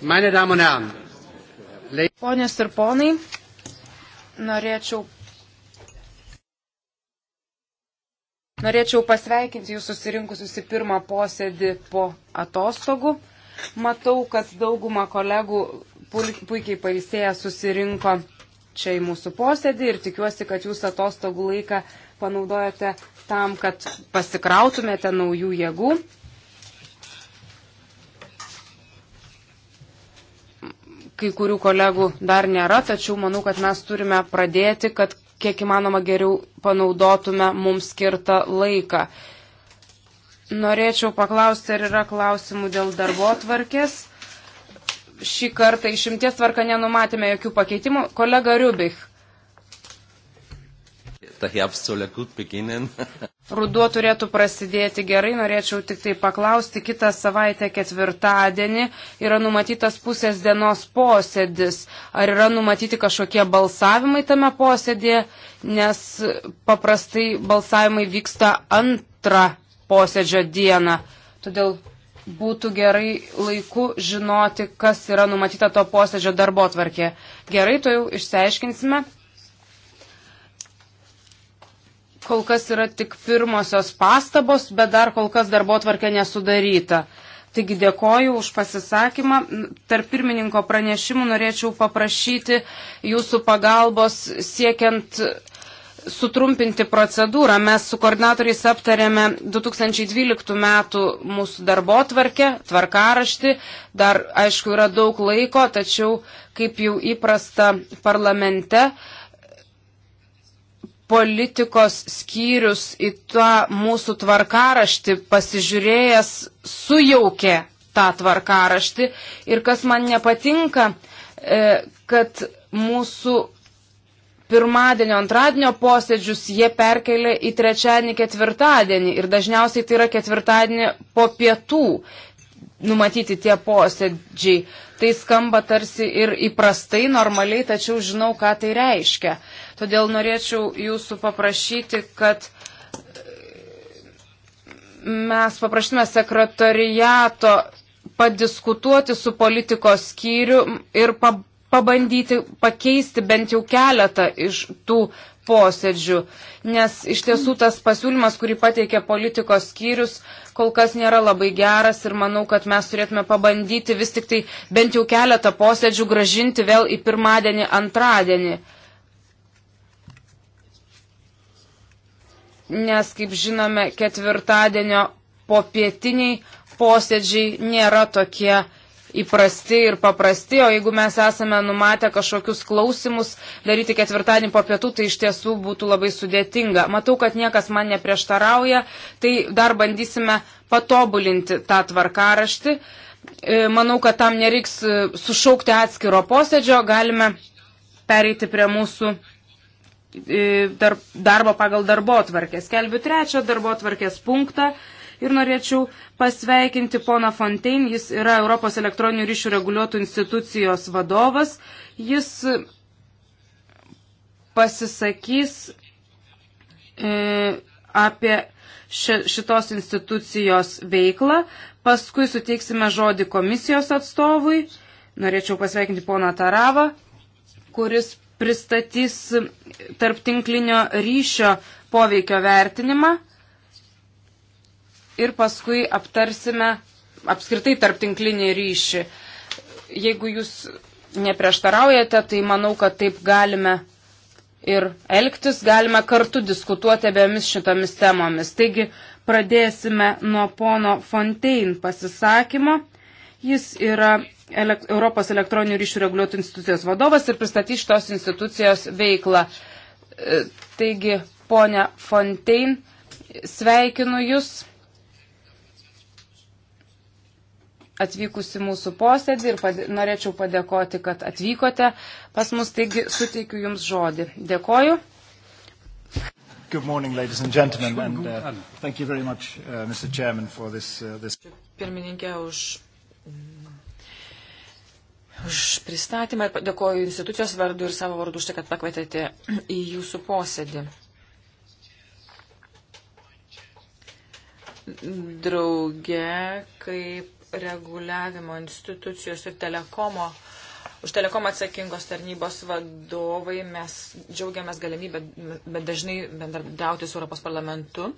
Meine Damen und Herren. Ponios ir ponai, norėčiau, norėčiau pasveikinti jūs susirinkusius į pirmą posėdį po atostogų. Matau, kad dauguma kolegų puikiai pailsėję susirinko čia į mūsų posėdį ir tikiuosi, kad jūs atostogų laiką panaudojate tam, kad pasikrautumėte naujų jėgų. kai kurių kolegų dar nėra, tačiau manau, kad mes turime pradėti, kad kiek įmanoma geriau panaudotume mums skirtą laiką. Norėčiau paklausti, ar yra klausimų dėl darbo tvarkės. Šį kartą išimties tvarka nenumatėme jokių pakeitimų. Kolega Riubich, Ruduo turėtų prasidėti gerai, norėčiau tik tai paklausti, kitą savaitę ketvirtadienį yra numatytas pusės dienos posėdis. Ar yra numatyti kažkokie balsavimai tame posėdėje, nes paprastai balsavimai vyksta antrą posėdžio dieną. Todėl būtų gerai laiku žinoti, kas yra numatyta to posėdžio darbo tvarkė. Gerai, to jau išsiaiškinsime. kol kas yra tik pirmosios pastabos, bet dar kol kas darbo tvarkė nesudaryta. Taigi dėkoju už pasisakymą. Tarp pirmininko pranešimų norėčiau paprašyti jūsų pagalbos siekiant sutrumpinti procedūrą. Mes su koordinatoriais aptarėme 2012 metų mūsų darbo tvarkę, tvarkaraštį. Dar, aišku, yra daug laiko, tačiau, kaip jau įprasta parlamente, uh, politikos skyrius į tą mūsų tvarkaraštį pasižiūrėjęs sujaukė tą tvarkaraštį. Ir kas man nepatinka, e, kad mūsų pirmadienio, antradienio posėdžius jie perkelia į trečiadienį, ketvirtadienį. Ir dažniausiai tai yra ketvirtadienį po pietų numatyti tie posėdžiai. Tai skamba tarsi ir įprastai, normaliai, tačiau žinau, ką tai reiškia. Todėl norėčiau jūsų paprašyti, kad mes paprašytume sekretariato padiskutuoti su politikos skyriu ir pabandyti pakeisti bent jau keletą iš tų posėdžių, nes iš tiesų tas pasiūlymas, kurį pateikė politikos skyrius, kol kas nėra labai geras ir manau, kad mes turėtume pabandyti vis tik tai bent jau keletą posėdžių gražinti vėl į pirmadienį, antradienį. Nes, kaip žinome, ketvirtadienio popietiniai posėdžiai nėra tokie įprasti ir paprasti, o jeigu mes esame numatę kažkokius klausimus daryti ketvirtadienį po pietų, tai iš tiesų būtų labai sudėtinga. Matau, kad niekas man neprieštarauja, tai dar bandysime patobulinti tą tvarkaraštį. E, manau, kad tam nereiks e, sušaukti atskiro posėdžio, galime pereiti prie mūsų e, darbo pagal darbo tvarkę. Skelbiu trečią darbo tvarkės punktą ir norėčiau pasveikinti poną Fontein, jis yra Europos elektroninių ryšių reguliuotų institucijos vadovas. Jis pasisakys e, apie ši, šitos institucijos veiklą. Paskui suteiksime žodį komisijos atstovui. Norėčiau pasveikinti poną Taravą, kuris pristatys tarptinklinio ryšio poveikio vertinimą ir paskui aptarsime apskritai tarptinklinį ryšį. Jeigu jūs neprieštaraujate, tai manau, kad taip galime ir elgtis, galime kartu diskutuoti abiemis šitomis temomis. Taigi pradėsime nuo pono Fontein pasisakymo. Jis yra elek Europos elektroninių ryšių reguliuotų institucijos vadovas ir pristatys šitos institucijos veiklą. E, taigi, ponia Fontein, sveikinu Jūs atvykusi mūsų posėdį ir pad norėčiau padėkoti, kad atvykote pas mus, taigi suteikiu Jums žodį. Dėkoju. Good morning, ladies and gentlemen, and uh, thank you very much, uh, Mr. Chairman, for this. Uh, this... Pirmininkė už, mm, už pristatymą ir dėkoju institucijos vardu ir savo vardu už tai, kad pakvietėte į jūsų posėdį. Drauge, kaip reguliavimo institucijos ir telekomo, už telekomą atsakingos tarnybos vadovai mes džiaugiamės galimybę, bet dažnai bendradarbiauti su Europos parlamentu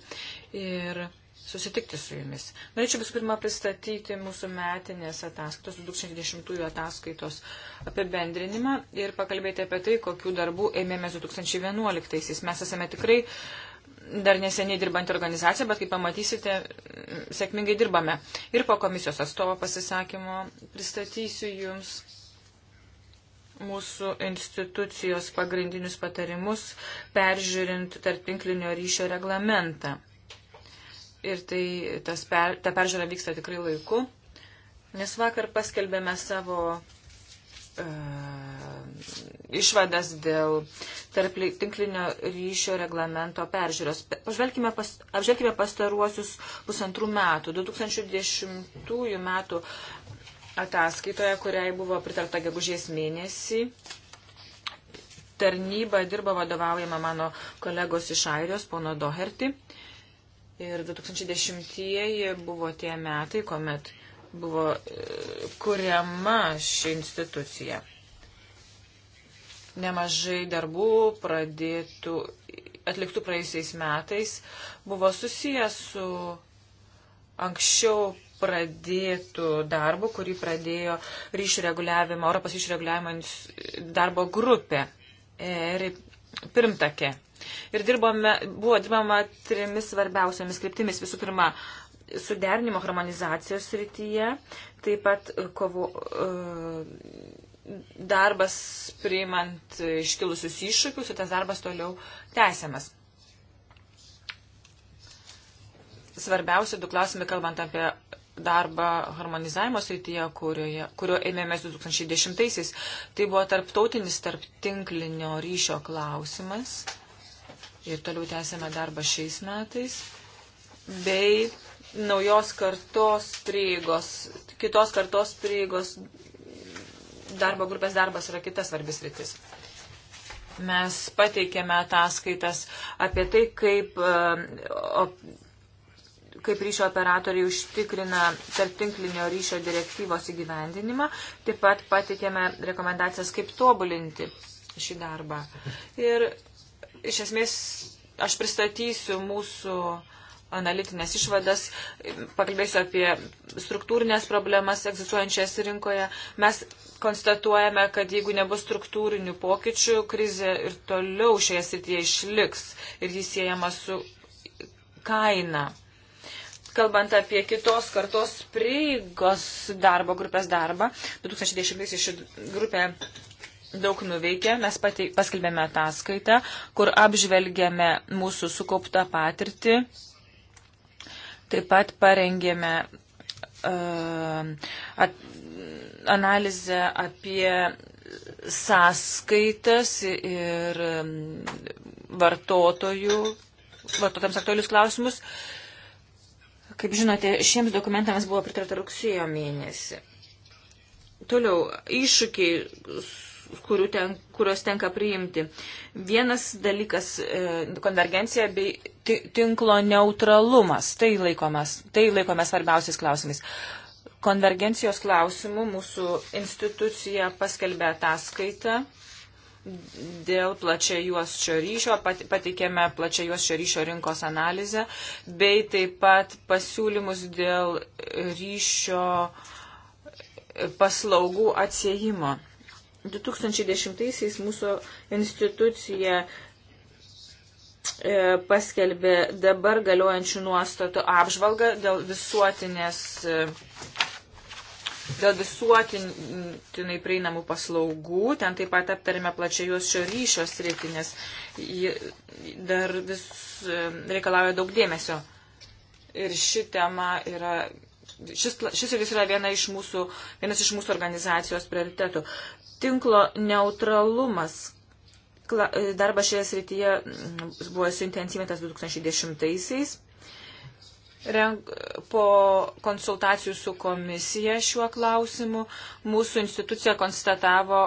ir susitikti su jumis. Norėčiau visų pirma pristatyti mūsų metinės ataskaitos, 2010 ataskaitos apibendrinimą ir pakalbėti apie tai, kokiu darbu ėmėmės 2011. -aisiais. Mes esame tikrai uh, dar neseniai dirbanti organizacija, bet kaip pamatysite, sėkmingai dirbame. Ir po komisijos atstovo pasisakymo pristatysiu Jums mūsų institucijos pagrindinius patarimus, peržiūrint tarpinklinio ryšio reglamentą. Ir tai, tas per, ta peržiūra vyksta tikrai laiku, nes vakar paskelbėme savo uh, išvadas dėl tarp tinklinio ryšio reglamento peržiūros. Pažvelkime pas, apžvelkime pastaruosius pusantrų metų. 2010 metų ataskaitoje, kuriai buvo pritarta gegužės mėnesį, tarnyba dirba vadovaujama mano kolegos iš Airijos, pono Doherty. Ir 2010-ieji buvo tie metai, kuomet buvo e, kuriama ši institucija nemažai darbų pradėtų, atliktų praėjusiais metais buvo susijęs su anksčiau pradėtų darbų, kurį pradėjo ryšių reguliavimo, Europos ryšių reguliavimo darbo grupė ir e, pirmtakė. Ir dirbome, buvo dirbama trimis svarbiausiamis kryptimis. Visų pirma, suderinimo harmonizacijos rytyje, taip pat kovo, e, darbas priimant iškilusius iššūkius ir tas darbas toliau tęsiamas. Svarbiausia du klausimai, kalbant apie darbą harmonizavimo srityje, kurioje, kurio ėmėmės 2010-aisiais, tai buvo tarptautinis tarptinklinio ryšio klausimas ir toliau tęsiame darbą šiais metais, bei naujos kartos prieigos, kitos kartos prieigos darbo grupės darbas yra kitas svarbis rytis. Mes pateikėme ataskaitas apie tai, kaip, e, kaip ryšio operatoriai užtikrina tarptinklinio ryšio direktyvos įgyvendinimą, taip pat pateikėme rekomendacijas, kaip tobulinti šį darbą. Ir iš esmės aš pristatysiu mūsų analitinės išvadas, pakalbėsiu apie struktūrinės problemas egzistuojančias rinkoje. Mes konstatuojame, kad jeigu nebus struktūrinių pokyčių, krizė ir toliau šioje srityje išliks ir jis siejama su kaina. Kalbant apie kitos kartos prieigos darbo grupės darbą, 2010 ši grupė daug nuveikė, mes pateik, paskelbėme ataskaitą, kur apžvelgėme mūsų sukauptą patirtį, taip pat parengėme uh, at, analizę apie sąskaitas ir um, vartotojų, vartotojams aktualius klausimus. Kaip žinote, šiems dokumentams buvo pritarta rugsėjo mėnesį. Toliau, iššūkiai, ten, kuriuos tenka priimti. Vienas dalykas e, - konvergencija bei tinklo neutralumas. Tai laikomas, tai laikomas svarbiausiais klausimais konvergencijos klausimų mūsų institucija paskelbė ataskaitą dėl plačia juos šio ryšio, pateikėme plačia juos šio ryšio rinkos analizę, bei taip pat pasiūlymus dėl ryšio e, paslaugų atsiejimo. 2010-aisiais mūsų institucija e, paskelbė dabar galiojančių nuostatų apžvalgą dėl visuotinės e, dėl visuotinai prieinamų paslaugų. Ten taip pat aptarėme plačiai juos šio ryšio sritį, nes dar vis e, reikalauja daug dėmesio. Ir ši tema yra. Šis, šis ir jis yra viena iš mūsų, vienas iš mūsų organizacijos prioritetų. Tinklo neutralumas, e, darbas šioje srityje buvo suintensyvintas 2010-aisiais renk, po konsultacijų su komisija šiuo klausimu mūsų institucija konstatavo,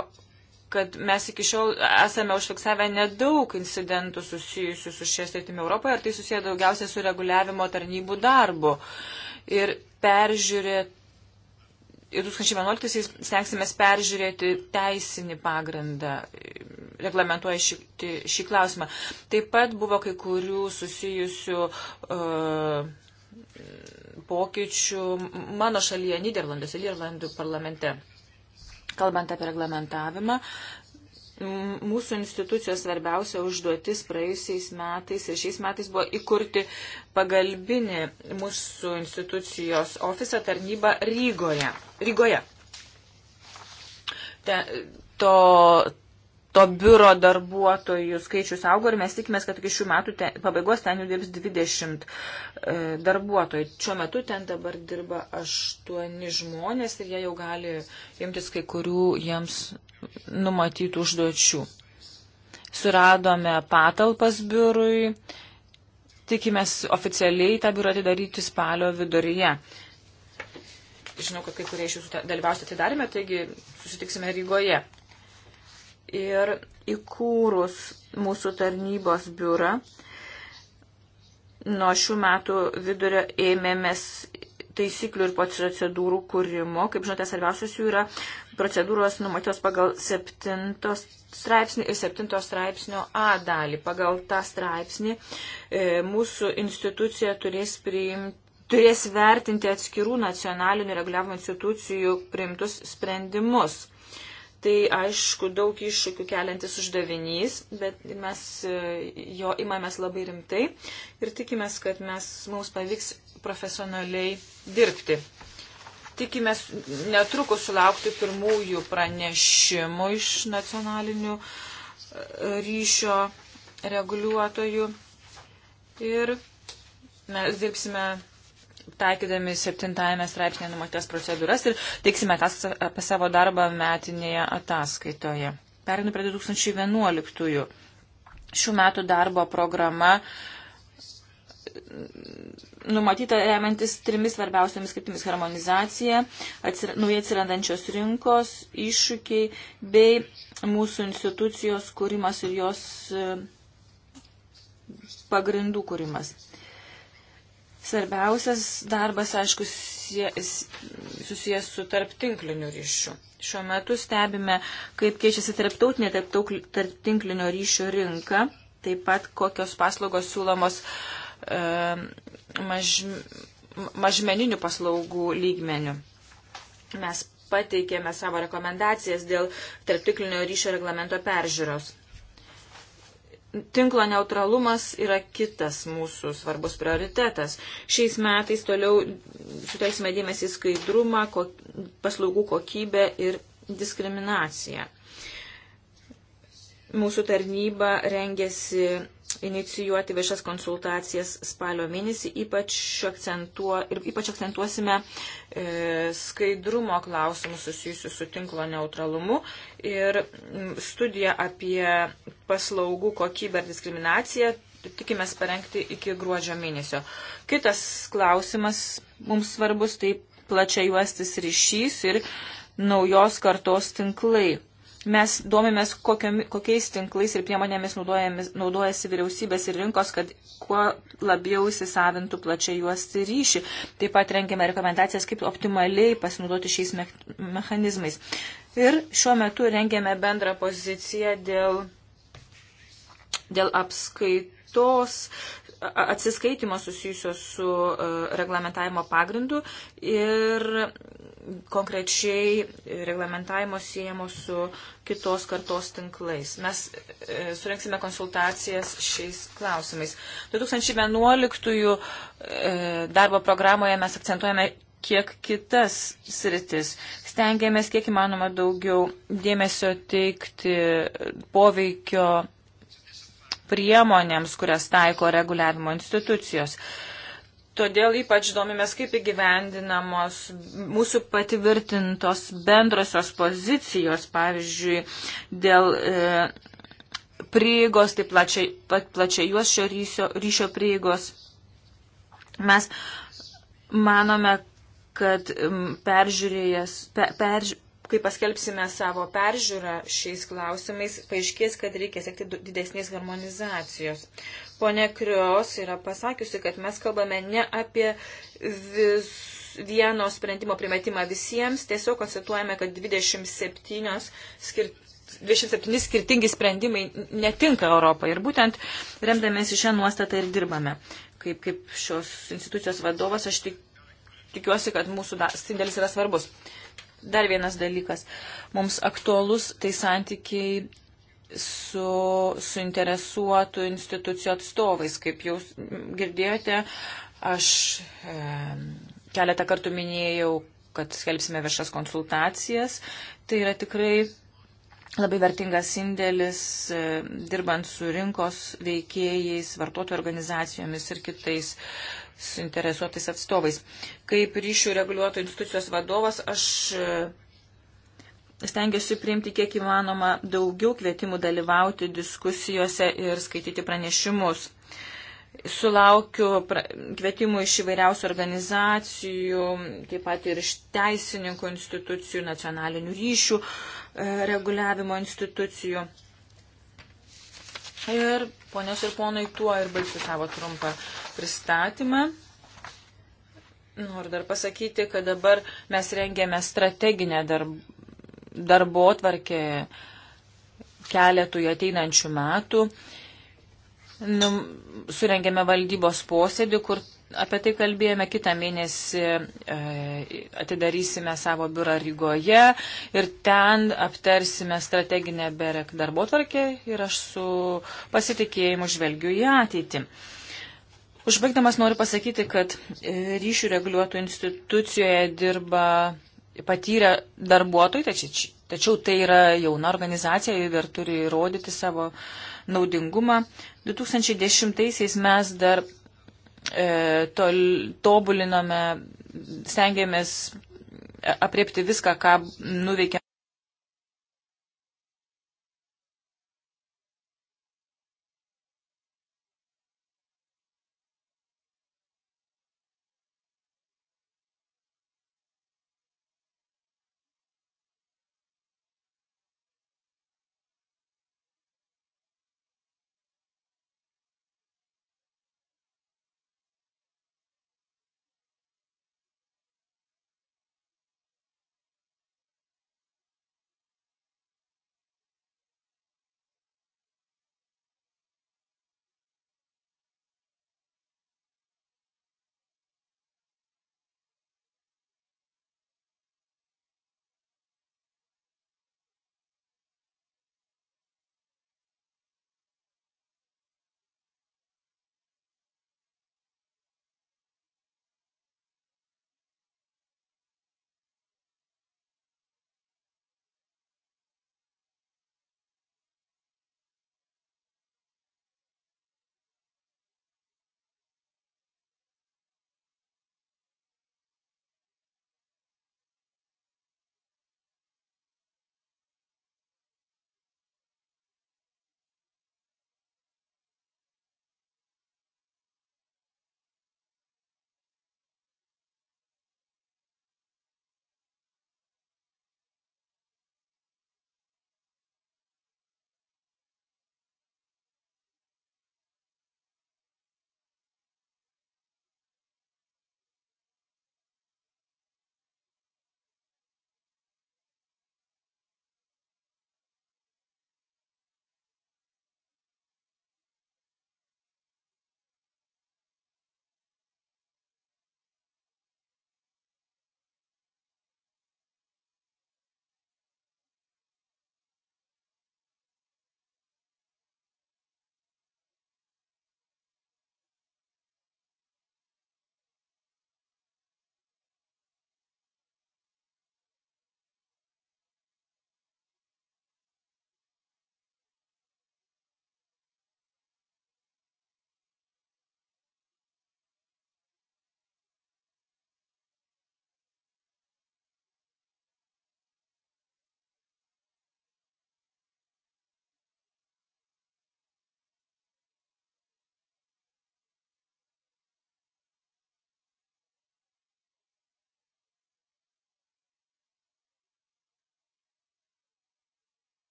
kad mes iki šiol esame užfiksavę nedaug incidentų susijusių su šia sritimi Europoje ir tai susiję daugiausia su reguliavimo tarnybų darbu. Ir peržiūrė, ir 2011-aisiais stengsime peržiūrėti teisinį pagrindą, reglamentuoja šį, šį klausimą. Taip pat buvo kai kurių susijusių uh, pokyčių mano šalyje, Niderlanduose, Niderlandų parlamente. Kalbant apie reglamentavimą, mūsų institucijos svarbiausia užduotis praėjusiais metais ir šiais metais buvo įkurti pagalbinį mūsų institucijos ofisą tarnybą Rygoje. Rygoje. Te, to to biuro darbuotojų skaičius augo ir mes tikimės, kad iki šių metų ten, pabaigos ten jau dirbs 20 e, darbuotojų. Šiuo metu ten dabar dirba 8 žmonės ir jie jau gali imtis kai kurių jiems numatytų užduočių. Suradome patalpas biurui, tikimės oficialiai tą biurą atidaryti spalio viduryje žinau, kad kai kurie iš jūsų dalyvausite atidarime, taigi susitiksime Rygoje ir įkūrus mūsų tarnybos biurą, nuo šių metų vidurio ėmėmės taisyklių ir procedūrų kūrimo. Kaip žinote, svarbiausios jų yra procedūros numatytos pagal 7 straipsnį ir 7 straipsnio A dalį. Pagal tą straipsnį e, mūsų institucija turės priimti turės vertinti atskirų nacionalinių reguliavimo institucijų priimtus sprendimus. Tai aišku, daug iššūkių keliantis uždavinys, bet mes e, jo imamės labai rimtai ir tikimės, kad mes, mums pavyks profesionaliai dirbti. Tikimės netrukus sulaukti pirmųjų pranešimų iš nacionalinių e, ryšio reguliuotojų ir mes dirbsime taikydami septintajame straipsnėje numatytas procedūras ir teiksime ataskaitą apie savo darbą metinėje ataskaitoje. Perinu prie 2011. -ųjų. Šių metų darbo programa mm, numatyta remiantis trimis svarbiausiamis kryptimis - harmonizacija, atsir naujai atsirandančios rinkos, iššūkiai bei mūsų institucijos kūrimas ir jos e, pagrindų kūrimas. Svarbiausias darbas, aišku, susijęs su tarptinkliniu ryšiu. Šiuo metu stebime, kaip keičiasi tarptautinė tarptinklinio ryšio rinka, taip pat kokios paslaugos siūlomos e, maž, mažmeninių paslaugų lygmenių. Mes pateikėme savo rekomendacijas dėl tarptinklinio ryšio reglamento peržiūros. Tinklo neutralumas yra kitas mūsų svarbus prioritetas. Šiais metais toliau sutelksime dėmesį skaidrumą, paslaugų kokybę ir diskriminaciją. Mūsų tarnyba rengėsi inicijuoti viešas konsultacijas spalio mėnesį, ypač, akcentuo, ypač akcentuosime e, skaidrumo klausimus susijusius su tinklo neutralumu ir studiją apie paslaugų kokybę ir diskriminaciją tikimės parengti iki gruodžio mėnesio. Kitas klausimas mums svarbus tai plačia juostis ryšys ir naujos kartos tinklai Mes domimės, kokiais tinklais ir priemonėmis naudojasi vyriausybės ir rinkos, kad kuo labiau įsisavintų plačiai juos ryšį. Taip pat rengiame rekomendacijas, kaip optimaliai pasinaudoti šiais me mechanizmais. Ir šiuo metu rengiame bendrą poziciją dėl, dėl apskaitų apskaitos atsiskaitimo susijusios su e, reglamentavimo pagrindu ir konkrečiai reglamentavimo siejamo su kitos kartos tinklais. Mes e, surinksime konsultacijas šiais klausimais. 2011 e, darbo programoje mes akcentuojame kiek kitas sritis. Stengiamės kiek įmanoma daugiau dėmesio teikti poveikio priemonėms, kurias taiko reguliavimo institucijos. Todėl ypač domimės, kaip įgyvendinamos mūsų patvirtintos bendrosios pozicijos, pavyzdžiui, dėl e, prieigos, tai plačiai, plačiai juos šio ryšio, ryšio prieigos. Mes manome, kad peržiūrėjęs, per, perž, kai paskelbsime savo peržiūrą šiais klausimais, paaiškės, kad reikia siekti didesnės harmonizacijos. Pone Krios yra pasakiusi, kad mes kalbame ne apie vis, vieno sprendimo primetimą visiems, tiesiog konstatuojame, kad 27 skirtingos 27 skirtingi sprendimai netinka Europai. Ir būtent remdamės į šią nuostatą ir dirbame. Kaip, kaip šios institucijos vadovas, aš tik, tikiuosi, kad mūsų indėlis yra svarbus dar vienas dalykas. Mums aktualus tai santykiai su suinteresuotų institucijų atstovais. Kaip jau girdėjote, aš e, keletą kartų minėjau, kad skelbsime viešas konsultacijas. Tai yra tikrai labai vertingas indėlis e, dirbant su rinkos veikėjais, vartotojų organizacijomis ir kitais suinteresuotais atstovais. Kaip ryšių reguliuotojų institucijos vadovas, aš e, stengiuosi priimti kiek įmanoma daugiau kvietimų dalyvauti diskusijose ir skaityti pranešimus. Sulaukiu pra kvietimų iš įvairiausių organizacijų, taip pat ir iš teisininkų institucijų, nacionalinių ryšių e, reguliavimo institucijų. Ir Ponios ir ponai, tuo ir baigsiu savo trumpą pristatymą. Noriu dar pasakyti, kad dabar mes rengėme strateginę darb... darbo atvarkę keletų ateinančių metų. Nu, surengėme valdybos posėdį, kur Apie tai kalbėjome kitą mėnesį, e, atidarysime savo biurą Rygoje ir ten aptarsime strateginę berek darbo tvarkę ir aš su pasitikėjimu žvelgiu į ateitį. Užbaigdamas noriu pasakyti, kad e, ryšių reguliuotų institucijoje dirba patyrę darbuotojai, tačiau, tačiau tai yra jauna organizacija ir dar turi įrodyti savo naudingumą. 2010-aisiais mes dar E, tol, tobulinome, stengiamės apriepti viską, ką nuveikė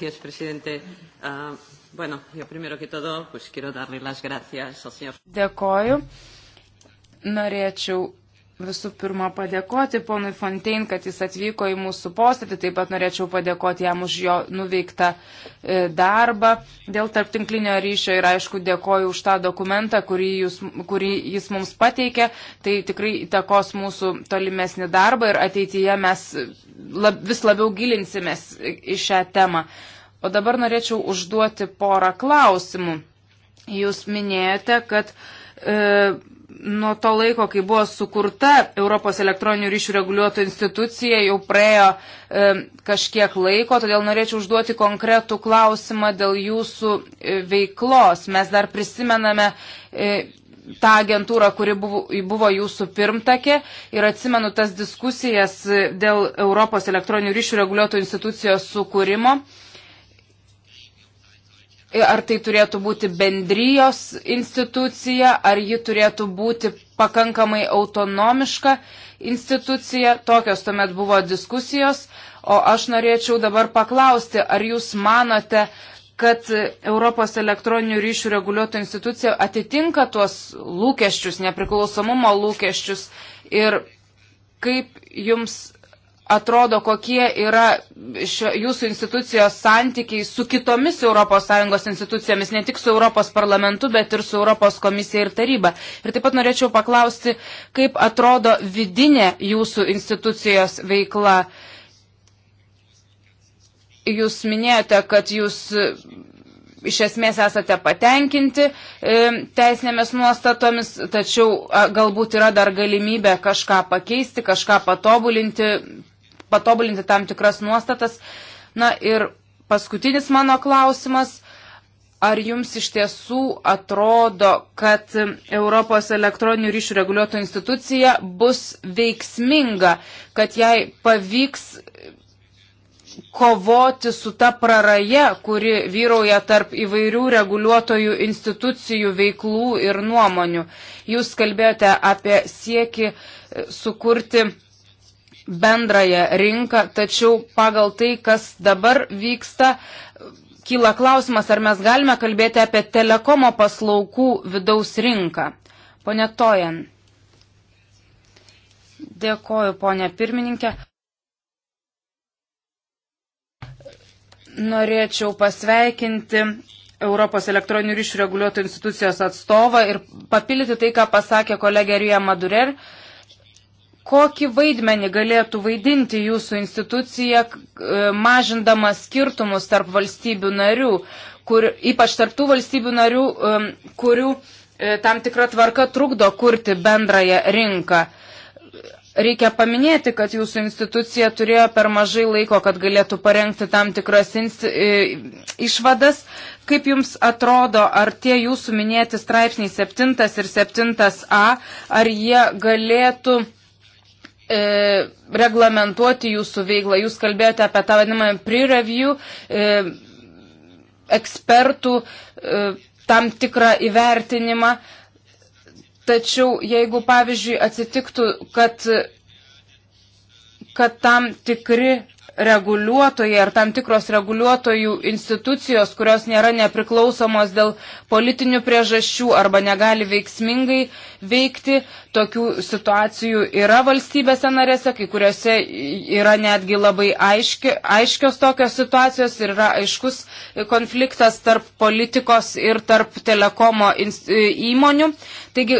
Gracias, presidente. Uh, bueno, yo primero que todo, pues quiero darle las gracias al señor. Dėkoju. Norėčiau visų pirma padėkoti ponui Fontein, kad jis atvyko į mūsų posėdį. Taip pat norėčiau padėkoti jam už jo nuveiktą e, darbą dėl tarptinklinio ryšio ir aišku dėkoju už tą dokumentą, kurį, jūs, kurį jis mums pateikė. Tai tikrai įtakos mūsų tolimesnį darbą ir ateityje mes e, lab, vis labiau gilinsimės į šią temą. O dabar norėčiau užduoti porą klausimų. Jūs minėjote, kad e, nuo to laiko, kai buvo sukurta Europos elektroninių ryšių reguliuotojų institucija, jau praėjo e, kažkiek laiko, todėl norėčiau užduoti konkretų klausimą dėl jūsų e, veiklos. Mes dar prisimename e, tą agentūrą, kuri buvo, buvo jūsų pirmtakė ir atsimenu tas diskusijas e, dėl Europos elektroninių ryšių reguliuotojų institucijos sukūrimo. E, ar tai turėtų būti bendrijos institucija, ar ji turėtų būti pakankamai autonomiška institucija. Tokios tuomet buvo diskusijos. O aš norėčiau dabar paklausti, ar jūs manote, kad Europos elektroninių ryšių reguliuotojų institucija atitinka tuos lūkesčius, nepriklausomumo lūkesčius ir kaip jums atrodo, kokie yra šio, jūsų institucijos santykiai su kitomis ES institucijomis, ne tik su Europos parlamentu, bet ir su Europos komisija ir taryba. Ir taip pat norėčiau paklausti, kaip atrodo vidinė jūsų institucijos veikla. Jūs minėjote, kad jūs iš esmės esate patenkinti e, teisinėmis nuostatomis, tačiau a, galbūt yra dar galimybė kažką pakeisti, kažką patobulinti, patobulinti tam tikras nuostatas. Na ir paskutinis mano klausimas. Ar jums iš tiesų atrodo, kad Europos elektroninių ryšių reguliuotojų institucija bus veiksminga, kad jai pavyks kovoti su ta praraja, kuri vyrauja tarp įvairių reguliuotojų institucijų veiklų ir nuomonių. Jūs kalbėjote apie sieki sukurti bendrąją rinką, tačiau pagal tai, kas dabar vyksta, kyla klausimas, ar mes galime kalbėti apie telekomo paslaugų vidaus rinką. Pone Tojan. Dėkoju, ponė pirmininkė. Norėčiau pasveikinti Europos elektroninių ryšių reguliuotojų institucijos atstovą ir papildyti tai, ką pasakė kolegė Rija Madurer. Uh, kokį vaidmenį galėtų vaidinti jūsų institucija, e, mažindama skirtumus tarp valstybių narių, kur, ypač tarp tų valstybių narių, kurių e, tam tikra tvarka trukdo kurti bendrąją rinką. Reikia paminėti, kad jūsų institucija turėjo per mažai laiko, kad galėtų parengti tam tikras e, išvadas. Kaip jums atrodo, ar tie jūsų minėti straipsniai 7 ir 7a, ar jie galėtų e, reglamentuoti jūsų veiklą. Jūs kalbėjote apie tą vadinamą pre-review e, ekspertų e, tam tikrą įvertinimą. Tačiau jeigu, pavyzdžiui, atsitiktų, kad, kad tam tikri reguliuotojai ar tam tikros reguliuotojų institucijos, kurios nėra nepriklausomos dėl politinių priežasčių arba negali veiksmingai veikti. Tokių situacijų yra valstybėse narėse, kai kuriuose yra netgi labai aiški, aiškios tokios situacijos ir yra aiškus konfliktas tarp politikos ir tarp telekomo įmonių. Taigi,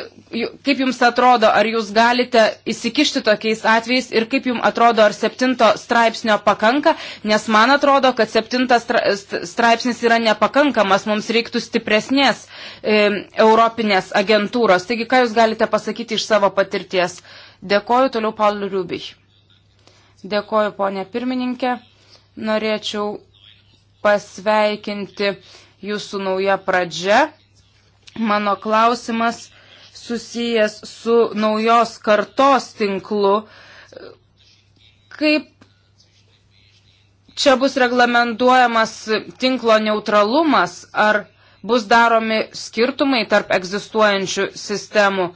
kaip jums atrodo, ar jūs galite įsikišti tokiais atvejais ir kaip jums atrodo, ar septinto straipsnio pakanka, nes man atrodo, kad septintas straipsnis yra nepakankamas, mums reiktų stipresnės e, europinės agentūros. Taigi, ką jūs galite pasakyti iš savo patirties? Dėkoju toliau Paul Rubich. Dėkoju, ponė pirmininkė. Norėčiau pasveikinti jūsų nauja pradžia. Mano klausimas susijęs su naujos kartos tinklu. Kaip čia bus reglamentuojamas tinklo neutralumas, ar bus daromi skirtumai tarp egzistuojančių sistemų,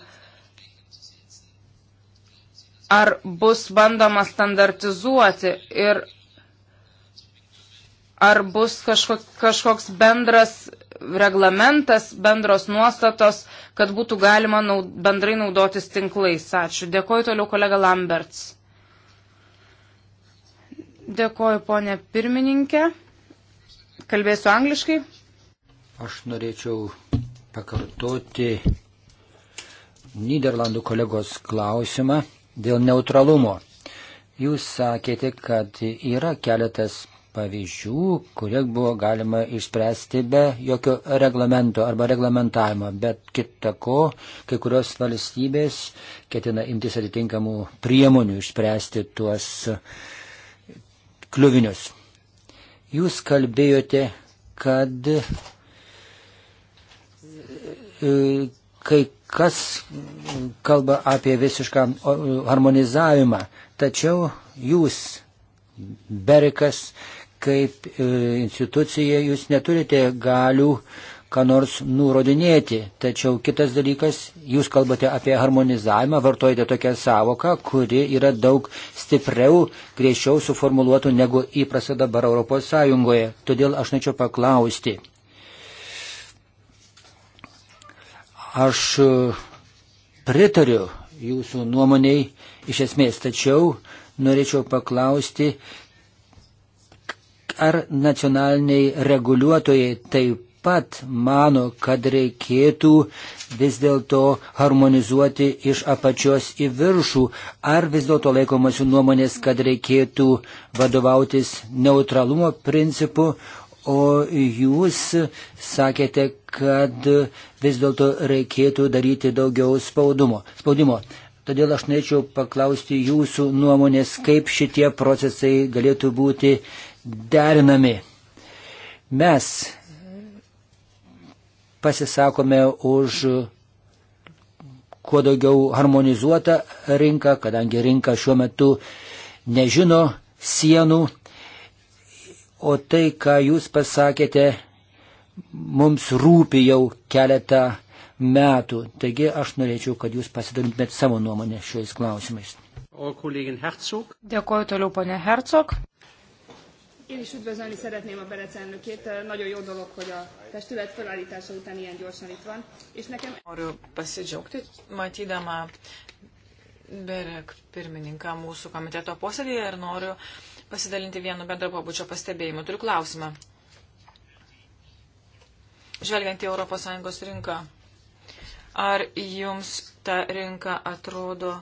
ar bus bandoma standartizuoti ir ar bus kažkoks, kažkoks bendras reglamentas, bendros nuostatos, kad būtų galima naud, bendrai naudotis tinklais. Ačiū. Dėkoju toliau kolega Lamberts. Dėkoju ponė pirmininkė. Kalbėsiu angliškai. Aš norėčiau pakartoti Niderlandų kolegos klausimą dėl neutralumo. Jūs sakėte, kad yra keletas pavyzdžių, kurie buvo galima išspręsti be jokio reglamento arba reglamentavimo, bet kitako, kai kurios valstybės ketina imtis atitinkamų priemonių išspręsti tuos kliuvinius. Jūs kalbėjote, kad e, kai kas kalba apie visišką harmonizavimą, tačiau jūs, Berikas, kaip e, institucija jūs neturite galių ką nors nurodinėti. Tačiau kitas dalykas, jūs kalbate apie harmonizavimą, vartojate tokią savoką, kuri yra daug stipriau, griežčiau suformuluotų negu įprasta dabar ES. Todėl aš norėčiau paklausti. Aš e, pritariu jūsų nuomoniai iš esmės, tačiau norėčiau paklausti, Bet ar nacionaliniai reguliuotojai taip pat mano, kad reikėtų vis dėlto harmonizuoti iš apačios į viršų, ar vis dėlto laikomasi nuomonės, kad reikėtų vadovautis neutralumo principu, o jūs sakėte, kad vis dėlto reikėtų daryti daugiau spaudumo, spaudimo. Todėl aš norėčiau paklausti jūsų nuomonės, kaip šitie procesai galėtų būti derinami. Mes pasisakome už kuo daugiau harmonizuotą rinką, kadangi rinka šiuo metu nežino sienų. O tai, ką jūs pasakėte, mums rūpi jau keletą metų. Taigi aš norėčiau, kad jūs pasidalintumėt savo nuomonę šiais klausimais. Dėkuoju toliau, ponė Hercog. Én is üdvözölni szeretném a Berec elnökét. Nagyon jó dolog, hogy a testület felállítása után ilyen gyorsan itt van. És nekem... Noriu pasidžiaugti, matydama Berek pirmininką mūsų komiteto posėdėje ir noriu pasidalinti vienu bendro pabučio pastebėjimu. Turiu klausimą. Žvelgiant į ES rinką, ar jums ta rinka atrodo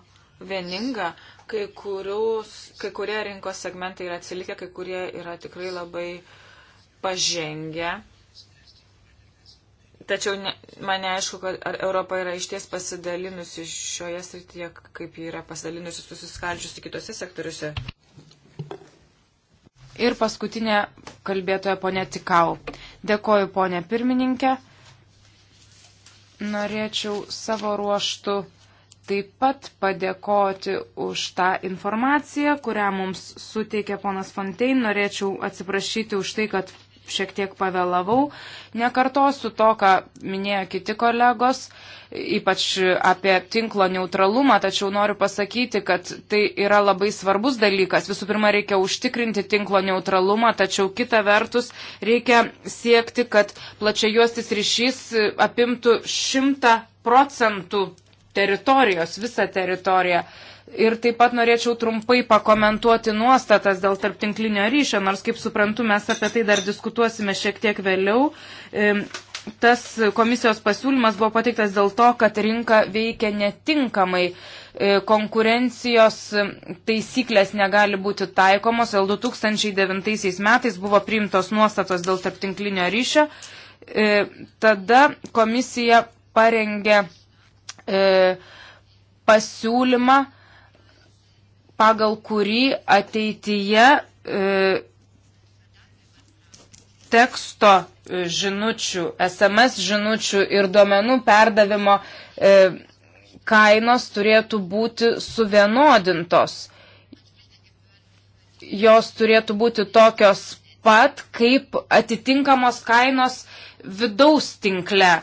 vieninga, Kai, kurius, kai kurie rinkos segmentai yra atsilikę, kai kurie yra tikrai labai pažengę. Tačiau ne, mane aišku, kad Europa yra išties pasidalinusi šioje srityje, kaip ji yra pasidalinusi susiskaldžiusi kitose sektoriuose. Ir paskutinė kalbėtoja ponė Tikau. Dėkoju ponė pirmininkė. Norėčiau savo ruoštų taip pat padėkoti už tą informaciją, kurią mums suteikė ponas Fontein. Norėčiau atsiprašyti už tai, kad šiek tiek pavėlavau. Nekartosiu to, ką minėjo kiti kolegos, ypač apie tinklo neutralumą, tačiau noriu pasakyti, kad tai yra labai svarbus dalykas. Visų pirma, reikia užtikrinti tinklo neutralumą, tačiau kita vertus reikia siekti, kad plačiajuostis ryšys apimtų šimtą procentų teritorijos, visą teritoriją. Ir taip pat norėčiau trumpai pakomentuoti nuostatas dėl tarptinklinio ryšio, nors, kaip suprantu, mes apie tai dar diskutuosime šiek tiek vėliau. E, tas komisijos pasiūlymas buvo pateiktas dėl to, kad rinka veikia netinkamai e, konkurencijos taisyklės negali būti taikomos. L 2009 metais buvo priimtos nuostatos dėl tarptinklinio ryšio. E, tada komisija parengė e, pasiūlymą, pagal kurį ateityje e, teksto žinučių, SMS žinučių ir duomenų perdavimo e, kainos turėtų būti suvienodintos. Jos turėtų būti tokios pat, kaip atitinkamos kainos vidaus tinkle.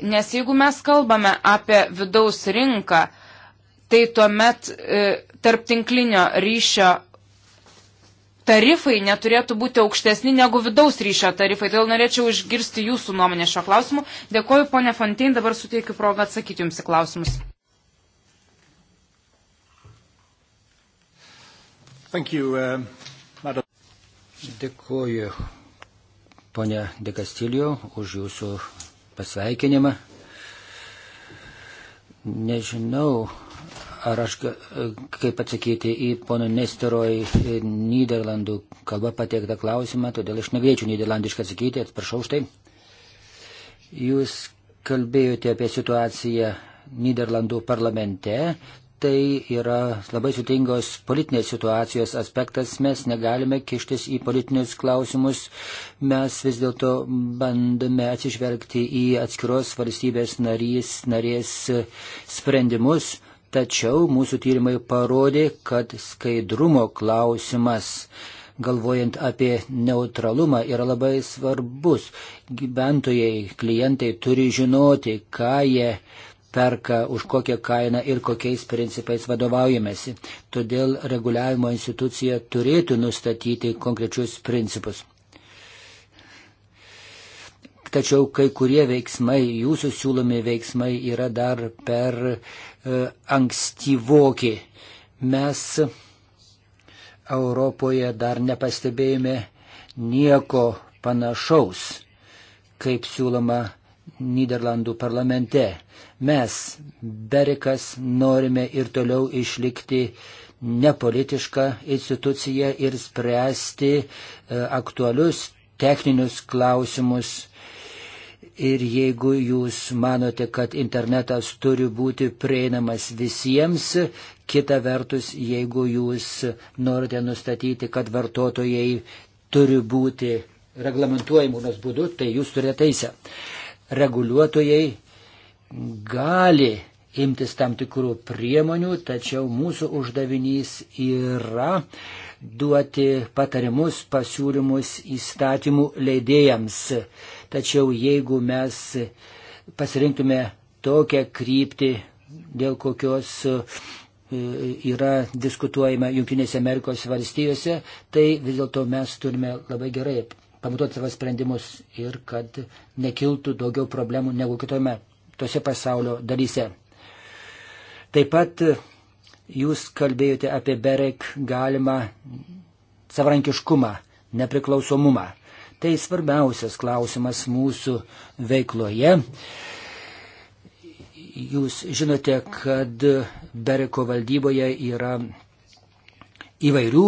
Nes jeigu mes kalbame apie vidaus rinką, tai tuomet e, tarptinklinio ryšio tarifai neturėtų būti aukštesni negu vidaus ryšio tarifai. Todėl norėčiau išgirsti jūsų nuomonę šio klausimu. Dėkoju, ponė Fontein, dabar suteikiu progą atsakyti jums į klausimus. Thank you, uh, Dėkoju, ponė Dekastilio, už jūsų pasveikinimą. Nežinau, ar aš kaip atsakyti į pono Nesteroj Niderlandų kalbą pateiktą klausimą, todėl aš negalėčiau niderlandiškai atsakyti, atsiprašau už tai. Jūs kalbėjote apie situaciją Niderlandų parlamente, tai yra labai sutingos politinės situacijos aspektas, mes negalime kištis į politinius klausimus, mes vis dėlto bandome atsižvelgti į atskiros valstybės narys, narės sprendimus, tačiau mūsų tyrimai parodė, kad skaidrumo klausimas galvojant apie neutralumą, yra labai svarbus. Gyventojai, klientai turi žinoti, ką jie perka už kokią kainą ir kokiais principais vadovaujamėsi. Todėl reguliavimo institucija turėtų nustatyti konkrečius principus. Tačiau kai kurie veiksmai, jūsų siūlomi veiksmai yra dar per e, ankstyvoki. Mes Europoje dar nepastebėjome nieko panašaus, kaip siūloma Niderlandų parlamente. Mes, Berikas, norime ir toliau išlikti nepolitišką instituciją ir spręsti e, aktualius techninius klausimus. Ir jeigu jūs manote, kad internetas turi būti prieinamas visiems, kita vertus, jeigu jūs norite nustatyti, kad vartotojai turi būti reglamentuojami nors būdu, tai jūs turite teisę. Uh, reguliuotojai gali imtis tam tikrų priemonių, tačiau mūsų uždavinys yra duoti patarimus, pasiūlymus įstatymų leidėjams. Tačiau jeigu mes pasirinktume tokią kryptį, dėl kokios e, yra diskutuojama Junktinėse Amerikos valstijose, tai vis dėlto mes turime labai gerai pamatuoti savo sprendimus ir kad nekiltų daugiau problemų negu kitome tose pasaulio dalyse. Taip pat e, jūs kalbėjote apie beveik galimą savarankiškumą, nepriklausomumą. Tai svarbiausias klausimas mūsų veikloje. Jūs žinote, kad Bereko valdyboje yra įvairių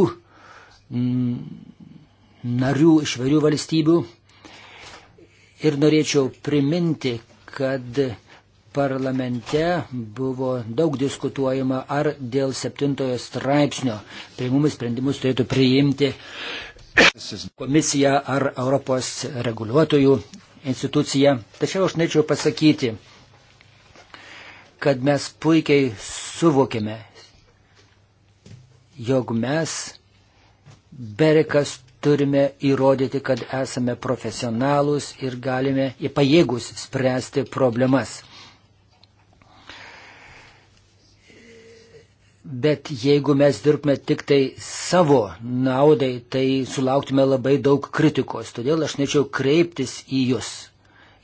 m, narių iš varių valstybių. Ir norėčiau priminti, kad parlamente buvo daug diskutuojama, ar dėl septintojo straipsnio priimumus sprendimus turėtų priimti komisija ar Europos reguliuotojų institucija. Tačiau aš norėčiau pasakyti, kad mes puikiai suvokėme, jog mes Berikas turime įrodyti, kad esame profesionalūs ir galime įpajėgus spręsti problemas. Bet jeigu mes dirbtume tik tai savo naudai, tai sulauktume labai daug kritikos. Todėl aš nečiau kreiptis į Jūs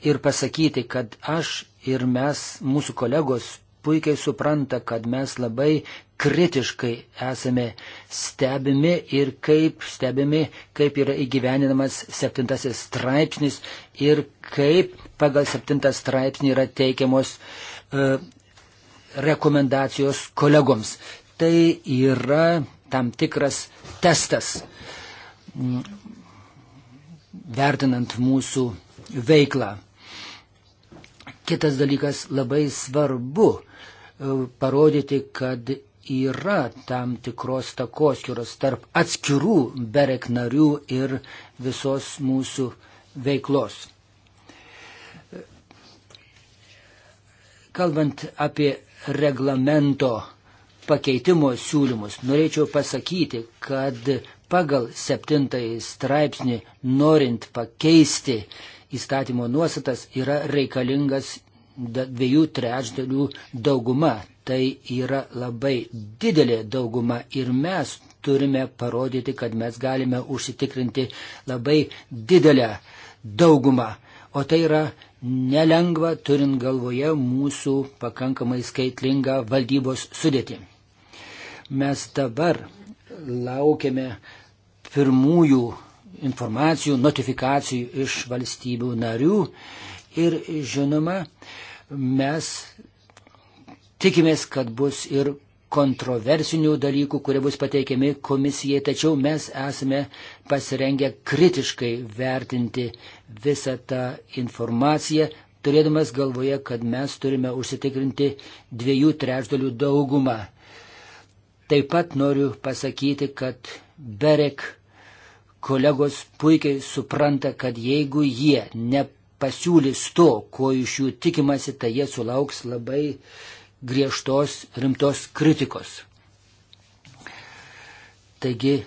ir pasakyti, kad aš ir mes, mūsų kolegos, puikiai supranta, kad mes labai kritiškai esame stebimi ir kaip stebimi, kaip yra įgyveninamas septintasis straipsnis ir kaip pagal septintą straipsnį yra teikiamos e, rekomendacijos kolegoms. Tai yra tam tikras testas vertinant mūsų veiklą. Kitas dalykas labai svarbu e, parodyti, kad yra tam tikros takoskiros tarp atskirų berek narių ir visos mūsų veiklos. Kalbant apie reglamento pakeitimo siūlymus, norėčiau pasakyti, kad pagal septintąjį straipsnį norint pakeisti uh, įstatymo nuostatas yra reikalingas dviejų trečdalių dauguma. Tai yra labai didelė dauguma ir mes turime parodyti, kad mes galime užsitikrinti labai didelę daugumą. O tai yra nelengva, turint galvoje mūsų pakankamai skaitlingą valdybos sudėtį. Mes dabar laukiame pirmųjų informacijų, notifikacijų iš valstybių narių. Ir žinoma, mes tikimės, kad bus ir kontroversinių dalykų, kurie bus pateikiami komisijai, tačiau mes esame pasirengę kritiškai vertinti visą tą informaciją, turėdamas galvoje, kad mes turime užsitikrinti dviejų trečdalių daugumą. Taip pat noriu pasakyti, kad Berek kolegos puikiai supranta, kad jeigu jie nepasiūlys to, ko iš jų tikimasi, tai jie sulauks labai griežtos, rimtos kritikos. Taigi,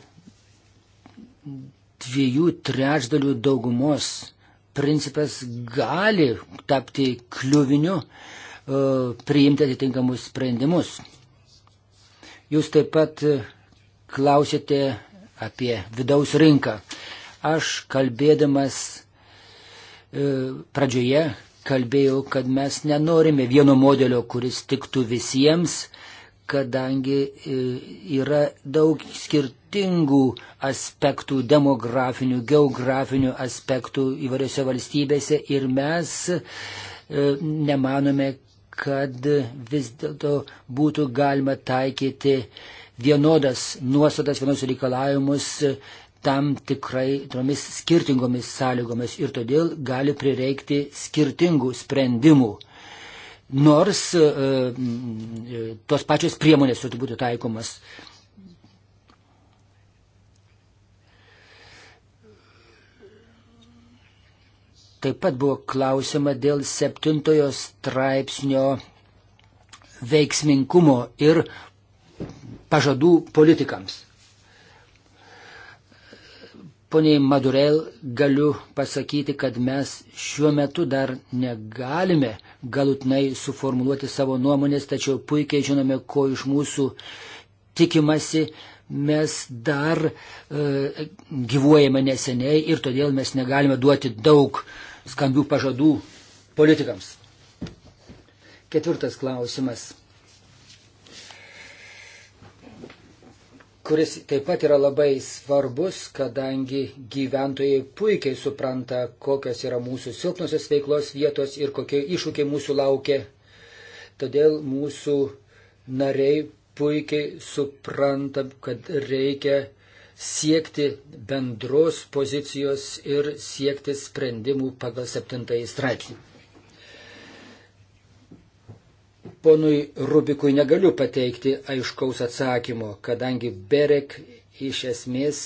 dviejų trečdalių daugumos principas gali tapti kliuviniu e, priimti atitinkamus sprendimus. Jūs taip pat e, klausėte apie vidaus rinką. Aš kalbėdamas e, pradžioje kalbėjau, kad mes nenorime vieno modelio, kuris tiktų visiems, kadangi e, yra daug skirtingų aspektų, demografinių, geografinių aspektų įvairiose valstybėse ir mes e, nemanome, kad vis dėlto būtų galima taikyti vienodas nuostatas, vienodus reikalavimus tam tikrai tomis skirtingomis sąlygomis ir todėl gali prireikti skirtingų sprendimų. Nors e, e, tos pačios priemonės turėtų būti taikomas. Taip pat buvo klausima dėl septintojo straipsnio veiksmingumo ir pažadų politikams. Poniai Madurel galiu pasakyti, kad mes šiuo metu dar negalime galutinai suformuluoti savo nuomonės, tačiau puikiai žinome, ko iš mūsų tikimasi. Mes dar e, gyvuojame neseniai ir todėl mes negalime duoti daug skambių pažadų politikams. Ketvirtas klausimas. kuris taip pat yra labai svarbus, kadangi gyventojai puikiai supranta, kokios yra mūsų silpnosios veiklos vietos ir kokie iššūkiai mūsų laukia. Todėl mūsų nariai puikiai supranta, kad reikia siekti bendros pozicijos ir siekti sprendimų pagal septintąjį straipsnį. Ponui Rubikui negaliu pateikti aiškaus atsakymo, kadangi Berek iš esmės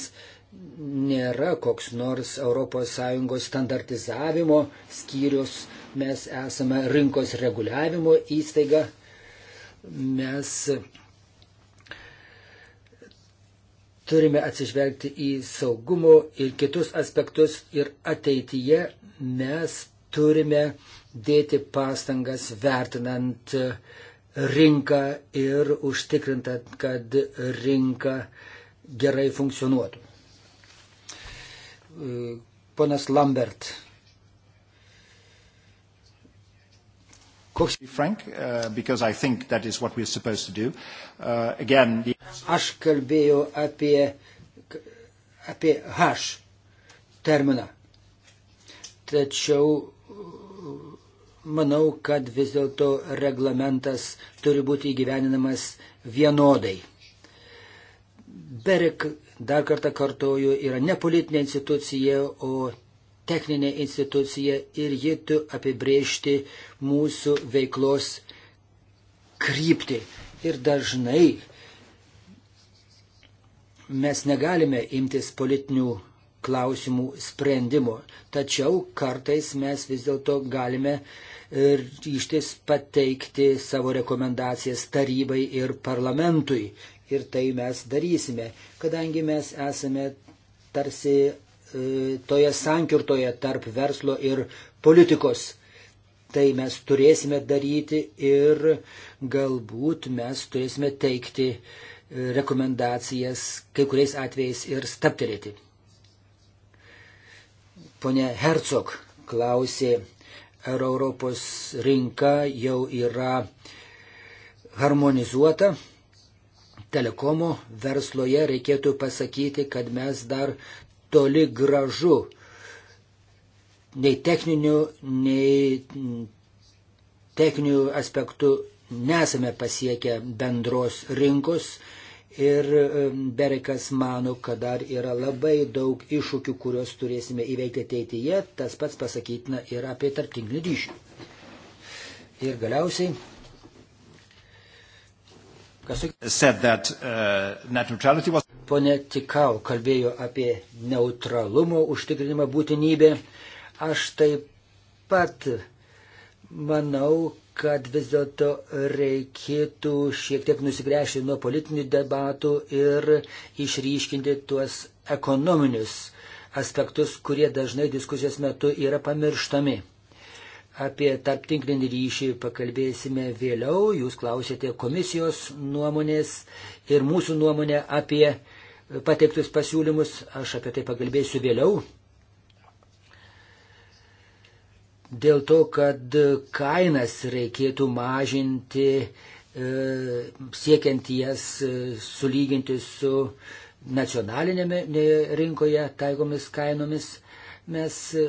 nėra koks nors ES standartizavimo skyrius, mes esame rinkos reguliavimo įstaiga, mes turime atsižvelgti į saugumo ir kitus aspektus ir ateityje mes turime dėti pastangas vertinant rinką ir užtikrintant, kad rinka gerai funkcionuotų. Ponas Lambert. Koks... Frank, uh, uh, again, the... Aš kalbėjau apie, apie H terminą. Tačiau manau, kad vis dėlto reglamentas turi būti įgyveninamas vienodai. Berek, dar kartą kartoju, yra ne politinė institucija, o techninė institucija ir ji tu apibriežti mūsų veiklos krypti. Ir dažnai mes negalime imtis politinių klausimų sprendimo, tačiau kartais mes vis dėlto galime uh, ryštis pateikti savo rekomendacijas tarybai ir parlamentui. Ir tai mes darysime, kadangi mes esame tarsi e, toje sankirtoje tarp verslo ir politikos. Tai mes turėsime daryti ir galbūt mes turėsime teikti e, rekomendacijas kai kuriais atvejais ir staptelėti. Pone Hercog klausė ar Europos rinka jau yra harmonizuota. Telekomo versloje reikėtų pasakyti, kad mes dar toli gražu nei techninių, nei techninių aspektų nesame pasiekę bendros rinkos, Ir Berekas mano, kad dar yra labai daug iššūkių, kuriuos turėsime įveikti ateityje. Tas pats pasakytina ir apie tarptinklinį ryšį. Ir galiausiai. Kas... That, uh, was... Pone Tikau kalbėjo apie neutralumo užtikrinimą būtinybę. Aš taip pat manau, kad vis dėlto reikėtų šiek tiek nusigręžti nuo politinių debatų ir išryškinti tuos ekonominius aspektus, kurie dažnai diskusijos metu yra pamirštami. Apie tarptinklinį ryšį pakalbėsime vėliau. Jūs klausėte komisijos nuomonės ir mūsų nuomonę apie pateiktus pasiūlymus. Aš apie tai pakalbėsiu vėliau. dėl to, kad kainas reikėtų mažinti, e, siekiant jas e, sulyginti su nacionalinėme rinkoje taikomis kainomis, mes e,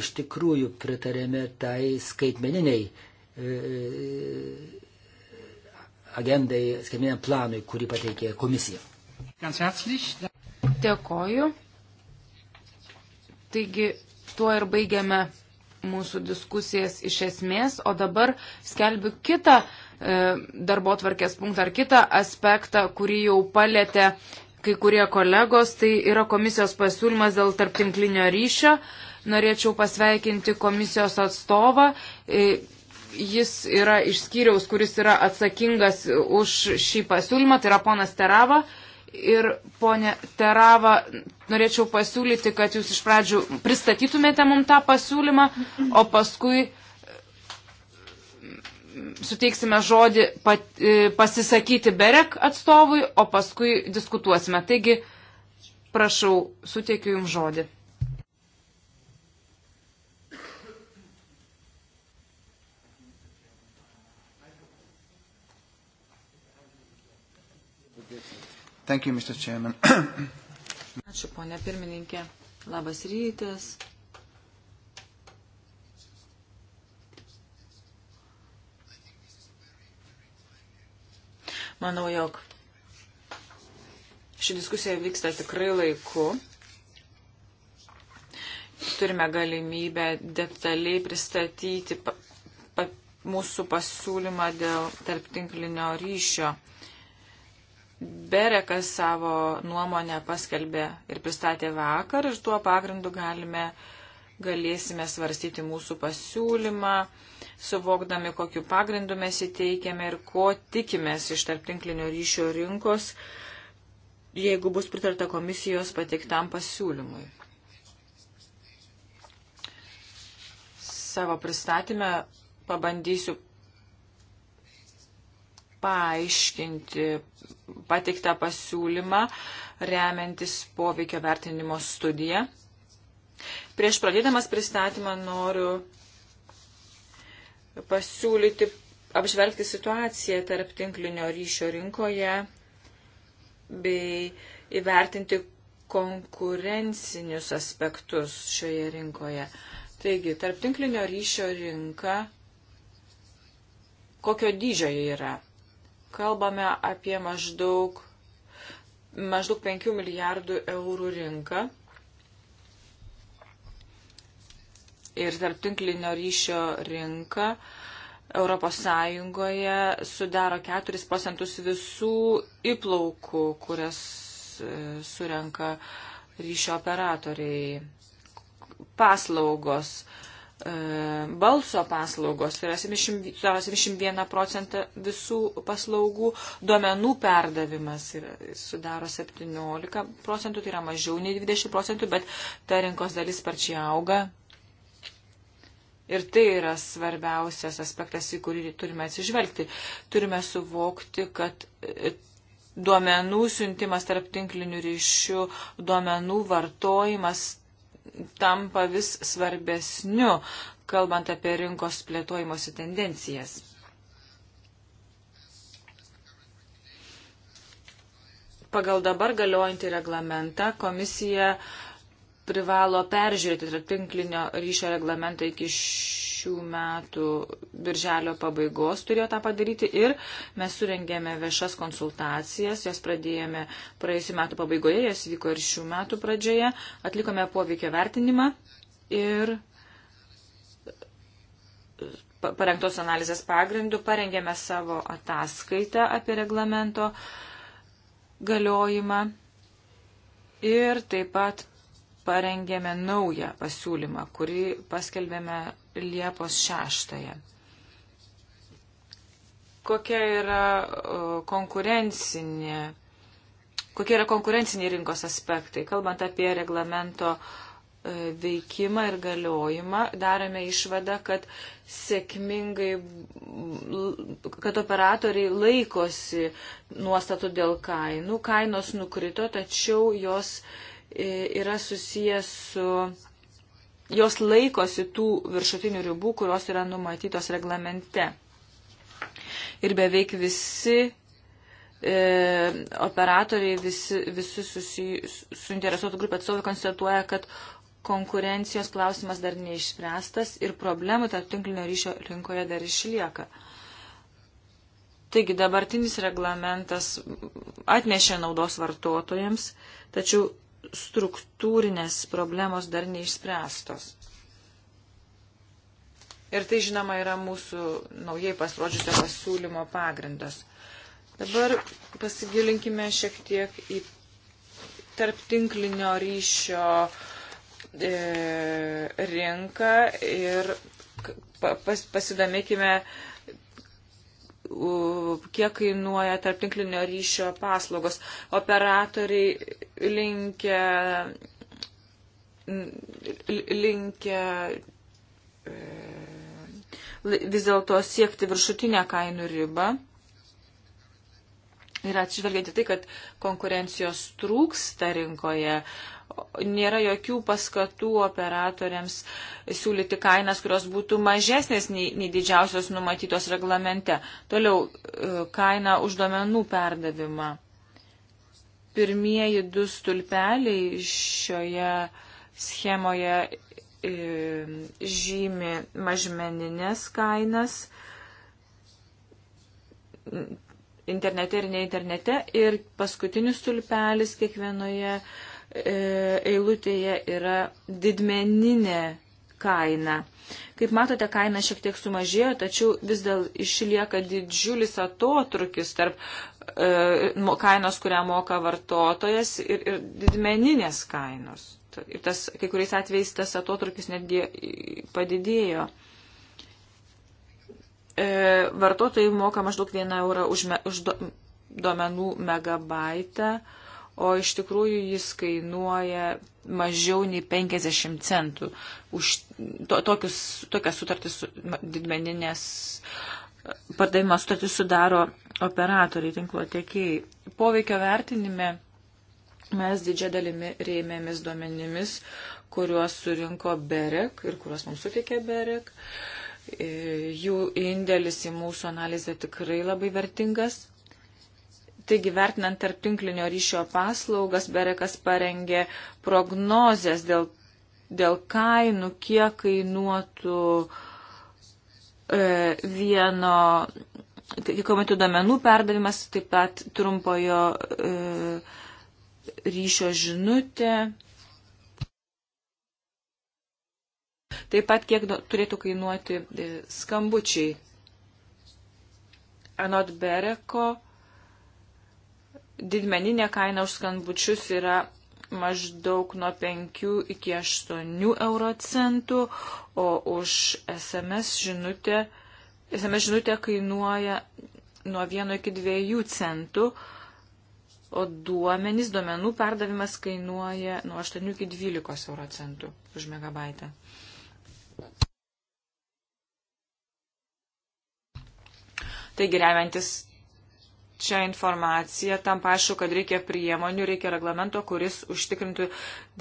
iš tikrųjų pritarėme tai skaitmeniniai agendai, skaitmeniniam planui, kurį pateikė komisija. Dėkoju. Taigi, tuo ir baigiame mūsų diskusijas iš esmės, o dabar skelbiu kitą e, darbo tvarkės punktą ar kitą aspektą, kurį jau palėtė kai kurie kolegos, tai yra komisijos pasiūlymas dėl tarptinklinio ryšio. Norėčiau pasveikinti komisijos atstovą. E, jis yra iš skyriaus, kuris yra atsakingas už šį pasiūlymą, tai yra ponas Terava. Ir ponė Terava, norėčiau pasiūlyti, kad jūs iš pradžių pristatytumėte mum tą pasiūlymą, o paskui mm, suteiksime žodį pat, e, pasisakyti Berek atstovui, o paskui diskutuosime. Taigi, prašau, suteikiu jums žodį. Thank you, Mr. Chairman. Ačiū, ponė pirmininkė. Labas rytas. Manau, jog ši diskusija vyksta tikrai laiku. Turime galimybę detaliai pristatyti pa, pa, mūsų pasiūlymą dėl tarptinklinio ryšio. Berekas savo nuomonę paskelbė ir pristatė vakar ir tuo pagrindu galime, galėsime svarstyti mūsų pasiūlymą, suvokdami, kokiu pagrindu mes įteikėme ir ko tikimės iš tarptinklinio ryšio rinkos, jeigu bus pritarta komisijos pateiktam pasiūlymui. Savo pristatymę pabandysiu paaiškinti pateiktą pasiūlymą, remiantis poveikio vertinimo studiją. Prieš pradėdamas pristatymą noriu pasiūlyti apžvelgti situaciją tarp tinklinio ryšio rinkoje bei įvertinti konkurencinius aspektus šioje rinkoje. Taigi, tarp tinklinio ryšio rinka, kokio dydžio jie yra? kalbame apie maždaug, maždaug 5 milijardų eurų rinką. Ir tarp tinklinio ryšio rinka Europos Sąjungoje sudaro 4 procentus visų įplaukų, kurias e, surenka ryšio operatoriai. Paslaugos E, balso paslaugos, tai yra 71 procentą visų paslaugų, duomenų perdavimas yra, sudaro 17 procentų, tai yra mažiau nei 20 procentų, bet ta rinkos dalis sparčiai auga. Ir tai yra svarbiausias aspektas, į kurį turime atsižvelgti. Turime suvokti, kad e, duomenų siuntimas tarp tinklinių ryšių, duomenų vartojimas tampa vis svarbesniu, kalbant apie rinkos plėtojimosi tendencijas. Pagal dabar galiojantį reglamentą komisija uh, privalo peržiūrėti tinklinio ryšio reglamentą iki šių metų birželio pabaigos turėjo tą padaryti ir mes surengėme viešas konsultacijas, jas pradėjome praėjusiu metu pabaigoje, jas vyko ir šių metų pradžioje, atlikome poveikio vertinimą ir parengtos analizės pagrindų parengėme savo ataskaitą apie reglamento galiojimą ir taip pat parengėme naują pasiūlymą, kurį paskelbėme Liepos 6. Kokia yra konkurencinė, kokie yra konkurenciniai rinkos aspektai, kalbant apie reglamento e, veikimą ir galiojimą, darome išvadą, kad sėkmingai, kad operatoriai laikosi nuostatų dėl kainų. Kainos nukrito, tačiau jos E, yra susijęs su. Jos laikosi tų viršutinių ribų, kurios yra numatytos reglamente. Ir beveik visi e, operatoriai, visi, visi susijus, suinteresuotų grupė atstovai konstatuoja, kad konkurencijos klausimas dar neišspręstas ir problemų tarp tinklinio ryšio rinkoje dar išlieka. Taigi dabartinis reglamentas atnešė naudos vartotojams, tačiau struktūrinės problemos dar neišspręstos. Ir tai, žinoma, yra mūsų naujai pasirodžiusio pasiūlymo pagrindas. Dabar pasigilinkime šiek tiek į tarptinklinio ryšio e, rinką ir pas, pasidomėkime e, kiek kainuoja tarp tinklinio ryšio paslaugos. Operatoriai linkia, linkia e, vis dėlto siekti viršutinę kainų ribą. Ir atsižvelgiant į tai, kad konkurencijos trūksta rinkoje, uh, nėra jokių paskatų operatoriams siūlyti kainas, kurios būtų mažesnės nei, nei didžiausios numatytos reglamente. Toliau e, kaina už domenų perdavimą. Pirmieji du stulpeliai šioje schemoje e, žymi mažmeninės kainas internete ir ne internete ir paskutinis stulpelis kiekvienoje uh, E, eilutėje yra didmeninė kaina. Kaip matote, kaina šiek tiek sumažėjo, tačiau vis dėl išlieka didžiulis atotrukis tarp e, kainos, kurią moka vartotojas ir, ir didmeninės kainos. Ir tas, kai kuriais atvejais tas atotrukis netgi padidėjo. E, vartotojai moka maždaug 1 eurą už, me, už do, duomenų megabaitą. E, o iš tikrųjų jis kainuoja mažiau nei 50 centų už to, tokius, tokias sutartis didmeninės e, pardavimo sutartis sudaro operatoriai, tinklo tiekėjai. Poveikio vertinime mes didžia dalimi rėmėmis duomenimis, kuriuos surinko Berek ir kuriuos mums suteikė Berek. E, jų indėlis į mūsų analizę tikrai labai vertingas. Taigi, vertinant tarp tinklinio ryšio paslaugas, Berekas parengė prognozes dėl, dėl kainų, kiek kainuotų e, vieno, kiek metų domenų perdavimas, taip pat trumpojo e, ryšio žinutė. Taip pat kiek turėtų kainuoti e, skambučiai. Anot Bereko didmeninė kaina už skambučius yra maždaug nuo 5 iki 8 euro centų, o už SMS žinutę, SMS žinutė kainuoja nuo 1 iki 2 centų, o duomenys, duomenų perdavimas kainuoja nuo 8 iki 12 euro centų už megabaitą. Taigi remiantis šią informaciją, tam paaišku, kad reikia priemonių, reikia reglamento, kuris užtikrintų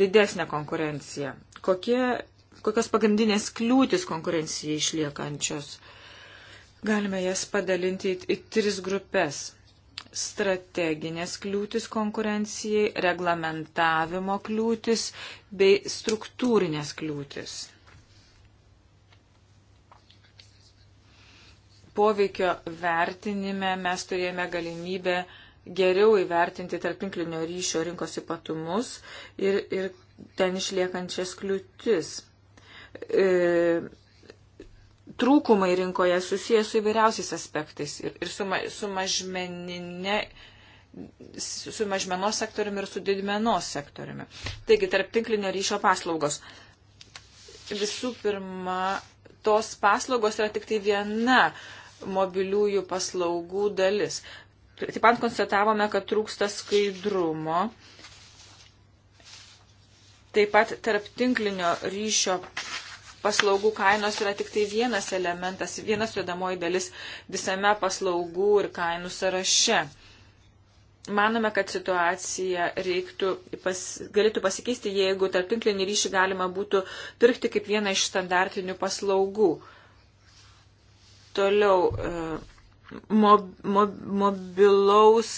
didesnę konkurenciją. Kokie, kokios pagrindinės kliūtis konkurencijai išliekančios? Galime jas padalinti į, į tris grupės. Strateginės kliūtis konkurencijai, reglamentavimo kliūtis bei struktūrinės kliūtis. poveikio vertinime mes turėjome galimybę geriau įvertinti tarptinklinio ryšio rinkos ypatumus ir, ir ten išliekančias kliūtis. E, trūkumai rinkoje susijęs su įvairiausiais aspektais ir, ir su, ma, su mažmeninė su mažmenos sektoriumi ir su didmenos sektoriumi. Taigi, tarptinklinio ryšio paslaugos. Visų pirma, tos paslaugos yra tik tai viena uh, mobiliųjų paslaugų dalis. Taip pat konstatavome, kad trūksta skaidrumo. Taip pat tarptinklinio ryšio paslaugų kainos yra tik tai vienas elementas, vienas sudamoji dalis visame paslaugų ir kainų sąraše. Manome, kad situacija reiktų, pas, galėtų pasikeisti, jeigu tarptinklinį ryšį galima būtų pirkti kaip vieną iš standartinių paslaugų. Uh, Toliau e, mob, mob, mobilaus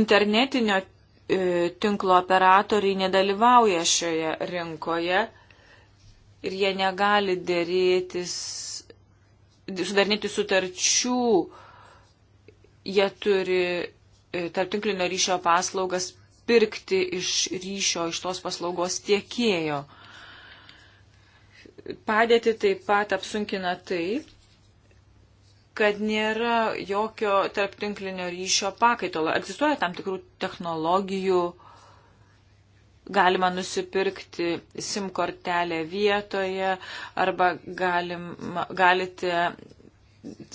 internetinio e, tinklo operatoriai nedalyvauja šioje rinkoje ir jie negali dėrėtis, sudarnyti sutarčių, jie turi e, tarptinklinio ryšio paslaugas pirkti iš ryšio, iš tos paslaugos tiekėjo. Padėti taip pat apsunkina tai, kad nėra jokio tarptinklinio ryšio pakaitolo. Egzistuoja tam tikrų technologijų, galima nusipirkti SIM kortelę vietoje arba galim, galite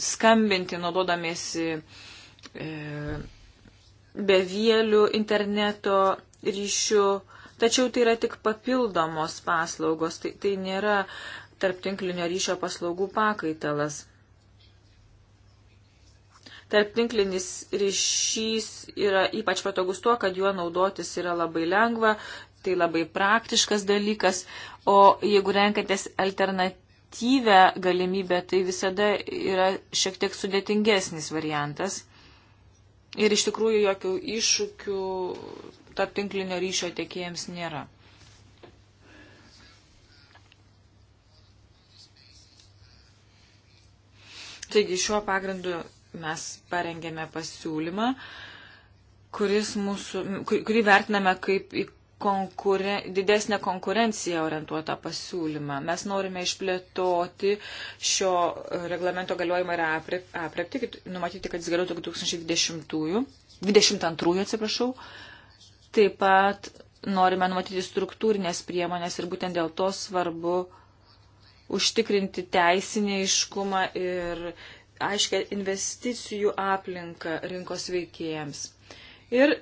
skambinti naudodamiesi e, bevėlių interneto ryšių. E, Tačiau tai yra tik papildomos paslaugos, tai, tai nėra tarptinklinio ryšio paslaugų pakaitalas. Tarptinklinis ryšys yra ypač patogus tuo, kad juo naudotis yra labai lengva, tai labai praktiškas dalykas, o jeigu renkatės alternatyvę galimybę, tai visada yra šiek tiek sudėtingesnis variantas. Ir iš tikrųjų jokių iššūkių tarp tinklinio ryšio tiekėjams nėra. Taigi šiuo pagrindu mes parengėme pasiūlymą, mūsų, kurį vertiname kaip į konkure, didesnę konkurenciją orientuotą pasiūlymą. Mes norime išplėtoti šio reglamento galiojimą ir aprepti, numatyti, kad jis galiotų 2020-ųjų, 22-ųjų, atsiprašau. Taip pat norime numatyti struktūrinės priemonės ir būtent dėl to svarbu užtikrinti teisinį iškumą ir aiškia investicijų aplinką rinkos veikėjams. Ir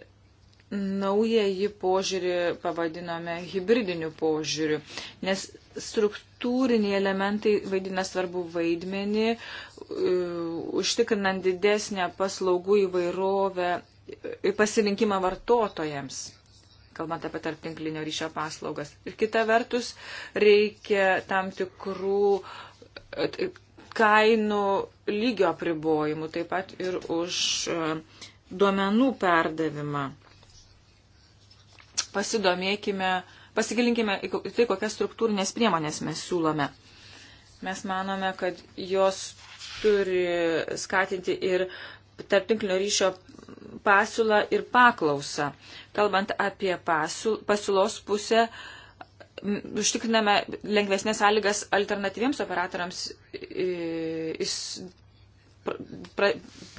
naująjį požiūrį pavadinome hybridiniu požiūriu, nes struktūriniai elementai vaidina svarbu vaidmenį, e, užtikrinant didesnę paslaugų įvairovę pasirinkimą vartotojams, kalbant apie tarptinklinio ryšio paslaugas. Ir kita vertus, reikia tam tikrų e, kainų lygio apribojimų, taip pat ir už e, duomenų perdavimą. Pasidomėkime, pasigilinkime į tai, kokias struktūrinės priemonės mes siūlome. Mes manome, kad jos turi skatinti ir tarptinklinio ryšio pasiūlą ir paklausą. Kalbant apie pasiūlos pusę, užtikriname lengvesnės sąlygas alternatyviems operatoriams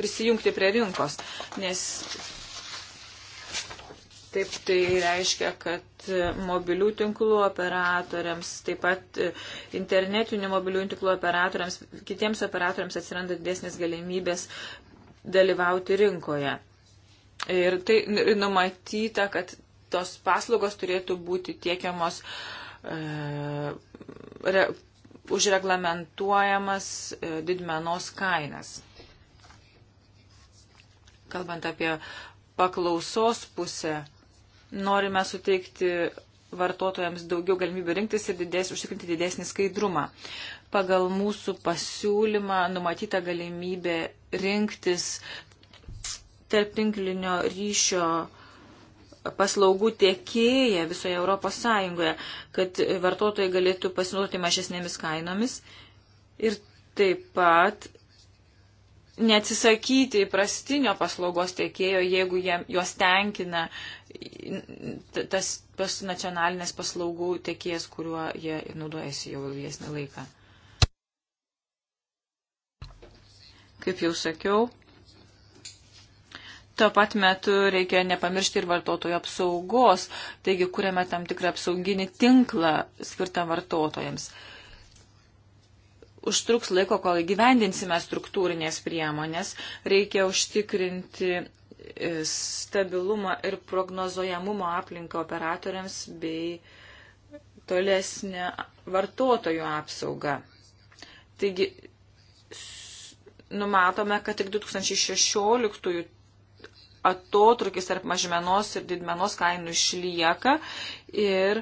prisijungti prie rinkos, nes Taip, tai reiškia, kad mobilių tinklų operatoriams, taip pat e, internetinių mobilių tinklų operatoriams, kitiems operatoriams atsiranda didesnės galimybės dalyvauti rinkoje. Ir tai numatyta, kad tos paslaugos turėtų būti tiekiamos e, re, užreglamentuojamas e, didmenos kainas. Kalbant apie paklausos pusę, norime suteikti vartotojams daugiau galimybių rinktis ir didės, užtikrinti didesnį skaidrumą. Pagal mūsų pasiūlymą numatyta galimybė rinktis tarp tinklinio ryšio paslaugų tiekėja visoje Europos Sąjungoje, kad vartotojai galėtų pasinaudoti mažesnėmis kainomis ir taip pat neatsisakyti įprastinio paslaugos tiekėjo, jeigu jie, juos tenkina tas, tas nacionalinės paslaugų tiekėjas, kuriuo jie naudojasi jau ilgesnį laiką. Kaip jau sakiau, Tuo pat metu reikia nepamiršti ir vartotojų apsaugos, taigi kuriame tam tikrą apsauginį tinklą skirtą vartotojams. Užtruks laiko, kol gyvendinsime struktūrinės priemonės, reikia užtikrinti e, stabilumą ir prognozojamumo aplinką operatoriams bei tolesnę vartotojų apsaugą. Taigi numatome, kad tik 2016 atotrukis tarp mažmenos ir didmenos kainų išlieka ir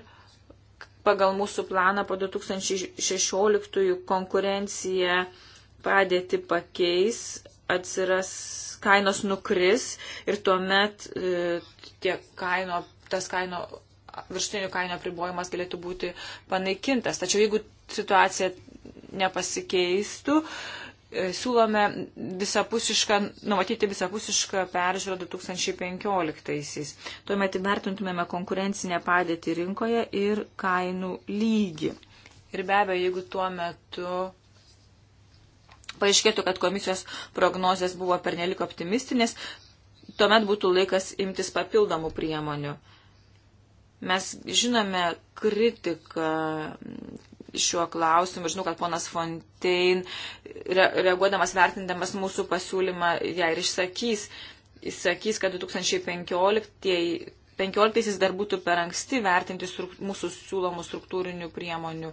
pagal mūsų planą po 2016 konkurencija padėti pakeis, atsiras kainos nukris ir tuomet e, kaino, tas kaino, virštinių kaino pribojimas galėtų būti panaikintas. Tačiau jeigu situacija nepasikeistų, e, siūlome visapusišką, numatyti visapusišką peržiūrą 2015-aisiais. Tuomet įvertintumėme konkurencinę padėtį rinkoje ir kainų lygį. Ir be abejo, jeigu tuo metu paaiškėtų, kad komisijos prognozijas buvo pernelik optimistinės, tuomet būtų laikas imtis papildomų priemonių. Mes žinome kritiką šiuo klausimu. Žinau, kad ponas Fontein, reaguodamas vertindamas mūsų pasiūlymą, ją ir išsakys. Jis sakys, kad 2015 15 dar būtų per anksti vertinti mūsų siūlomų struktūrinių priemonių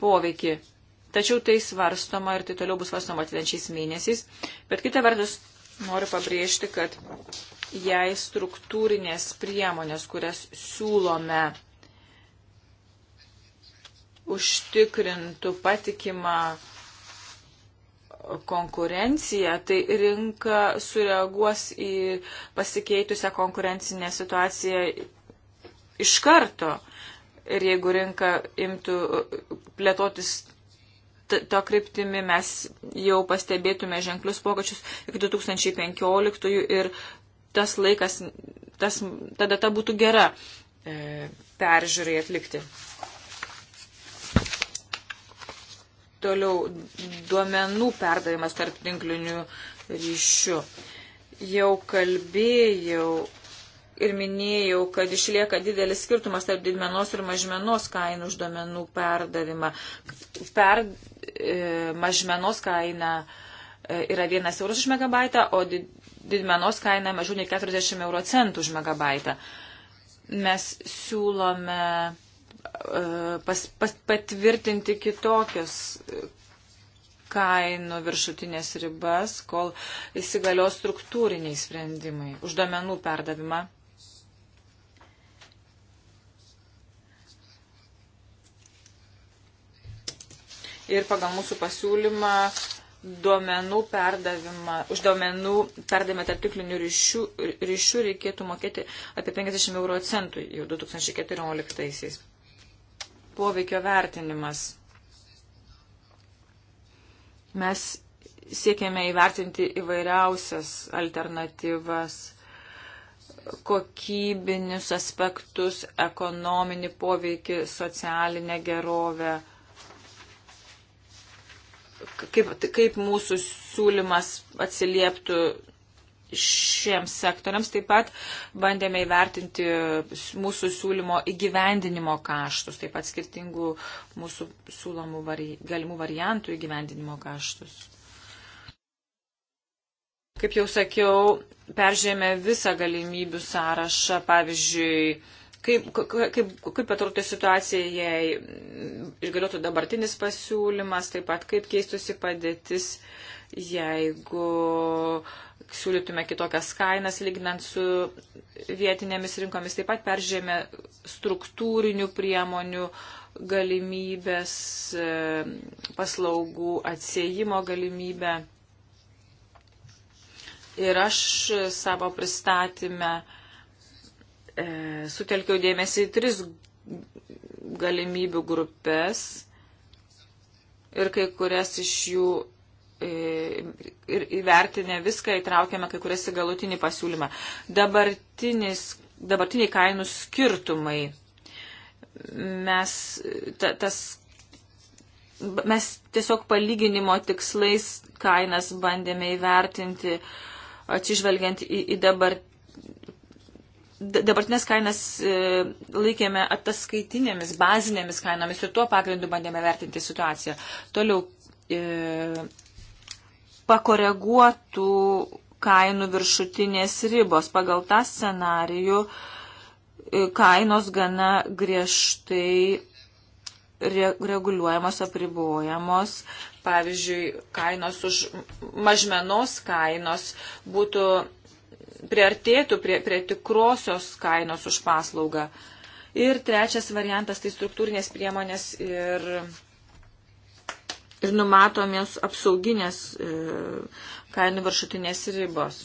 poveikį. Tačiau tai svarstoma ir tai toliau bus svarstoma atvenčiais mėnesiais. Bet kita vertus, noriu pabrėžti, kad jei struktūrinės priemonės, kurias siūlome užtikrintų patikimą konkurenciją, tai rinka sureaguos į pasikeitusią konkurencinę situaciją iš karto. Ir jeigu rinka imtų plėtotis to kryptimi, mes jau pastebėtume ženklius pokyčius iki 2015 ir tas laikas, tas, ta data būtų gera e, peržiūrai atlikti. Toliau duomenų perdavimas tarp tinklinių ryšių. Jau kalbėjau ir minėjau, kad išlieka didelis skirtumas tarp didmenos ir mažmenos kainų už duomenų perdavimą. Per e, mažmenos kaina e, yra 1 eurus už megabaitą, o did, didmenos kaina mažiau nei 40 euro centų už megabaitą. Mes siūlome pas, pas, patvirtinti kitokias kainų viršutinės ribas, kol įsigalios struktūriniai sprendimai už domenų perdavimą. Ir pagal mūsų pasiūlymą duomenų perdavimą, už duomenų perdavimą tarp tiklinių ryšių, ryšių reikėtų mokėti apie 50 euro centų jau 2014. -aisiais poveikio vertinimas. Mes siekėme įvertinti įvairiausias alternatyvas, kokybinius aspektus, ekonominį poveikį, socialinę gerovę kaip, kaip mūsų siūlymas atsilieptų šiems sektoriams. Taip pat bandėme įvertinti mūsų siūlymo įgyvendinimo kaštus, taip pat skirtingų mūsų siūlomų vari, galimų variantų įgyvendinimo kaštus. Kaip jau sakiau, peržėmė visą galimybių sąrašą, pavyzdžiui, kaip, kaip, kaip atrodo situacija, jei išgaliotų dabartinis pasiūlymas, taip pat kaip keistusi padėtis jeigu siūlytume kitokias kainas, lygnant su vietinėmis rinkomis. Taip pat peržėmė struktūrinių priemonių galimybės, e, paslaugų atsiejimo galimybę. Ir aš savo pristatymę e, sutelkiau dėmesį į tris galimybių grupės ir kai kurias iš jų ir įvertinę viską įtraukėme kai kurias į galutinį pasiūlymą. Dabartiniai kainų skirtumai. Mes, ta, tas, mes tiesiog palyginimo tikslais kainas bandėme įvertinti, atsižvelgiant į, į dabar, dabartinės kainas e, laikėme ataskaitinėmis, bazinėmis kainomis ir tuo pagrindu bandėme vertinti situaciją. Toliau e, pakoreguotų kainų viršutinės ribos. Pagal tą scenarijų e, kainos gana griežtai re reguliuojamos, apribojamos. Pavyzdžiui, kainos už mažmenos kainos būtų priartėtų prie, prie tikrosios kainos už paslaugą. Ir trečias variantas - tai struktūrinės priemonės ir ir numatomės apsauginės e, kainų viršutinės ribos.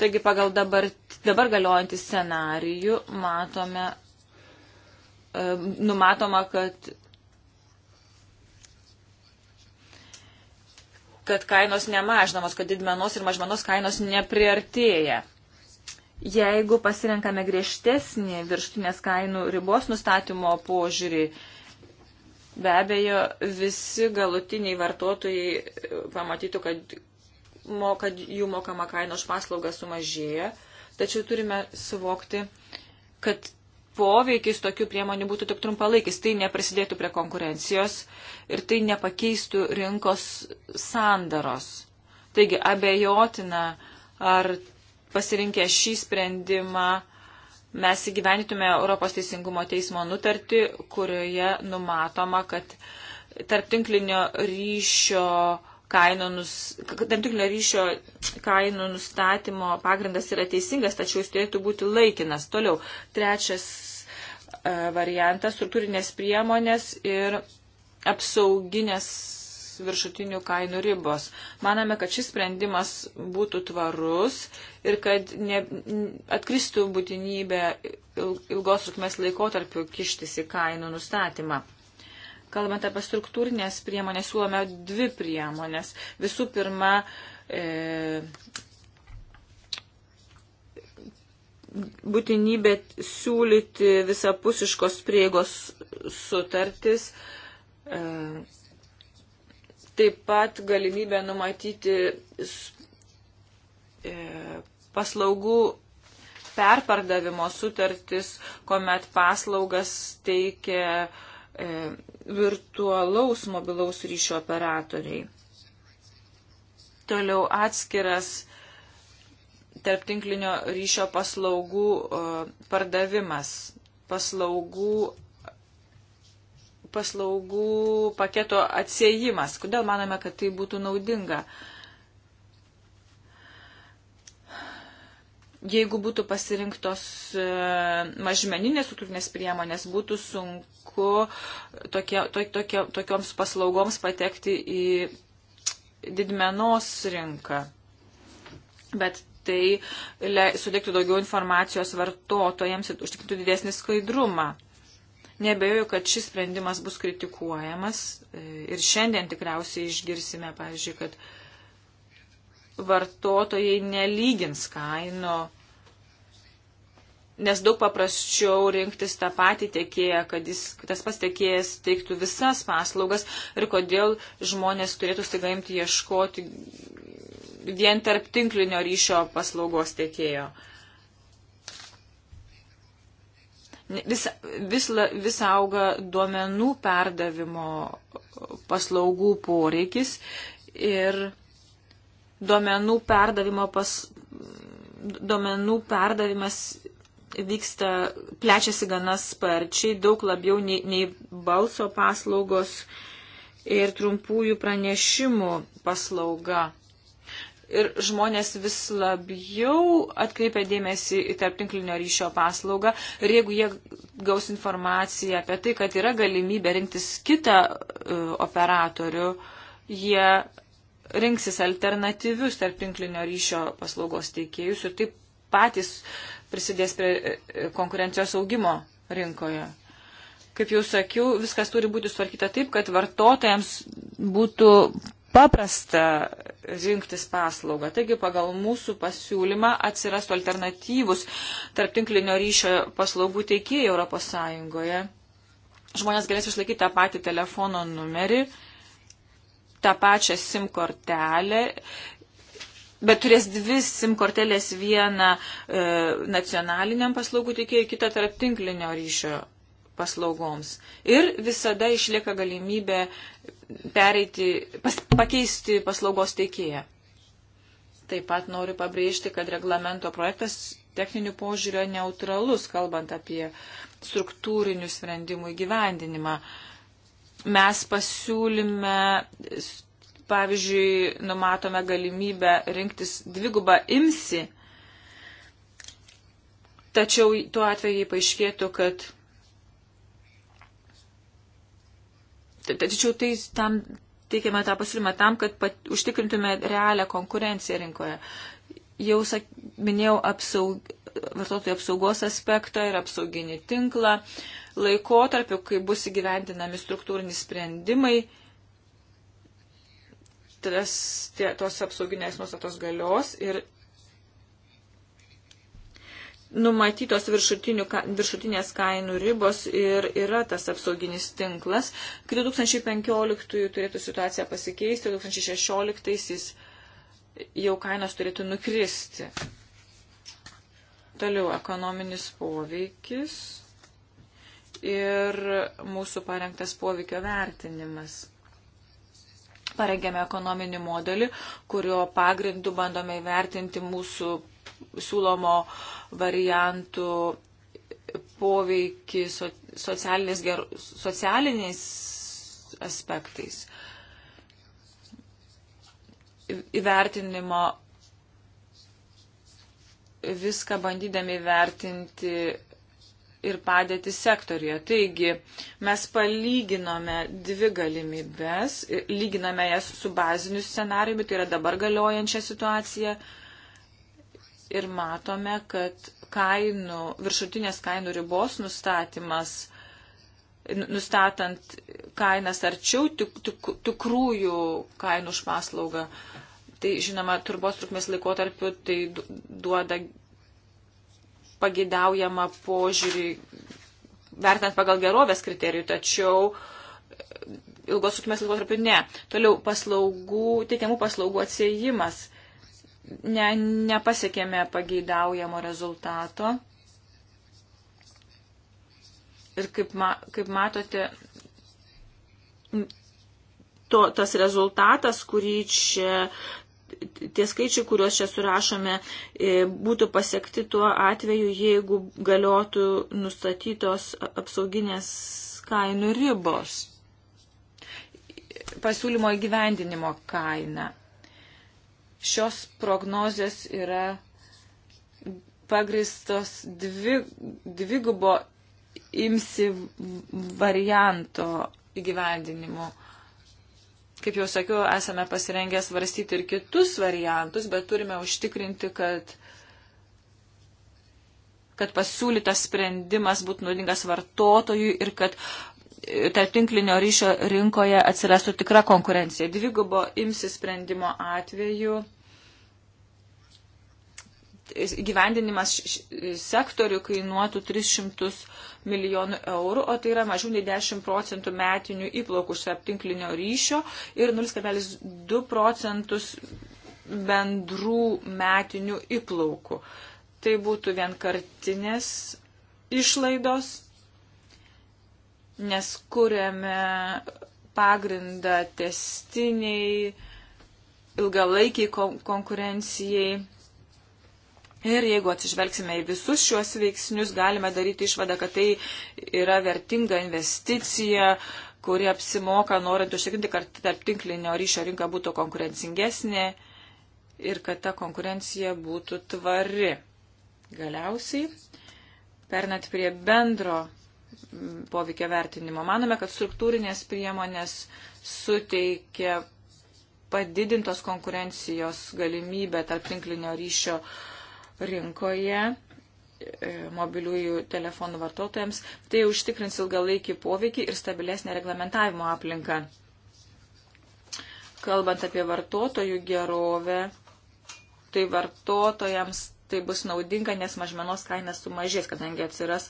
Taigi pagal dabar, dabar galiojantį scenarijų matome, e, numatoma, kad, kad kainos nemažinamos, kad didmenos ir mažmenos kainos nepriartėja. Jeigu pasirenkame griežtesnį viršutinės kainų ribos nustatymo požiūrį, Be abejo, visi galutiniai vartotojai e, pamatytų, kad, mo, kad jų mokama kaina už paslaugą sumažėja, tačiau turime suvokti, kad poveikis tokių priemonių būtų tik trumpalaikis, tai neprisidėtų prie konkurencijos ir tai nepakeistų rinkos sandaros. Taigi abejotina, ar pasirinkę šį sprendimą mes įgyvenitume Europos teisingumo teismo nutartį, kurioje numatoma, kad tarptinklinio ryšio kainų, nus, tarptinklinio ryšio kainų nustatymo pagrindas yra teisingas, tačiau jis turėtų būti laikinas. Toliau, trečias e, variantas - struktūrinės priemonės ir apsauginės viršutinių kainų ribos. Maname, kad šis sprendimas būtų tvarus ir kad ne, atkristų būtinybė ilgos trukmės laikotarpiu kištis į kainų nustatymą. Kalbant apie struktūrinės priemonės, siūlome dvi priemonės. Visų pirma, e, būtinybė siūlyti visapusiškos prieigos sutartis. E, Taip pat galimybė numatyti e, paslaugų perpardavimo sutartis, kuomet paslaugas teikia e, virtualaus mobilaus ryšio operatoriai. Toliau atskiras tarptinklinio ryšio paslaugų e, pardavimas, paslaugų paslaugų paketo atsiejimas. Kodėl manome, kad tai būtų naudinga? Jeigu būtų pasirinktos e, mažmeninės struktūrinės priemonės, būtų sunku tokie, to, tokie, tokioms paslaugoms patekti į didmenos rinką. Bet tai suteiktų daugiau informacijos vartotojams ir užtikrintų didesnį skaidrumą. Nebejoju, kad šis sprendimas bus kritikuojamas e, ir šiandien tikriausiai išgirsime, pavyzdžiui, kad vartotojai nelygins kaino, nes daug paprasčiau rinktis tą patį tiekėją, kad jis, tas pats tiekėjas teiktų visas paslaugas ir kodėl žmonės turėtų staiga imti ieškoti vien tarp tinklinio ryšio paslaugos tiekėjo. Uh, vis, vis, vis auga duomenų perdavimo paslaugų poreikis ir duomenų perdavimo pas, duomenų perdavimas vyksta, plečiasi gana sparčiai, daug labiau nei, nei balso paslaugos ir trumpųjų pranešimų paslauga ir žmonės vis labiau atkreipia dėmesį į tarptinklinio ryšio paslaugą ir jeigu jie gaus informaciją apie tai, kad yra galimybė rinktis kitą uh, operatorių, jie rinksis alternatyvius tarptinklinio ryšio paslaugos teikėjus ir taip patys prisidės prie e, e, konkurencijos augimo rinkoje kaip jau sakiau, viskas turi būti sutvarkyta taip, kad vartotojams būtų paprasta rinktis paslaugą. Taigi pagal mūsų pasiūlymą atsirastų alternatyvus tarptinklinio ryšio paslaugų teikėjai Europos Sąjungoje. Žmonės galės išlaikyti tą patį telefono numerį, tą pačią SIM kortelę bet turės dvi SIM kortelės vieną e, nacionaliniam paslaugų teikėjui, kitą tarp tinklinio ryšio paslaugoms. Ir visada išlieka galimybė pereiti, pas, pakeisti paslaugos teikėją. Taip pat noriu pabrėžti, kad reglamento projektas techninių požiūrio neutralus, kalbant apie struktūrinių sprendimų įgyvendinimą. Mes pasiūlyme, pavyzdžiui, numatome galimybę rinktis dvigubą imsi, tačiau tuo atveju paaiškėtų, kad Tačiau tai tam teikiame tą pasiūlymą tam, kad pat, užtikrintume realią konkurenciją rinkoje. Jau sak, minėjau apsaug, vartotojų apsaugos aspektą ir apsauginį tinklą, laikotarpiu, kai bus įgyvendinami struktūriniai sprendimai, tas, tie, tos apsauginės nuostatos galios ir numatytos viršutinės kainų ribos ir yra tas apsauginis tinklas. Kai 2015 turėtų situacija pasikeisti, 2016 jau kainos turėtų nukristi. Toliau ekonominis poveikis ir mūsų parengtas poveikio vertinimas. Parengėme ekonominį modelį, kurio pagrindu bandome įvertinti mūsų siūlomo variantų poveikį socialiniais, ger, socialiniais aspektais. Įvertinimo viską bandydami vertinti ir padėti sektorijoje. Taigi mes palyginome dvi galimybės, lyginame jas su baziniu scenariumi, tai yra dabar galiojančią situaciją ir matome, kad kainų, viršutinės kainų ribos nustatymas, nustatant kainas arčiau tik, tik, tikrųjų kainų už paslaugą, tai žinoma, turbos trukmės laikotarpiu tai duoda pagidaujamą požiūrį, vertinant pagal gerovės kriterijų, tačiau e, ilgos trukmės laikotarpiu ne. Toliau paslaugų, teikiamų paslaugų atsiejimas ne, nepasiekėme pageidaujamo rezultato. Ir kaip, ma, kaip matote, to, tas rezultatas, kurį čia, tie skaičiai, kuriuos čia surašome, e, būtų pasiekti tuo atveju, jeigu galiotų nustatytos apsauginės kainų ribos, pasiūlymo įgyvendinimo kaina. Šios prognozės yra pagristos dvi, dvigubo imsi varianto įgyvendinimu. Kaip jau sakiau, esame pasirengę svarstyti ir kitus variantus, bet turime užtikrinti, kad kad pasiūlytas sprendimas būtų naudingas vartotojui ir kad tarptinklinio ryšio rinkoje atsirastų tikra konkurencija. Dvigubo imsi sprendimo atveju gyvendinimas sektorių kainuotų 300 milijonų eurų, o tai yra mažiau nei 10 procentų metinių įplaukų iš aptinklinio ryšio ir 0,2 procentus bendrų metinių įplaukų. Tai būtų vienkartinės išlaidos nes kuriame pagrindą testiniai, ilgalaikiai konkurencijai. Ir jeigu atsižvelgsime į visus šiuos veiksnius, galime daryti išvadą, kad tai yra vertinga investicija, kuri apsimoka, norint užtikrinti, kad tarp tinklinio ryšio rinka būtų konkurencingesnė ir kad ta konkurencija būtų tvari. Galiausiai, pernat prie bendro poveikio vertinimo. Manome, kad struktūrinės priemonės suteikia padidintos konkurencijos galimybę tarp tinklinio ryšio rinkoje e, mobiliųjų telefonų vartotojams. Tai užtikrins ilgalaikį poveikį ir stabilesnę reglamentavimo aplinką. Kalbant apie vartotojų gerovę, tai vartotojams tai bus naudinga, nes mažmenos kaina sumažės, kadangi atsiras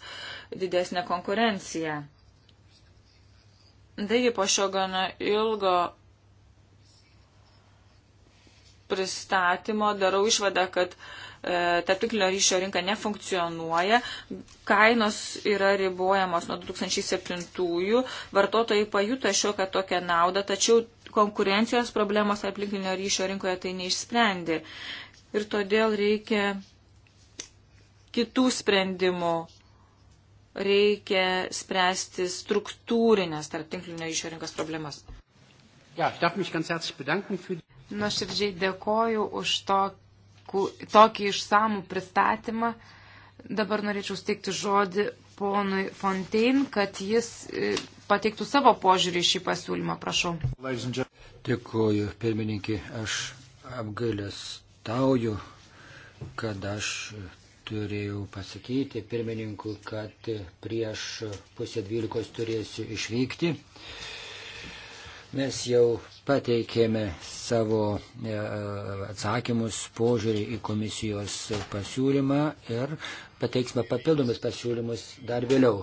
didesnė konkurencija. Taigi po šio gana ilgo pristatymo darau išvadą, kad e, tarptinklinio ryšio rinka nefunkcionuoja, kainos yra ribojamos nuo 2007-ųjų, vartotojai pajuto šiokią tokią naudą, tačiau konkurencijos problemos tarptinklinio ryšio rinkoje tai neišsprendė. Ir todėl reikia kitų sprendimų. Reikia spręsti struktūrinės tarptinklinio išorinkos problemas. Ja, für... Nuoširdžiai dėkoju už tokų, tokį išsamų pristatymą. Dabar norėčiau steikti žodį ponui Fontein, kad jis e, pateiktų savo požiūrį šį pasiūlymą, prašau. Dėkuoju, pirmininkė, aš apgailės tauju, kad aš turėjau pasakyti pirmininkui, kad prieš pusę dvylikos turėsiu išvykti. Mes jau pateikėme savo e, atsakymus požiūrį į komisijos pasiūlymą ir pateiksime papildomus pasiūlymus dar vėliau.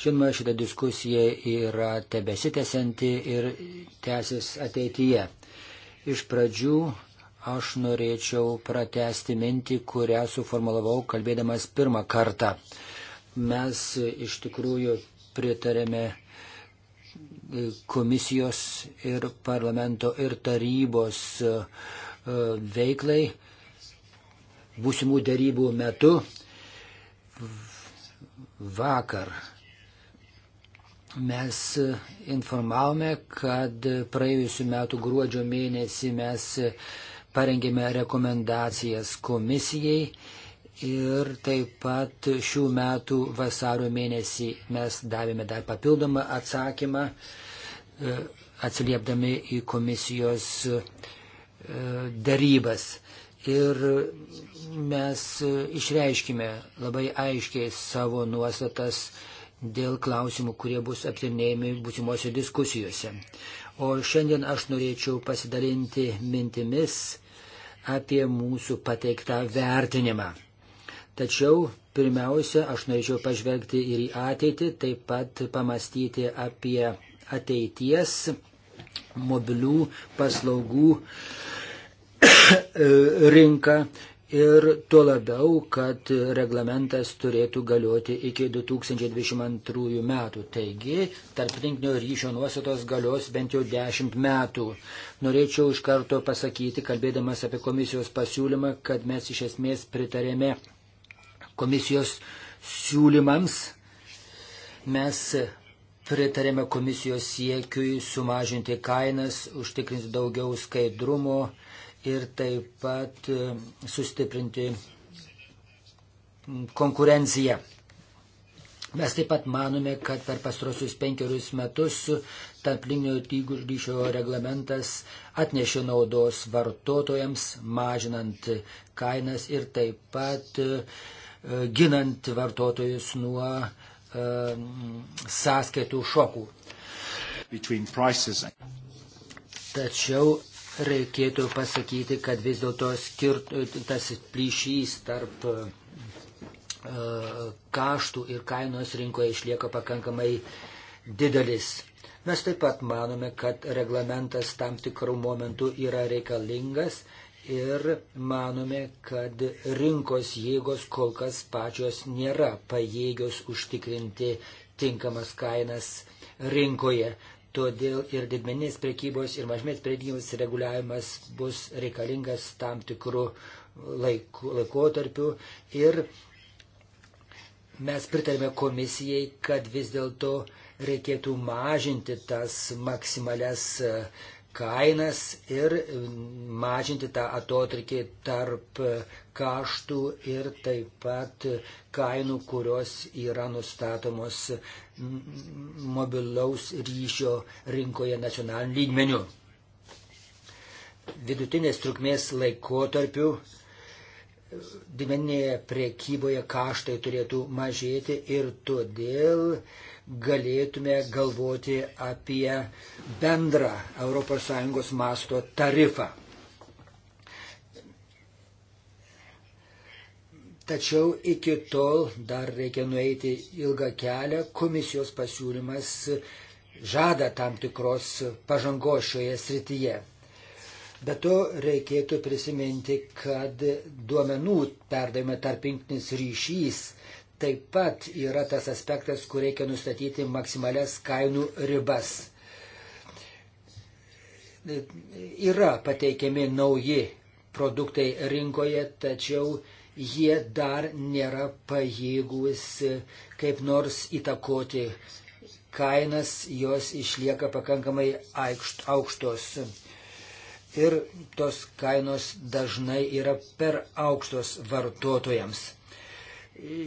Žinoma, šita diskusija yra tebesitęsianti ir tęsis ateityje. Iš pradžių Aš norėčiau pratesti mintį, kurią suformulavau kalbėdamas pirmą kartą. Mes iš tikrųjų pritarėme e, komisijos ir parlamento ir tarybos e, e, veiklai būsimų darybų metu vakar mes informavome, kad praėjusiu metu gruodžio mėnesį mes parengėme rekomendacijas komisijai ir taip pat šių metų vasario mėnesį mes davėme dar papildomą atsakymą, e, atsiliepdami į komisijos e, darybas. Ir mes e, išreiškime labai aiškiai savo nuostatas dėl klausimų, kurie bus aptarnėjami būsimosios diskusijose. O šiandien aš norėčiau pasidalinti mintimis apie mūsų pateiktą vertinimą. Tačiau pirmiausia, aš norėčiau pažvelgti ir į ateitį, taip pat pamastyti apie ateities mobilių paslaugų rinką Ir tuo labiau, kad reglamentas turėtų galioti iki 2022 metų. Taigi, tarptinklinio ryšio nuostatos galios bent jau 10 metų. Norėčiau iš karto pasakyti, kalbėdamas apie komisijos pasiūlymą, kad mes iš esmės pritarėme komisijos siūlymams. Mes pritarėme komisijos siekiui sumažinti kainas, užtikrinti daugiau skaidrumo ir taip pat e, sustiprinti konkurenciją. Mes taip pat manome, kad per pastrosius penkerius metus tarplinio ryšio reglamentas atnešė naudos vartotojams, mažinant kainas ir taip pat e, ginant vartotojus nuo e, sąskaitų šokų. Tačiau reikėtų pasakyti, kad vis dėlto tas plyšys tarp e, kaštų ir kainos rinkoje išlieka pakankamai didelis. Mes taip pat manome, kad reglamentas tam tikrų momentų yra reikalingas ir manome, kad rinkos jėgos kol kas pačios nėra pajėgios užtikrinti tinkamas kainas rinkoje. Todėl ir didmeninės prekybos ir mažmės prekybos reguliavimas bus reikalingas tam tikrų laiku, laikotarpių. Ir mes pritarėme komisijai, kad vis dėlto reikėtų mažinti tas maksimales e, kainas ir mažinti tą atotrikį tarp e, kaštų ir taip pat kainų, kurios yra nustatomos mobilaus ryšio rinkoje nacionaliniu lygmeniu. Vidutinės trukmės laikotarpiu dimeninėje priekyboje kaštai turėtų mažėti ir todėl galėtume galvoti apie bendrą ES masto tarifą. Tačiau iki tol dar reikia nueiti ilgą kelią. Komisijos pasiūlymas žada tam tikros pažangos šioje srityje. Be to reikėtų prisiminti, kad duomenų perdavime tarpinktinis ryšys taip pat yra tas aspektas, kur reikia nustatyti maksimalias kainų ribas. Yra pateikiami nauji produktai rinkoje, tačiau jie dar nėra pajėgus kaip nors įtakoti kainas, jos išlieka pakankamai aukštos. Ir tos kainos dažnai yra per aukštos vartotojams.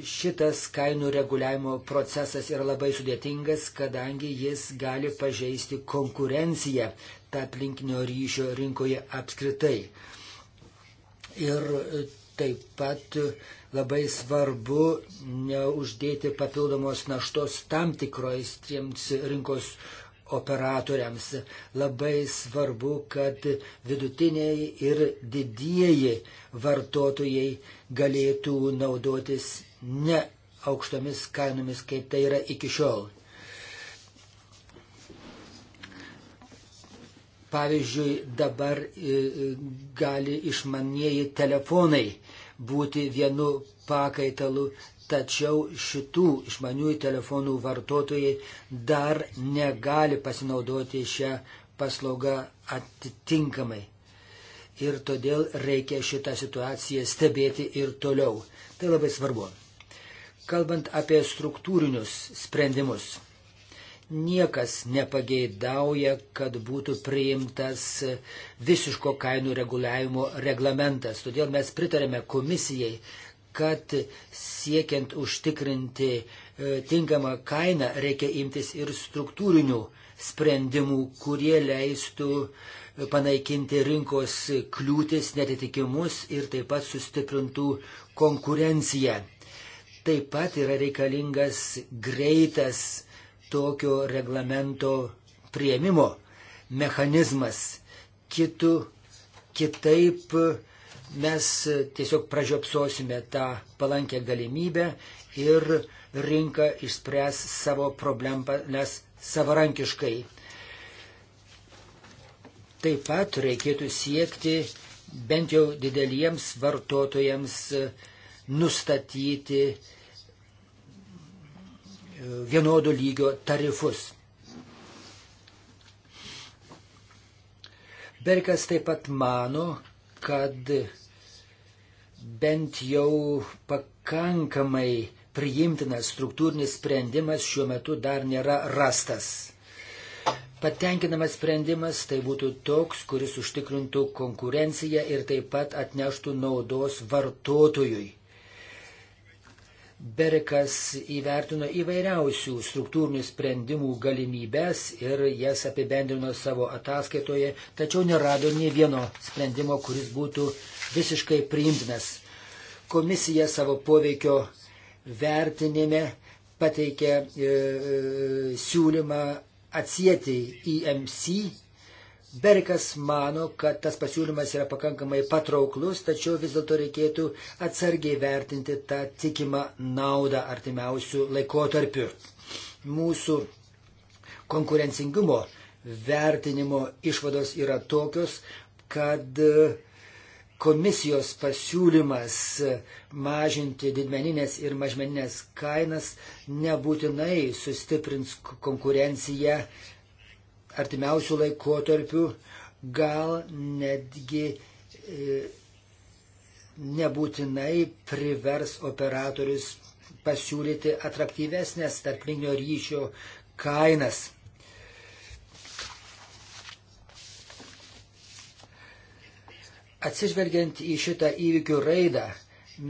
Šitas kainų reguliavimo procesas yra labai sudėtingas, kadangi jis gali pažeisti konkurenciją tarp linkinio ryšio rinkoje apskritai. Ir Taip pat labai svarbu neuždėti papildomos naštos tam tikrojais tiems rinkos operatoriams. Labai svarbu, kad vidutiniai ir didieji vartotojai galėtų naudotis ne aukštomis kainomis, kaip tai yra iki šiol. Pavyzdžiui, dabar e, e, gali išmanieji telefonai būti vienu pakaitalu, tačiau šitų išmaniųjų telefonų vartotojai dar negali pasinaudoti šią paslaugą atitinkamai. Ir todėl reikia šitą situaciją stebėti ir toliau. Tai labai svarbu. Kalbant apie struktūrinius sprendimus. Niekas nepageidauja, kad būtų priimtas visiško kainų reguliavimo reglamentas. Todėl mes pritarėme komisijai, kad siekiant užtikrinti e, tinkamą kainą reikia imtis ir struktūrinių sprendimų, kurie leistų e, panaikinti rinkos kliūtis, netitikimus ir taip pat sustiprintų konkurenciją. Taip pat yra reikalingas greitas tokio reglamento prieimimo mechanizmas. Kitu, kitaip mes tiesiog pražiopsosime tą palankę galimybę ir rinka išspręs savo problemas savarankiškai. Taip pat reikėtų siekti bent jau dideliems vartotojams nustatyti vienodo lygio tarifus. Berkas taip pat mano, kad bent jau pakankamai priimtinas struktūrinis sprendimas šiuo metu dar nėra rastas. Patenkinamas sprendimas tai būtų toks, kuris užtikrintų konkurenciją ir taip pat atneštų naudos vartotojui. Berikas įvertino įvairiausių struktūrinių sprendimų galimybės ir jas apibendrino savo ataskaitoje, tačiau nerado nei vieno sprendimo, kuris būtų visiškai priimtinas. Komisija savo poveikio vertinime pateikė e, e, siūlymą atsijėti IMC Berikas mano, kad tas pasiūlymas yra pakankamai patrauklus, tačiau vis dėlto reikėtų atsargiai vertinti tą tikimą naudą artimiausių laikotarpių. Mūsų konkurencingumo vertinimo išvados yra tokios, kad komisijos pasiūlymas mažinti didmeninės ir mažmeninės kainas nebūtinai sustiprins konkurenciją artimiausių laikotarpių gal netgi e, nebūtinai privers operatorius pasiūlyti atraktyvesnės tarplinio ryšio kainas. Atsižvelgiant į šitą įvykių raidą,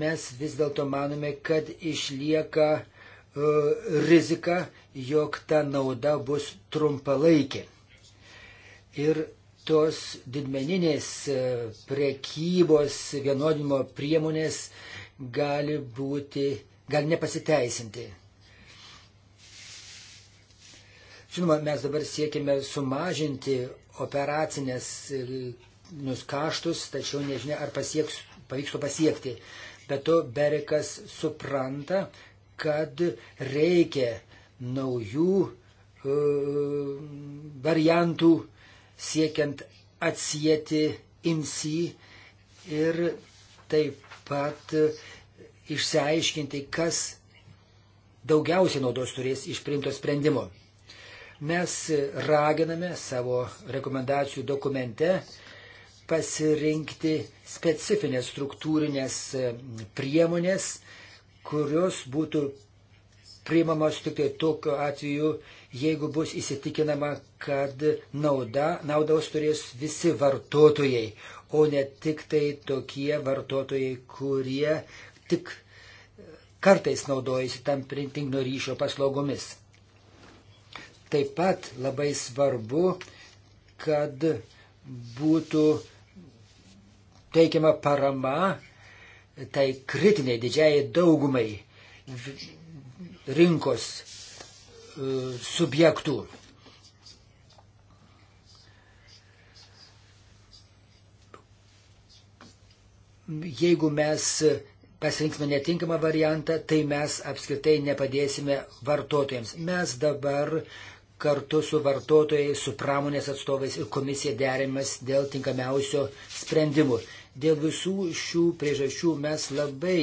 mes vis dėlto manome, kad išlieka uh, rizika, jog ta nauda bus trumpalaikė ir tos didmeninės e, prekybos vienodinimo priemonės gali būti, gali nepasiteisinti. Žinoma, mes dabar siekime sumažinti operacinės e, nuskaštus, tačiau nežinia, ar pasieks, pavyks to pasiekti. Bet to Berikas supranta, kad reikia naujų e, variantų, e, siekiant atsijėti INSI ir taip pat išsiaiškinti, kas daugiausiai naudos turės iš priimto sprendimo. Mes raginame savo rekomendacijų dokumente pasirinkti specifines struktūrinės priemonės, kurios būtų priimamos tik tai tokiu atveju, jeigu bus įsitikinama, kad nauda, naudos turės visi vartotojai, o ne tik tai tokie vartotojai, kurie tik e, kartais naudojasi tam printingo ryšio paslaugomis. Taip pat labai svarbu, kad būtų teikiama parama tai kritiniai didžiai daugumai rinkos E, subjektų. Jeigu mes pasirinksime netinkamą variantą, tai mes apskritai nepadėsime vartotojams. Mes dabar kartu su vartotojais, su pramonės atstovais ir komisija derimas dėl tinkamiausio sprendimų. Dėl visų šių priežasčių mes labai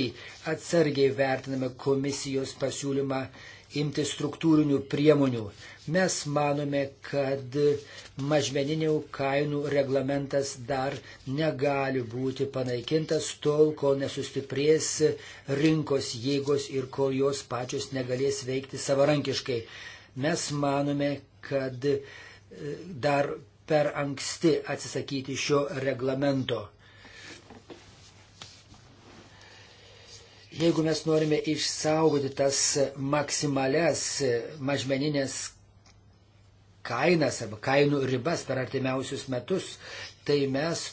atsargiai vertiname komisijos pasiūlymą imti struktūrinių priemonių. Mes manome, kad mažmeninių kainų reglamentas dar negali būti panaikintas tol, kol nesustiprės rinkos jėgos ir kol jos pačios negalės veikti savarankiškai. Mes manome, kad e, dar per anksti atsisakyti šio reglamento. Jeigu mes norime išsaugoti tas maksimales mažmeninės kainas arba kainų ribas per artimiausius metus, tai mes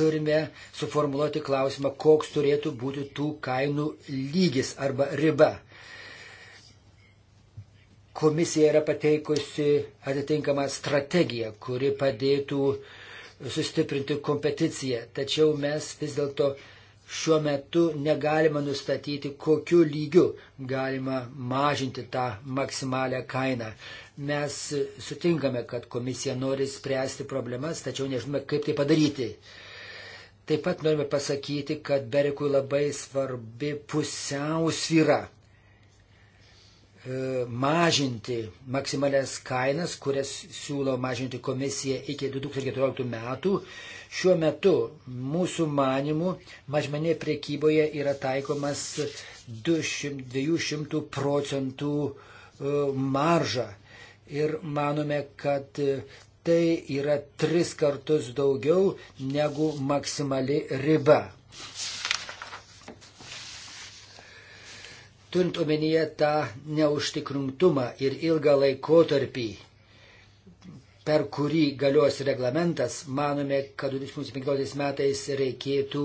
turime suformuoluoti klausimą, koks turėtų būti tų kainų lygis arba riba. Komisija yra pateikusi atitinkamą strategiją, kuri padėtų sustiprinti kompeticiją, tačiau mes vis dėlto šiuo metu negalima nustatyti, kokiu lygiu galima mažinti tą maksimalę kainą. Mes sutinkame, kad komisija nori spręsti problemas, tačiau nežinome, kaip tai padaryti. Taip pat norime pasakyti, kad Berikui labai svarbi pusiausvyra e, mažinti maksimalias kainas, kurias siūlo mažinti komisija iki 2014 metų Šiuo metu mūsų manimų mažmenė priekyboje yra taikomas 200, 200 procentų e, marža. Ir manome, kad e, tai yra tris kartus daugiau negu maksimali riba. Turint omenyje tą neužtikrintumą ir ilgą laikotarpį, per kurį galios reglamentas, manome, kad 2015 metais reikėtų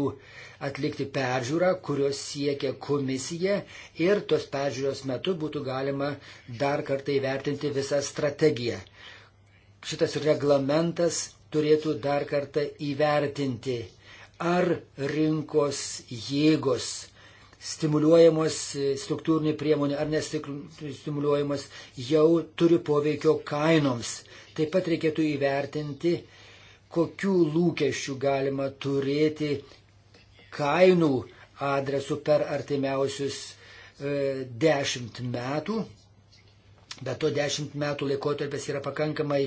atlikti peržiūrą, kurios siekia komisija ir tos peržiūros metu būtų galima dar kartą įvertinti visą strategiją. Šitas reglamentas turėtų dar kartą įvertinti, ar rinkos jėgos stimuliuojamos e, struktūrinių priemonių ar nestimuliuojamos jau turi poveikio kainoms Taip pat reikėtų įvertinti, kokių lūkesčių galima turėti kainų adresu per artimiausius e, dešimt metų. Bet to dešimt metų laikotarpis yra pakankamai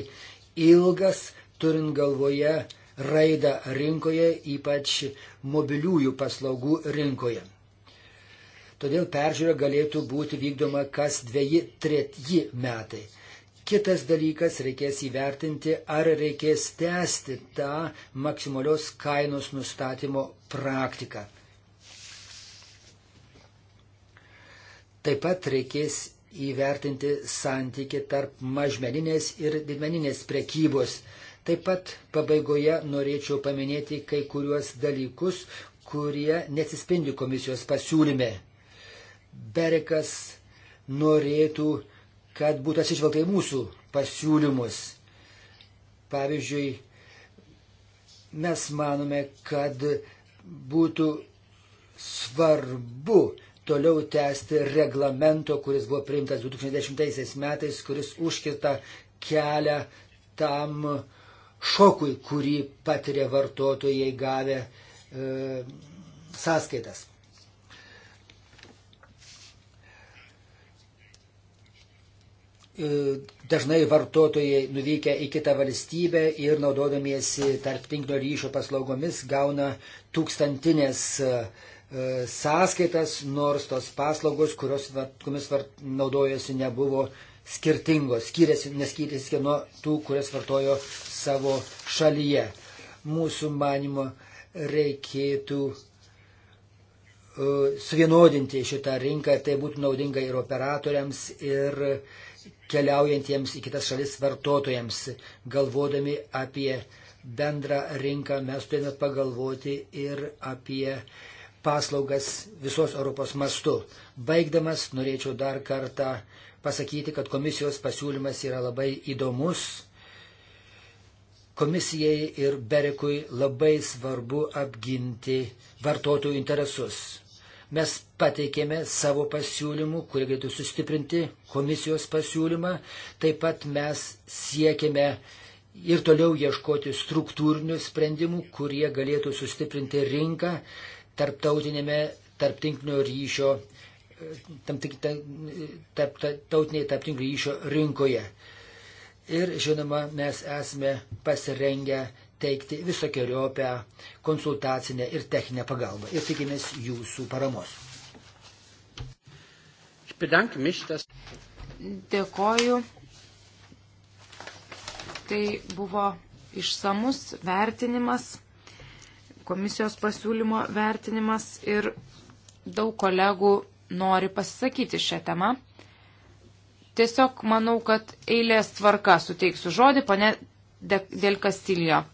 ilgas, turint galvoje raidą rinkoje, ypač mobiliųjų paslaugų rinkoje. Todėl peržiūra galėtų būti vykdoma kas dviejį, treji metai. Kitas dalykas, reikės įvertinti, ar reikės tęsti tą maksimalios kainos nustatymo praktiką. Taip pat reikės įvertinti santyki tarp mažmeninės ir didmeninės prekybos. Taip pat pabaigoje norėčiau paminėti kai kuriuos dalykus, kurie nesispindi komisijos pasiūlyme. Berekas norėtų kad būtų atsižvelgta į mūsų pasiūlymus. Pavyzdžiui, mes manome, kad būtų svarbu toliau tęsti reglamento, kuris buvo priimtas 2010 metais, kuris užkirta kelią tam šokui, kurį patiria vartotojai gavę e, sąskaitas. E, dažnai vartotojai nuvykę į kitą valstybę ir naudodamiesi tarptinklo ryšio paslaugomis gauna tūkstantinės e, e, sąskaitas, nors tos paslaugos, kurios, kuriamis naudojasi, nebuvo skirtingos, skiriasi, neskyrėsi nuo tų, kurias vartojo savo šalyje. Mūsų manimo reikėtų suvienodinti šitą rinką, tai būtų naudinga ir operatoriams, ir uh, keliaujantiems į kitas šalis vartotojams. Galvodami apie bendrą rinką mes turime pagalvoti ir apie paslaugas visos Europos mastu. Baigdamas norėčiau dar kartą pasakyti, kad komisijos pasiūlymas yra labai įdomus. Komisijai ir Berekui labai svarbu apginti vartotojų interesus. Mes pateikėme savo pasiūlymų, kurie galėtų sustiprinti komisijos pasiūlymą. Taip pat mes siekėme ir toliau ieškoti struktūrinių sprendimų, kurie galėtų sustiprinti rinką tarptautinėme tarptinklinio ryšio, tarptautiniai tarptinklinio ryšio rinkoje. Ir žinoma, mes esame pasirengę teikti visokiojopę konsultacinę ir techninę pagalbą. Ir tikimės jūsų paramos. Dėkoju. Tai buvo išsamus vertinimas, komisijos pasiūlymo vertinimas ir daug kolegų nori pasisakyti šią temą. Tiesiog manau, kad eilės tvarka suteiksiu žodį, pane Del Castillo.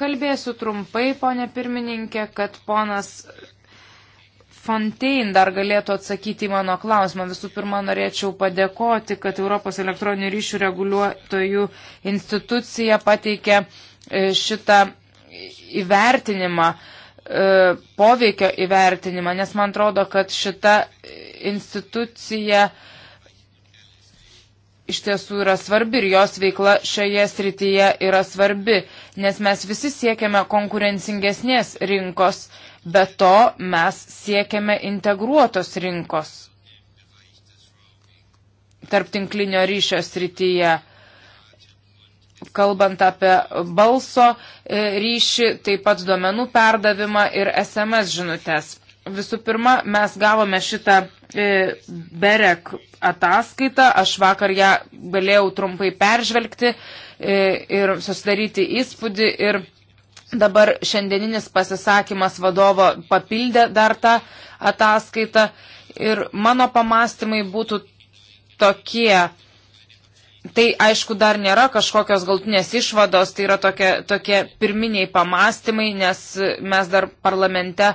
Kalbėsiu trumpai, ponė pirmininkė, kad ponas Fontein dar galėtų atsakyti į mano klausimą. Visų pirma, norėčiau padėkoti, kad Europos elektroninių ryšių reguliuotojų institucija pateikė e, šitą įvertinimą, e, poveikio įvertinimą, nes man atrodo, kad šita institucija uh, iš tiesų yra svarbi ir jos veikla šioje srityje yra svarbi, nes mes visi siekiame konkurencingesnės rinkos, bet to mes siekiame integruotos rinkos tarp tinklinio ryšio srityje. Kalbant apie balso e, ryšį, taip pat duomenų perdavimą ir SMS žinutės. Visų pirma, mes gavome šitą e, Berek ataskaitą, aš vakar ją galėjau trumpai peržvelgti e, ir susidaryti įspūdį ir dabar šiandieninis pasisakymas vadovo papildė dar tą ataskaitą ir mano pamastymai būtų tokie, Tai aišku dar nėra kažkokios galtinės išvados, tai yra tokie, tokie pirminiai pamastymai, nes mes dar parlamente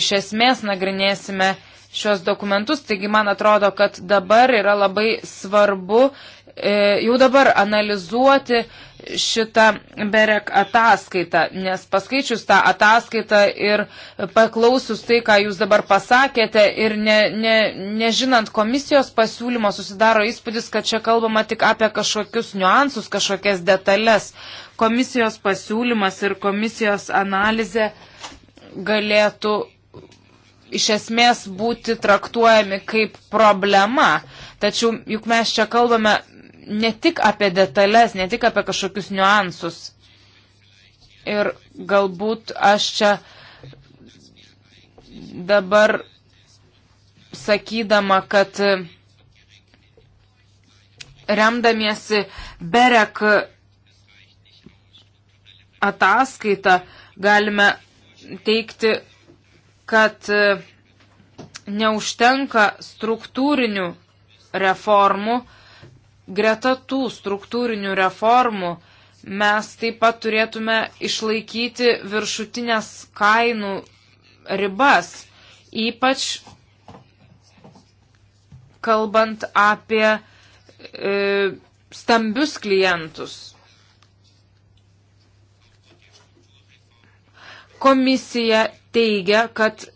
iš esmės nagrinėsime šios dokumentus. Taigi man atrodo, kad dabar yra labai svarbu E, jau dabar analizuoti šitą BEREK ataskaitą, nes paskaičius tą ataskaitą ir paklausius tai, ką jūs dabar pasakėte ir ne, ne, nežinant komisijos pasiūlymo susidaro įspūdis, kad čia kalbama tik apie kažkokius niuansus, kažkokias detalės. Komisijos pasiūlymas ir komisijos analizė galėtų iš esmės būti traktuojami kaip problema. Tačiau juk mes čia kalbame ne tik apie detalės, ne tik apie kažkokius niuansus. Ir galbūt aš čia dabar sakydama, kad remdamiesi Berek ataskaitą galime teikti, kad neužtenka struktūrinių reformų, greta tų struktūrinių reformų mes taip pat turėtume išlaikyti viršutinės kainų ribas, ypač kalbant apie e, stambius klientus. Komisija teigia, kad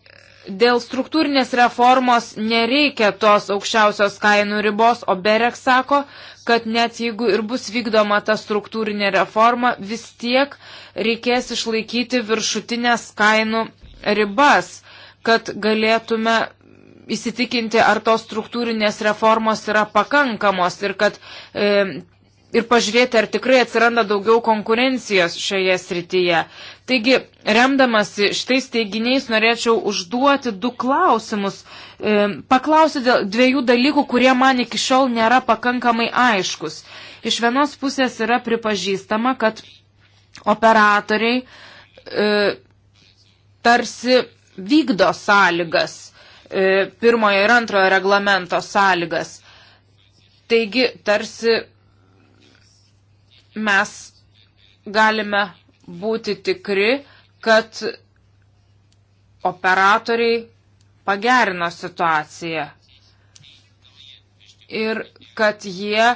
dėl struktūrinės reformos nereikia tos aukščiausios kainų ribos, o Berek sako, kad net jeigu ir bus vykdoma ta struktūrinė reforma, vis tiek reikės išlaikyti viršutinės kainų ribas, kad galėtume įsitikinti, ar tos struktūrinės reformos yra pakankamos ir kad e, ir pažiūrėti, ar tikrai atsiranda daugiau konkurencijos šioje srityje. Taigi, remdamasi šitais teiginiais, norėčiau užduoti du klausimus. E, paklausiu dėl dviejų dalykų, kurie man iki šiol nėra pakankamai aiškus. Iš vienos pusės yra pripažįstama, kad operatoriai e, tarsi vykdo sąlygas, e, pirmojo ir antrojo reglamento sąlygas. Taigi, tarsi mes galime būti tikri, kad operatoriai pagerino situaciją ir kad jie e,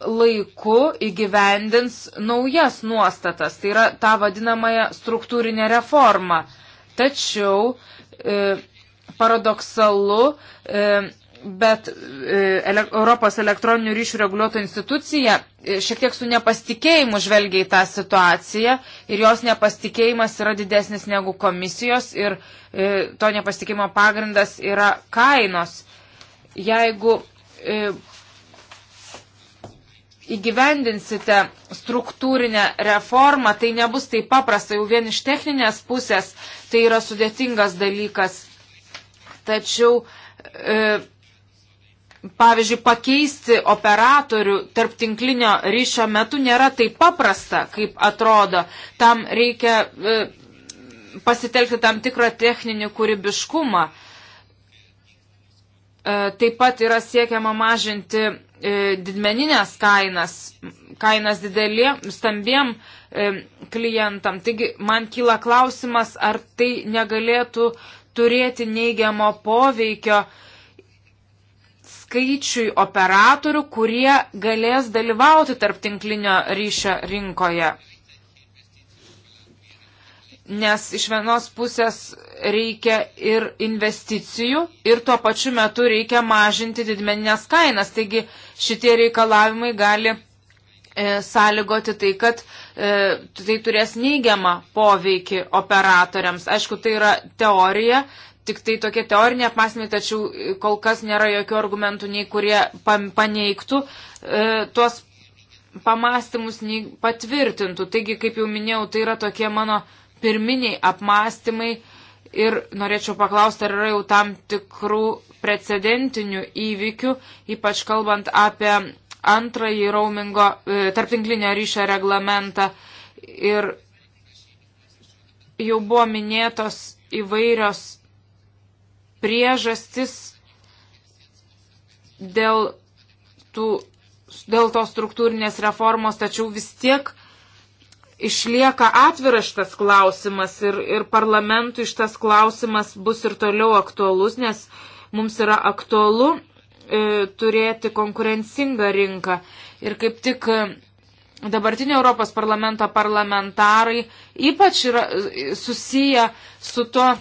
laiku įgyvendins naujas nuostatas, tai yra tą vadinamąją struktūrinę reformą. Tačiau e, paradoksalu, e, bet e, ele, Europos elektroninių ryšių reguliuotojų institucija e, šiek tiek su nepasitikėjimu žvelgia į tą situaciją ir jos nepasitikėjimas yra didesnis negu komisijos ir e, to nepasitikėjimo pagrindas yra kainos. Jeigu e, įgyvendinsite struktūrinę reformą, tai nebus taip paprasta, jau vien iš techninės pusės tai yra sudėtingas dalykas. Tačiau e, pavyzdžiui, pakeisti operatorių tarp tinklinio ryšio metu nėra taip paprasta, kaip atrodo. Tam reikia e, pasitelkti tam tikrą techninį kūrybiškumą. E, taip pat yra siekiama mažinti e, didmeninės kainas, kainas didelė, stambiem e, klientam. Taigi man kyla klausimas, ar tai negalėtų turėti neigiamo poveikio e, skaičiui operatorių, kurie galės dalyvauti tarp tinklinio ryšio rinkoje. Nes iš vienos pusės reikia ir investicijų, ir tuo pačiu metu reikia mažinti didmeninės kainas. Taigi šitie reikalavimai gali e, sąlygoti tai, kad e, tai turės neigiamą poveikį operatoriams. Aišku, tai yra teorija, tik tai tokie teoriniai apmąstymai, tačiau kol kas nėra jokių argumentų, nei kurie paneigtų e, tuos pamastymus, nei patvirtintų. Taigi, kaip jau minėjau, tai yra tokie mano pirminiai apmąstymai ir norėčiau paklausti, ar yra jau tam tikrų precedentinių įvykių, ypač kalbant apie antrąjį roamingo e, tarptinklinio ryšio reglamentą. Ir jau buvo minėtos įvairios priežastis dėl, tų, dėl tos struktūrinės reformos, tačiau vis tiek išlieka atviras šitas klausimas ir, ir parlamentui šitas klausimas bus ir toliau aktualus, nes mums yra aktualu e, turėti konkurencingą rinką. Ir kaip tik e, dabartinio Europos parlamento parlamentarai ypač yra e, susiję su to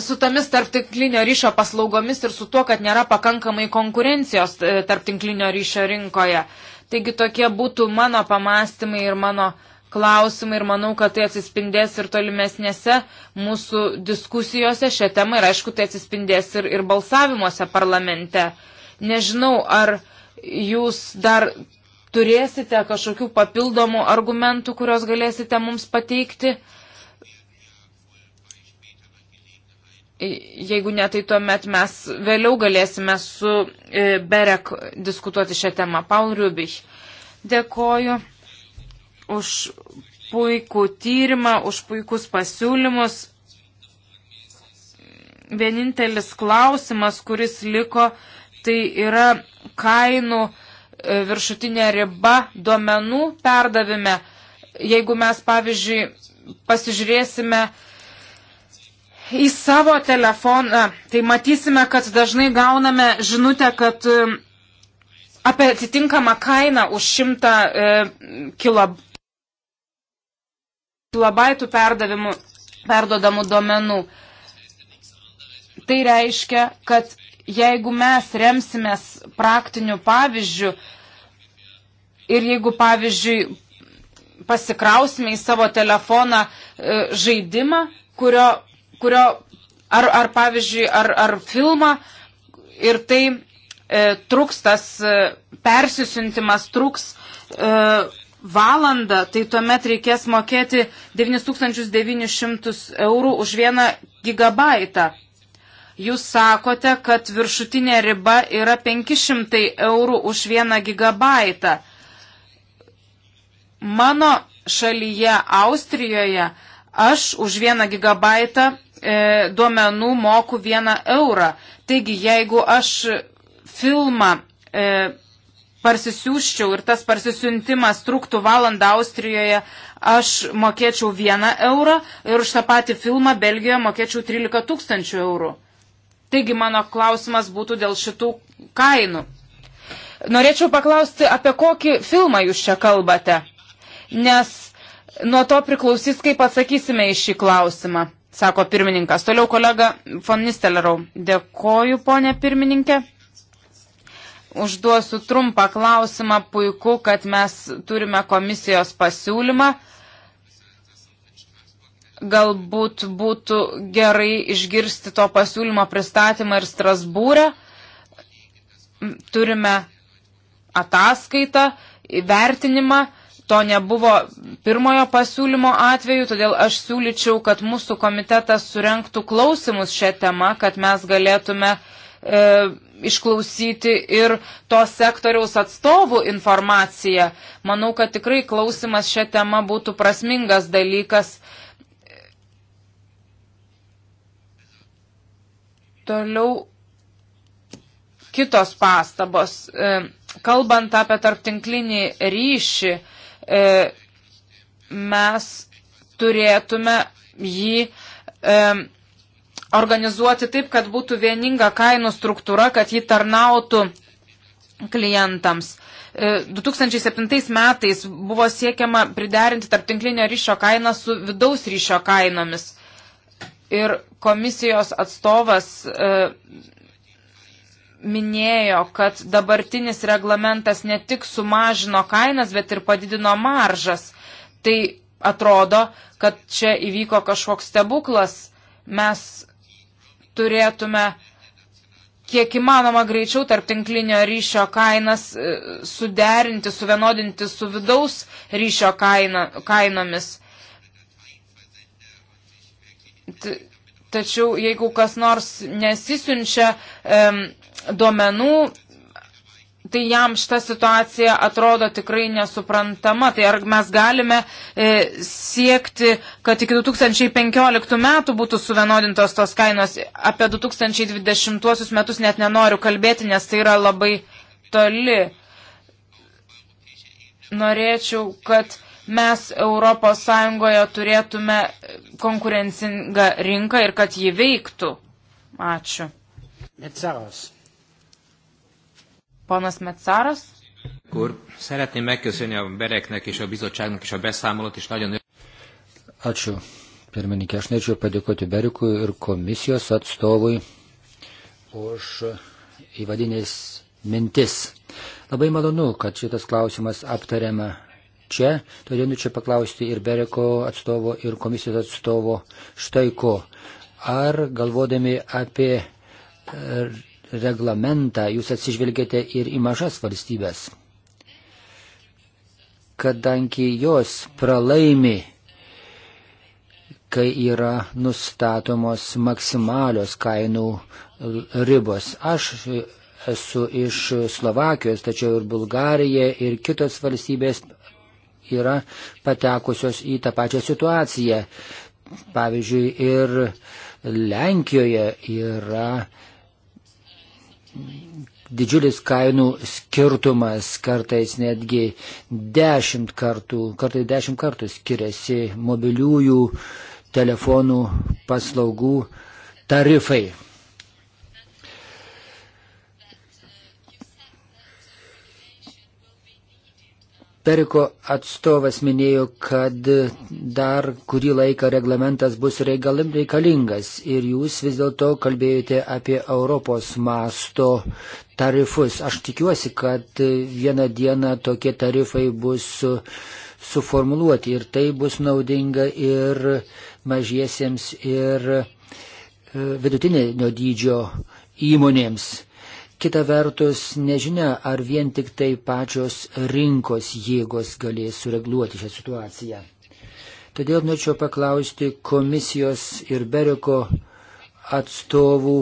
su tomis tarptinklinio ryšio paslaugomis ir su tuo, kad nėra pakankamai konkurencijos e, tarptinklinio ryšio rinkoje. Taigi tokie būtų mano pamastymai ir mano klausimai ir manau, kad tai atsispindės ir tolimesnėse mūsų diskusijose šią temą ir aišku, tai atsispindės ir, ir balsavimuose parlamente. Nežinau, ar jūs dar turėsite kažkokių papildomų argumentų, kuriuos galėsite mums pateikti. Uh, Jeigu ne, tai tuomet mes vėliau galėsime su e, Berek diskutuoti šią temą. Paul Rubich, dėkoju už puikų tyrimą, už puikus pasiūlymus. Vienintelis klausimas, kuris liko, tai yra kainų e, viršutinė riba duomenų perdavime. Jeigu mes, pavyzdžiui, pasižiūrėsime, į savo telefoną, tai matysime, kad dažnai gauname žinutę, kad um, apie atitinkamą kainą už 100 um, kilobaitų perdavimų, perdodamų duomenų. Tai reiškia, kad jeigu mes remsimės praktiniu pavyzdžiu ir jeigu, pavyzdžiui, pasikrausime į savo telefoną uh, žaidimą, kurio kurio, ar, ar pavyzdžiui, ar, ar filmą ir tai e, truks tas e, persisintimas, truks e, valandą, tai tuomet reikės mokėti 9900 eurų už vieną gigabaitą. Jūs sakote, kad viršutinė riba yra 500 eurų už vieną gigabaitą. Mano šalyje, Austrijoje, aš už vieną gigabaitą e, duomenų moku vieną eurą. Taigi, jeigu aš filmą e, parsisiųščiau ir tas parsisiuntimas truktų valandą Austrijoje, aš mokėčiau vieną eurą ir už tą patį filmą Belgijoje mokėčiau 13 tūkstančių eurų. Taigi mano klausimas būtų dėl šitų kainų. Norėčiau paklausti, apie kokį filmą jūs čia kalbate, nes nuo to priklausys, kaip atsakysime į šį klausimą sako pirmininkas. Toliau kolega von Nistelerau. Dėkoju, ponė pirmininkė. Užduosiu trumpą klausimą. Puiku, kad mes turime komisijos pasiūlymą. Galbūt būtų gerai išgirsti to pasiūlymo pristatymą ir Strasbūrę. Turime ataskaitą, įvertinimą To nebuvo pirmojo pasiūlymo atveju, todėl aš siūlyčiau, kad mūsų komitetas surenktų klausimus šią temą, kad mes galėtume e, išklausyti ir to sektoriaus atstovų informaciją. Manau, kad tikrai klausimas šią temą būtų prasmingas dalykas. Toliau kitos pastabos. E, kalbant apie tarptinklinį ryšį, E, mes turėtume jį e, organizuoti taip, kad būtų vieninga kainų struktūra, kad ji tarnautų klientams. 2007 e, metais buvo siekiama priderinti tarp tinklinio ryšio kainą su vidaus ryšio kainomis. Ir komisijos atstovas minėjo, kad dabartinis reglamentas ne tik sumažino kainas, bet ir padidino maržas. Tai atrodo, kad čia įvyko kažkoks stebuklas. Mes turėtume kiek įmanoma greičiau tarp tinklinio ryšio kainas e, suderinti, suvienodinti su vidaus ryšio kaina, kainomis. T Tačiau jeigu kas nors nesisiunčia um, e, duomenų, tai jam šita situacija atrodo tikrai nesuprantama. Tai ar mes galime e, siekti, kad iki 2015 metų būtų suvienodintos tos kainos, apie 2020 metus net nenoriu kalbėti, nes tai yra labai toli. Norėčiau, kad mes ES turėtume konkurencingą rinką ir kad ji veiktų. Ačiū. Netsaros. Ponas Metszáros. Kur, szeretném megköszönni a bereknek és a bizottságnak és a beszámolót, és nagyon... Ačiū, pirmininkė. Aš norėčiau padėkoti Berikui ir komisijos atstovui už įvadinės mintis. Labai malonu, kad šitas klausimas aptariama čia, todėl čia paklausti ir Bereko atstovo, ir komisijos atstovo štai ko. Ar galvodami apie reglamentą jūs atsižvelgėte ir į mažas valstybės, kadangi jos pralaimi, kai yra nustatomos maksimalios kainų ribos. Aš esu iš Slovakijos, tačiau ir Bulgarija ir kitos valstybės yra patekusios į tą pačią situaciją. Pavyzdžiui, ir Lenkijoje yra didžiulis kainų skirtumas, kartais netgi dešimt kartų, kartai dešimt kartų skiriasi mobiliųjų telefonų paslaugų tarifai. Periko atstovas minėjo, kad dar kurį laiką reglamentas bus reikalingas ir jūs vis dėlto kalbėjote apie Europos masto tarifus. Aš tikiuosi, kad vieną dieną tokie tarifai bus suformuluoti ir tai bus naudinga ir mažiesiems, ir e, vidutinio dydžio įmonėms. Kita vertus, nežinia, ar vien tik tai pačios rinkos jėgos galės sureguliuoti šią situaciją. Todėl norėčiau paklausti komisijos ir Beriko atstovų,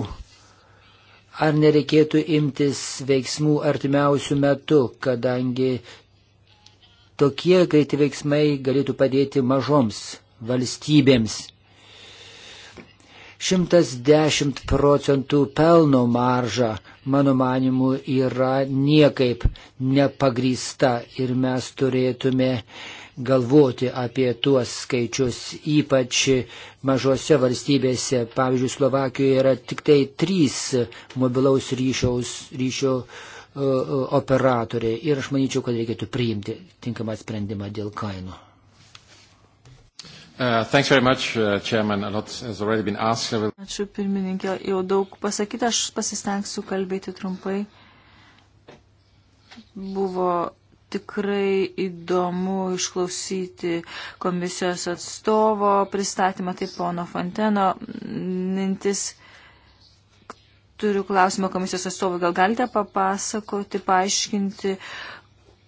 ar nereikėtų imtis veiksmų artimiausių metų, kadangi tokie greiti veiksmai galėtų padėti mažoms valstybėms. 110 procentų pelno marža, mano manimu, yra niekaip nepagrįsta ir mes turėtume galvoti apie tuos skaičius, ypač mažose valstybėse. Pavyzdžiui, Slovakijoje yra tik tai trys mobilaus ryšiaus, ryšio e, e, operatoriai ir aš manyčiau, kad reikėtų priimti tinkamą sprendimą dėl kainų. Uh, thanks very much, uh, Chairman. A lot has already been asked. Will... Ačiū pirmininkė, jau daug pasakyta, aš pasistengsiu kalbėti trumpai. Buvo tikrai įdomu išklausyti komisijos atstovo pristatymą, tai pono Fonteno mintis. Turiu klausimą komisijos atstovui, gal galite papasakoti, paaiškinti, uh,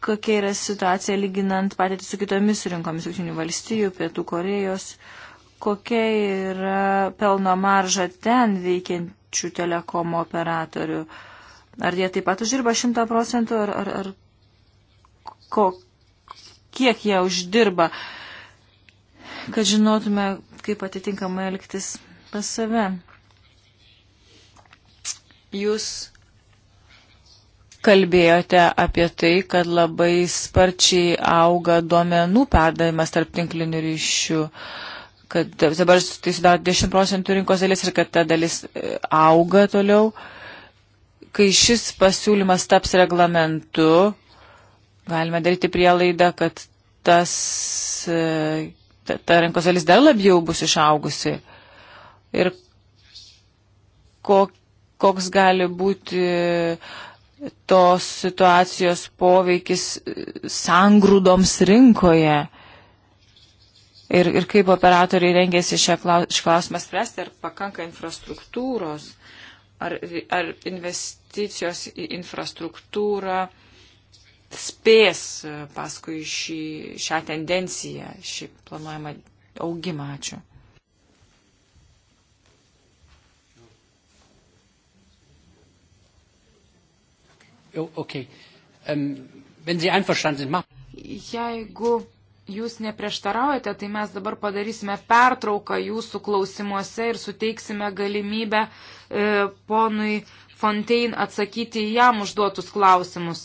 kokia yra situacija lyginant patirtį su kitomis rinkomis, Junktinių valstijų, Pietų Korejos, kokia yra pelno marža ten veikiančių telekomo operatorių. Ar jie taip pat uždirba 100 procentų, ar, ar, ar ko, kiek jie uždirba, kad žinotume, kaip atitinkamai elgtis pas save. Jūs kalbėjote apie tai, kad labai sparčiai auga duomenų perdavimas tarp tinklinių ryšių, kad dabar tai sudaro 10 procentų rinkos dalis ir kad ta dalis e, auga toliau. Kai šis pasiūlymas taps reglamentu, galime daryti prielaidą, kad tas, e, ta, ta rinkos dalis dar labiau bus išaugusi. Ir kokia koks gali būti tos situacijos poveikis sangrūdoms rinkoje ir, ir kaip operatoriai rengėsi šį klausimą spręsti, ar pakanka infrastruktūros, ar, ar investicijos į infrastruktūrą spės paskui šį, šią tendenciją, šį planuojamą augimą. Ačiū. Okay. Um, Jeigu jūs neprieštaraujate, tai mes dabar padarysime pertrauką jūsų klausimuose ir suteiksime galimybę e, ponui Fontein atsakyti į jam užduotus klausimus.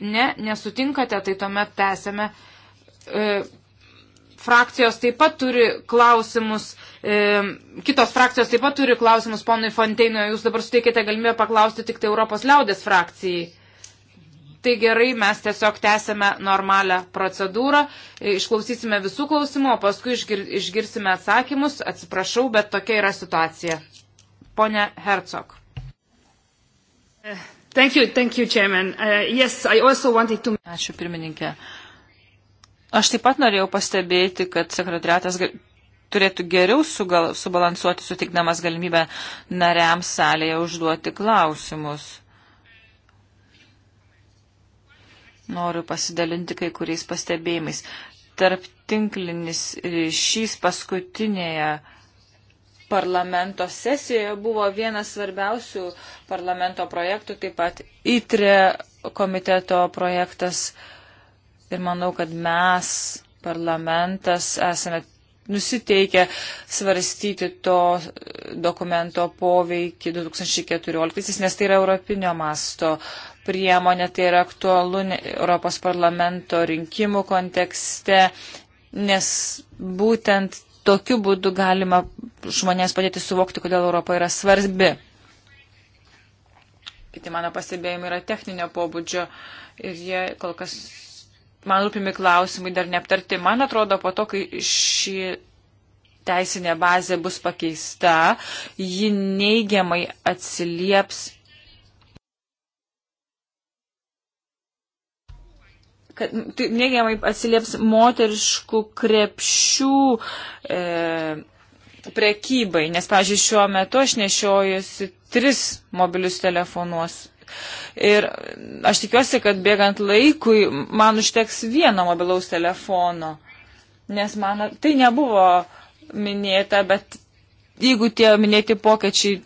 Ne, nesutinkate, tai tuomet tęsėme e, frakcijos taip pat turi klausimus, e, kitos frakcijos taip pat turi klausimus ponui Fonteinui, jūs dabar suteikėte galimybę paklausti tik tai Europos liaudės frakcijai. Tai gerai, mes tiesiog tęsime normalią procedūrą, e, išklausysime visų klausimų, o paskui išgir, išgirsime atsakymus. Atsiprašau, bet tokia yra situacija. Pone Hercog. Uh, thank you, thank you, Chairman. Uh, yes, I also wanted to... Ačiū pirmininkė. Uh, Aš taip pat norėjau pastebėti, kad sekretariatas turėtų geriau sugal, subalansuoti, sutikdamas galimybę nariams salėje užduoti klausimus. Noriu pasidalinti kai kuriais pastebėjimais. Tarp tinklinis ryšys paskutinėje parlamento sesijoje buvo vienas svarbiausių parlamento projektų, taip pat ITRE komiteto projektas. Uh, ir manau, kad mes, parlamentas, esame nusiteikę svarstyti to dokumento poveikį 2014, nes tai yra europinio masto priemonė, tai yra aktualu Europos parlamento rinkimų kontekste, nes būtent tokiu būdu galima žmonės padėti suvokti, kodėl Europa yra svarbi. Kiti mano pastebėjimai yra techninio pobūdžio ir jie kol kas man rūpimi klausimai dar neaptarti. Man atrodo, po to, kai ši teisinė bazė bus pakeista, ji neigiamai atsilieps. Kad, tai neigiamai atsilieps moteriškų krepšių e, prekybai, nes, pažiūrėjau, šiuo metu aš nešiojusi tris mobilius telefonuos Ir aš tikiuosi, kad bėgant laikui man užteks vieno mobilaus telefono, nes man tai nebuvo minėta, bet jeigu tie minėti pokyčiai,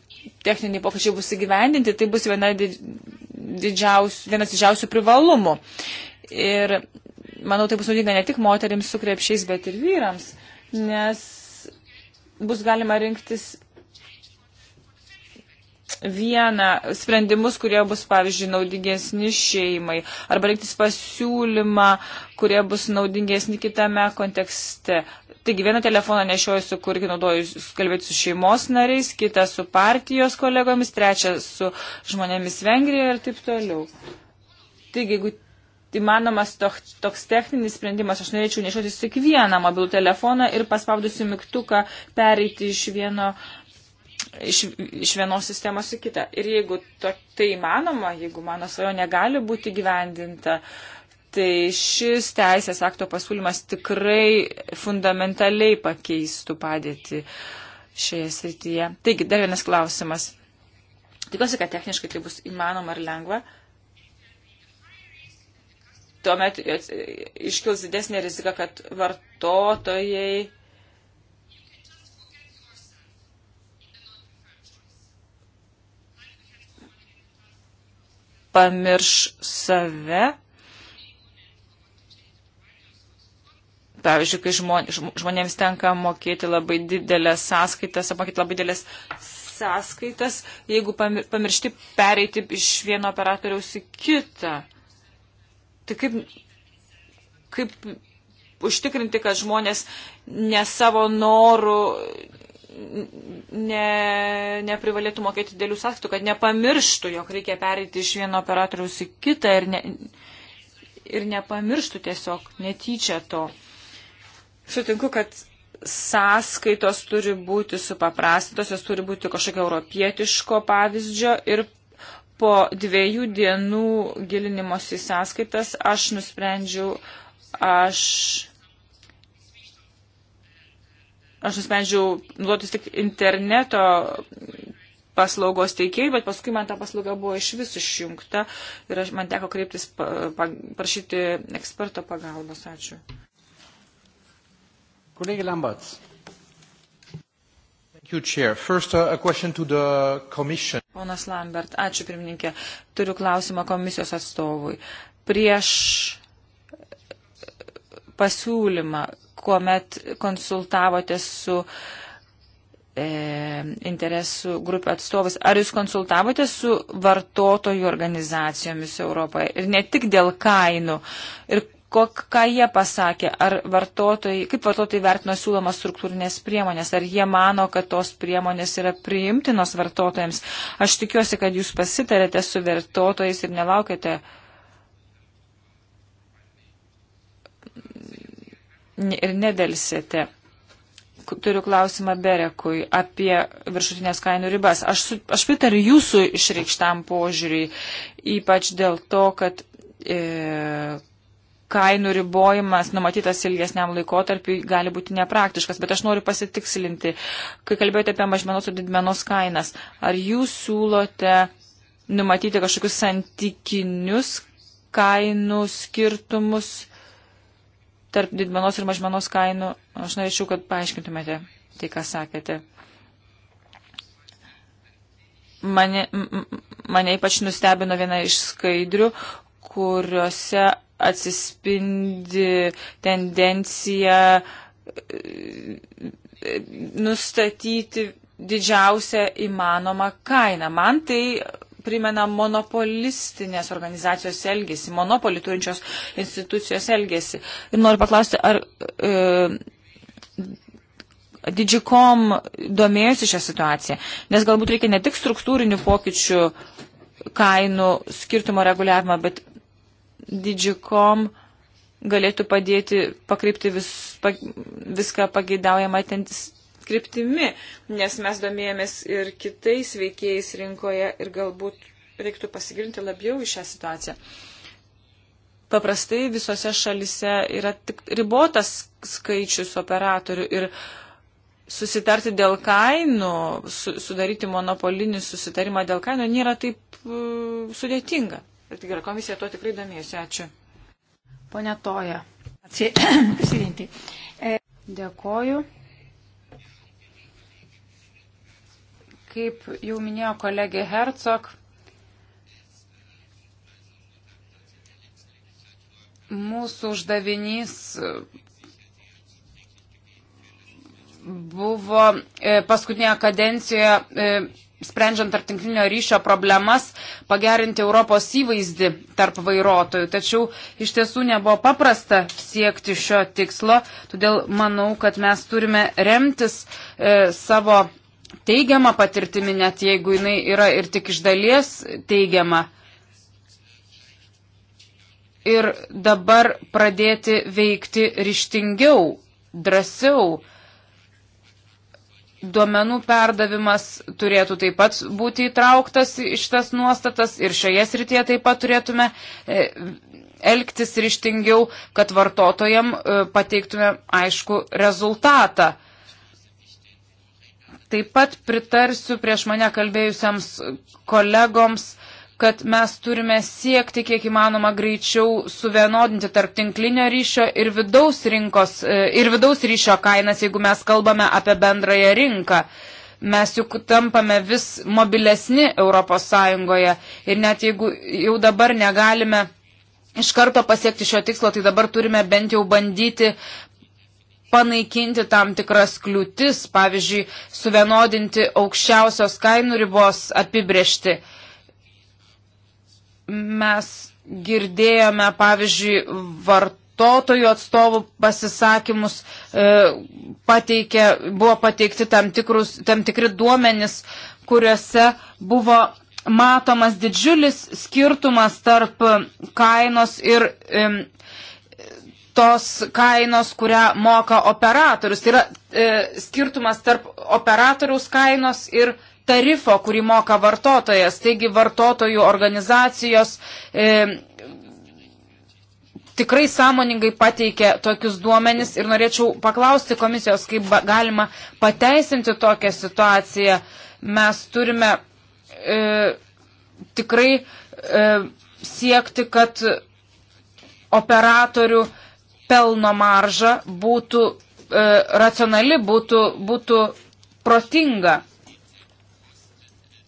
techniniai pokyčiai bus įgyvendinti, tai bus viena didžiaus, vienas didžiausių privalumų. Ir manau, tai bus naudinga ne tik moterims su krepšiais, bet ir vyrams, nes bus galima rinktis vieną sprendimus, kurie bus, pavyzdžiui, naudingesni šeimai, arba reiktis pasiūlymą, kurie bus naudingesni kitame kontekste. Taigi vieną telefoną nešiojusiu, kurį naudoju kalbėti su šeimos nariais, kitą su partijos kolegomis, trečią su žmonėmis Vengrijoje ir taip toliau. Taigi, jeigu įmanomas toks, toks techninis sprendimas, aš norėčiau nešiotis tik vieną mobilų telefoną ir paspaudusi mygtuką pereiti iš vieno uh, iš, iš vienos sistemos į kitą. Ir jeigu to, tai įmanoma, jeigu mano svajonė gali būti gyvendinta, tai šis teisės akto pasiūlymas tikrai fundamentaliai pakeistų padėtį šioje srityje. Taigi, dar vienas klausimas. Tikiuosi, kad techniškai tai bus įmanoma ir lengva. Tuomet iškils didesnė rizika, kad vartotojai pamirš save. Pavyzdžiui, kai žmonėms tenka mokėti labai didelės sąskaitas, apmokėti labai didelės sąskaitas, jeigu pamiršti pereiti iš vieno operatoriaus į kitą. Tai kaip, kaip užtikrinti, kad žmonės ne savo norų ne, neprivalėtų mokėti dėlių sąskaitų, kad nepamirštų, jog reikia pereiti iš vieno operatoriaus į kitą ir, ne, ir nepamirštų tiesiog netyčia to. Sutinku, kad sąskaitos turi būti supaprastintos, jos turi būti kažkokio europietiško pavyzdžio ir po dviejų dienų gilinimosi sąskaitas aš nusprendžiau, aš aš nusprendžiau duotis tik interneto paslaugos teikėjai, bet paskui man ta paslauga buvo iš vis išjungta ir aš, man teko kreiptis, pa, pa, prašyti eksperto pagalbos. Ačiū. Kolegė Lamberts. First, uh, Ponas Lambert, ačiū pirmininkė. Turiu klausimą komisijos atstovui. Prieš e, pasiūlymą, kuomet konsultavote su e, interesų grupių atstovus. Ar jūs konsultavote su vartotojų organizacijomis Europoje ir ne tik dėl kainų? Ir kok, ką jie pasakė? Ar vartotojai, kaip vartotojai vertino siūlomas struktūrinės priemonės? Ar jie mano, kad tos priemonės yra priimtinos vartotojams? Aš tikiuosi, kad jūs pasitarėte su vartotojais ir nelaukite ir nedelsėte. Turiu klausimą Berekui apie viršutinės kainų ribas. Aš, su, aš pritariu jūsų išreikštam požiūriui, ypač dėl to, kad e, kainų ribojimas numatytas ilgesniam laikotarpiu gali būti nepraktiškas, bet aš noriu pasitikslinti, kai kalbėjote apie mažmenos ir didmenos kainas, ar jūs siūlote numatyti kažkokius santykinius kainų skirtumus tarp didmenos ir mažmenos kainų. Aš norėčiau, kad paaiškintumėte tai, ką sakėte. Mane, mane ypač nustebino viena iš skaidrių, kuriuose atsispindi tendencija e, nustatyti didžiausią įmanomą kainą. Man tai primena monopolistinės organizacijos elgesį, monopolį turinčios institucijos elgesį. Ir noriu paklausti, ar e, Digikom domėjosi šią situaciją, nes galbūt reikia ne tik struktūrinių pokyčių kainų skirtumo reguliavimą, bet Digikom galėtų padėti pakreipti vis, pa, viską pageidaujamą kryptimi, nes mes domėjomės ir kitais veikėjais rinkoje ir galbūt reiktų pasigilinti labiau į šią situaciją. Paprastai visose šalise yra tik ribotas skaičius operatorių ir susitarti dėl kainų, su, sudaryti monopolinį susitarimą dėl kainų nėra taip uh, sudėtinga. Ir tikrai komisija tuo tikrai domėjusi. Ačiū. Pone Toja. Ačiū, prezidentė. Dėkoju. Kaip jau minėjo kolegė Hercog, mūsų uždavinys e, buvo e, paskutinėje kadencijoje, e, sprendžiant tarp tinklinio ryšio problemas, pagerinti Europos įvaizdį tarp vairuotojų. Tačiau iš tiesų nebuvo paprasta siekti šio tikslo, todėl manau, kad mes turime remtis savo teigiama patirtimi, net jeigu jinai yra ir tik iš dalies teigiama. Ir dabar pradėti veikti ryštingiau, drąsiau. Duomenų perdavimas turėtų taip pat būti įtrauktas iš tas nuostatas ir šioje srityje taip pat turėtume e, elgtis ryštingiau, kad vartotojam e, pateiktume aišku rezultatą. Taip pat pritarsiu prieš mane kalbėjusiems kolegoms, kad mes turime siekti kiek įmanoma greičiau suvienodinti tarp tinklinio ryšio ir vidaus, rinkos, e, ir vidaus ryšio kainas, jeigu mes kalbame apie bendrąją rinką. Mes juk tampame vis mobilesni ES ir net jeigu jau dabar negalime iš karto pasiekti šio tikslo, tai dabar turime bent jau bandyti panaikinti tam tikras kliūtis, pavyzdžiui, suvienodinti aukščiausios kainų ribos apibriešti. Mes girdėjome, pavyzdžiui, vartotojų atstovų pasisakymus, e, pateikė, buvo pateikti tam, tikrus, tam tikri duomenys, kuriuose buvo matomas didžiulis skirtumas tarp kainos ir e, tos kainos, kurią moka operatorius. Tai yra e, skirtumas tarp operatoriaus kainos ir tarifo, kurį moka vartotojas. Taigi vartotojų organizacijos e, tikrai sąmoningai pateikė tokius duomenis ir norėčiau paklausti komisijos, kaip galima pateisinti tokią situaciją. Mes turime e, tikrai e, siekti, kad operatorių pelno marža būtų e, racionali, būtų, būtų protinga.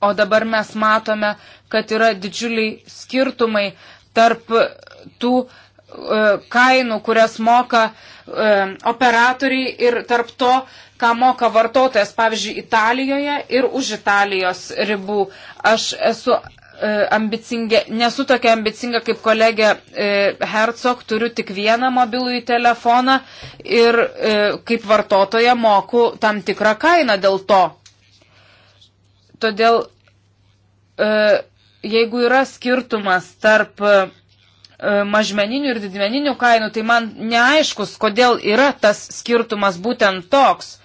O dabar mes matome, kad yra didžiuliai skirtumai tarp tų e, kainų, kurias moka e, operatoriai ir tarp to, ką moka vartotojas, pavyzdžiui, Italijoje ir už Italijos ribų. Aš esu E, ambicinga, nesu tokia ambicinga kaip kolegė e, Herzog, turiu tik vieną mobilųjį telefoną ir e, kaip vartotoja moku tam tikrą kainą dėl to. Todėl, jeigu yra skirtumas tarp mažmeninių ir didmeninių kainų, tai man neaiškus, kodėl yra tas skirtumas būtent toks.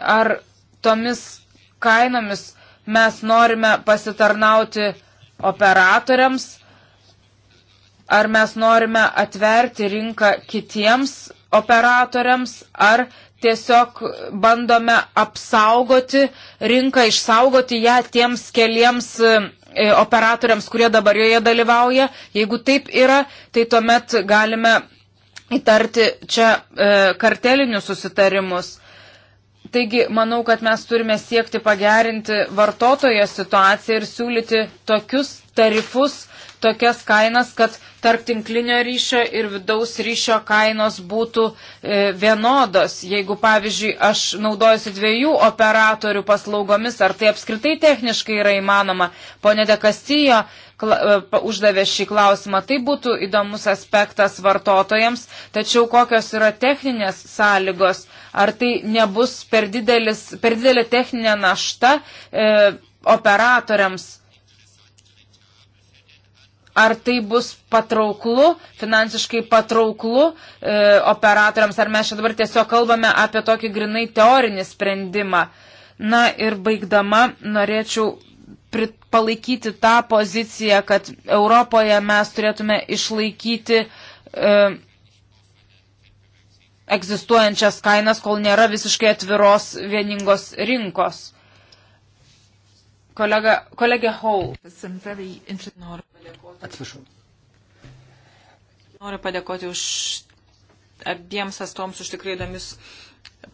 ar tomis kainomis mes norime pasitarnauti operatoriams, ar mes norime atverti rinką kitiems operatoriams, ar tiesiog bandome apsaugoti rinką, išsaugoti ją tiems keliems e, operatoriams, kurie dabar joje dalyvauja. Jeigu taip yra, tai tuomet galime įtarti čia e, kartelinius susitarimus. Taigi, manau, kad mes turime siekti pagerinti vartotojo situaciją ir siūlyti tokius tarifus, tokias kainas, kad tarp tinklinio ryšio ir vidaus ryšio kainos būtų e, vienodos. Jeigu, pavyzdžiui, aš naudojusi dviejų operatorių paslaugomis, ar tai apskritai techniškai yra įmanoma, ponė Dekastijo kla, e, uždavė šį klausimą, tai būtų įdomus aspektas vartotojams, tačiau kokios yra techninės sąlygos, Ar tai nebus per, didelis, per didelė techninė našta e, operatoriams? Ar tai bus patrauklu, finansiškai patrauklu e, operatoriams, ar mes čia dabar tiesiog kalbame apie tokį grinai teorinį sprendimą. Na ir baigdama norėčiau palaikyti tą poziciją, kad Europoje mes turėtume išlaikyti e, egzistuojančias kainas, kol nėra visiškai atviros vieningos rinkos. Kolega, kolegė Hall. Atsiprašau. Noriu padėkoti už abiems atstoms už tikrai įdomius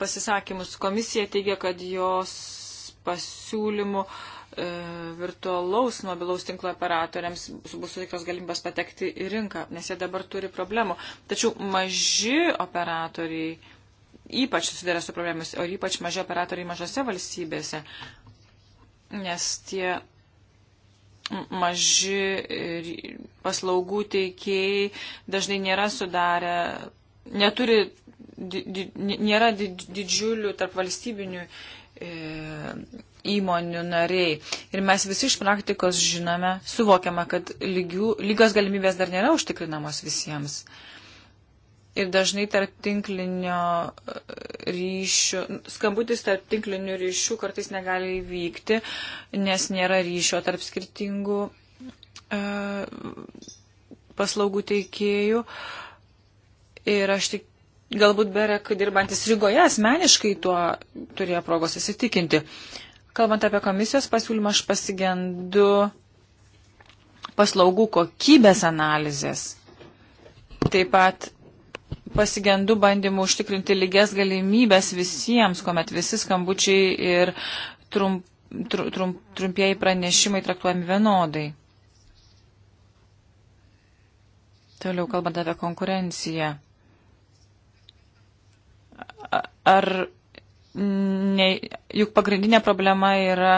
pasisakymus. Komisija teigia, kad jos pasiūlymų uh, E, virtualaus mobilaus tinklo operatoriams bus suteiktos galimybės patekti į rinką, nes jie dabar turi problemų. Tačiau maži operatoriai ypač susiduria su problemais, o ypač maži operatoriai mažose valstybėse, nes tie maži paslaugų teikėjai dažnai nėra sudarę, neturi, di, di, nėra di, didžiulių tarp valstybinių e, įmonių nariai. Ir mes visi iš praktikos žinome, suvokiame, kad lygių, lygios galimybės dar nėra užtikrinamos visiems. Ir dažnai tarp tinklinio e, ryšių, skambutis tarp tinklinių ryšių kartais negali įvykti, nes nėra ryšio tarp skirtingų e, paslaugų teikėjų. Ir aš tik galbūt Berek dirbantis Rygoje asmeniškai tuo turėjo progos įsitikinti. E, Kalbant apie komisijos pasiūlymą, aš pasigendu paslaugų kokybės analizės. Taip pat pasigendu bandymų užtikrinti lygias galimybės visiems, kuomet visi skambučiai ir trump, trum, trum, trumpieji pranešimai traktuojami vienodai. Toliau kalbant apie konkurenciją. Ar ne, juk pagrindinė problema yra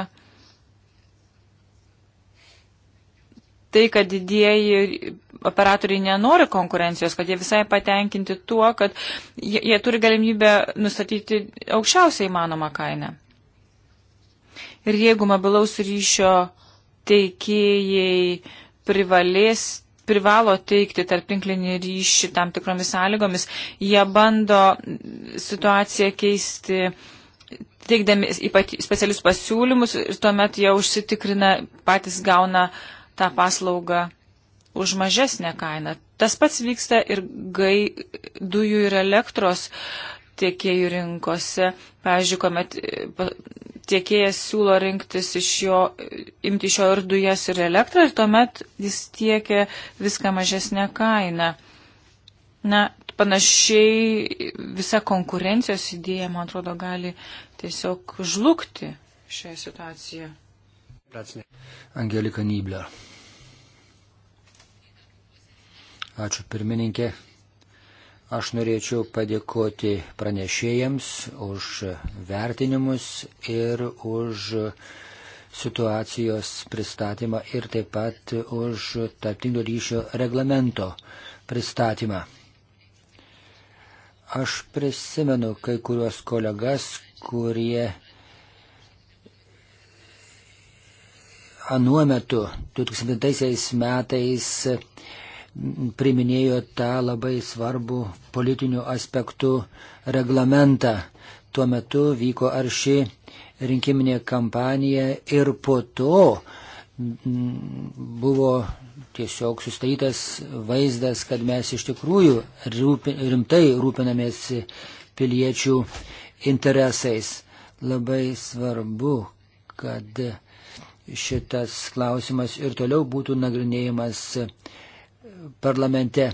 tai, kad didieji operatoriai nenori konkurencijos, kad jie visai patenkinti tuo, kad jie, jie turi galimybę nustatyti aukščiausią įmanomą kainą. Ir jeigu mobilaus ryšio teikėjai privalės privalo teikti tarptinklinį ryšį tam tikromis sąlygomis. Jie bando situaciją keisti, teikdami specialius pasiūlymus ir tuomet jie užsitikrina, patys gauna tą paslaugą už mažesnę kainą. Tas pats vyksta ir gai, dujų ir elektros tiekėjų rinkose. Pavyzdžiui, kuomet e, tiekėjas siūlo rinktis iš jo, imti iš jo ir dujas ir elektrą ir tuomet jis tiekia viską mažesnę kainą. Na, panašiai visa konkurencijos idėja, man atrodo, gali tiesiog žlugti šioje situacijoje. Angelika Nybler. Ačiū pirmininkė. Aš norėčiau padėkoti pranešėjams už vertinimus ir už situacijos pristatymą ir taip pat už tarptinio ryšio reglamento pristatymą. Aš prisimenu kai kuriuos kolegas, kurie anuo metu 2000 metais priminėjo tą labai svarbų politinių aspektų reglamentą. Tuo metu vyko arši rinkiminė kampanija ir po to mm, buvo tiesiog sustatytas vaizdas, kad mes iš tikrųjų rūpi, rimtai rūpinamės piliečių interesais. Labai svarbu, kad šitas klausimas ir toliau būtų nagrinėjimas parlamente.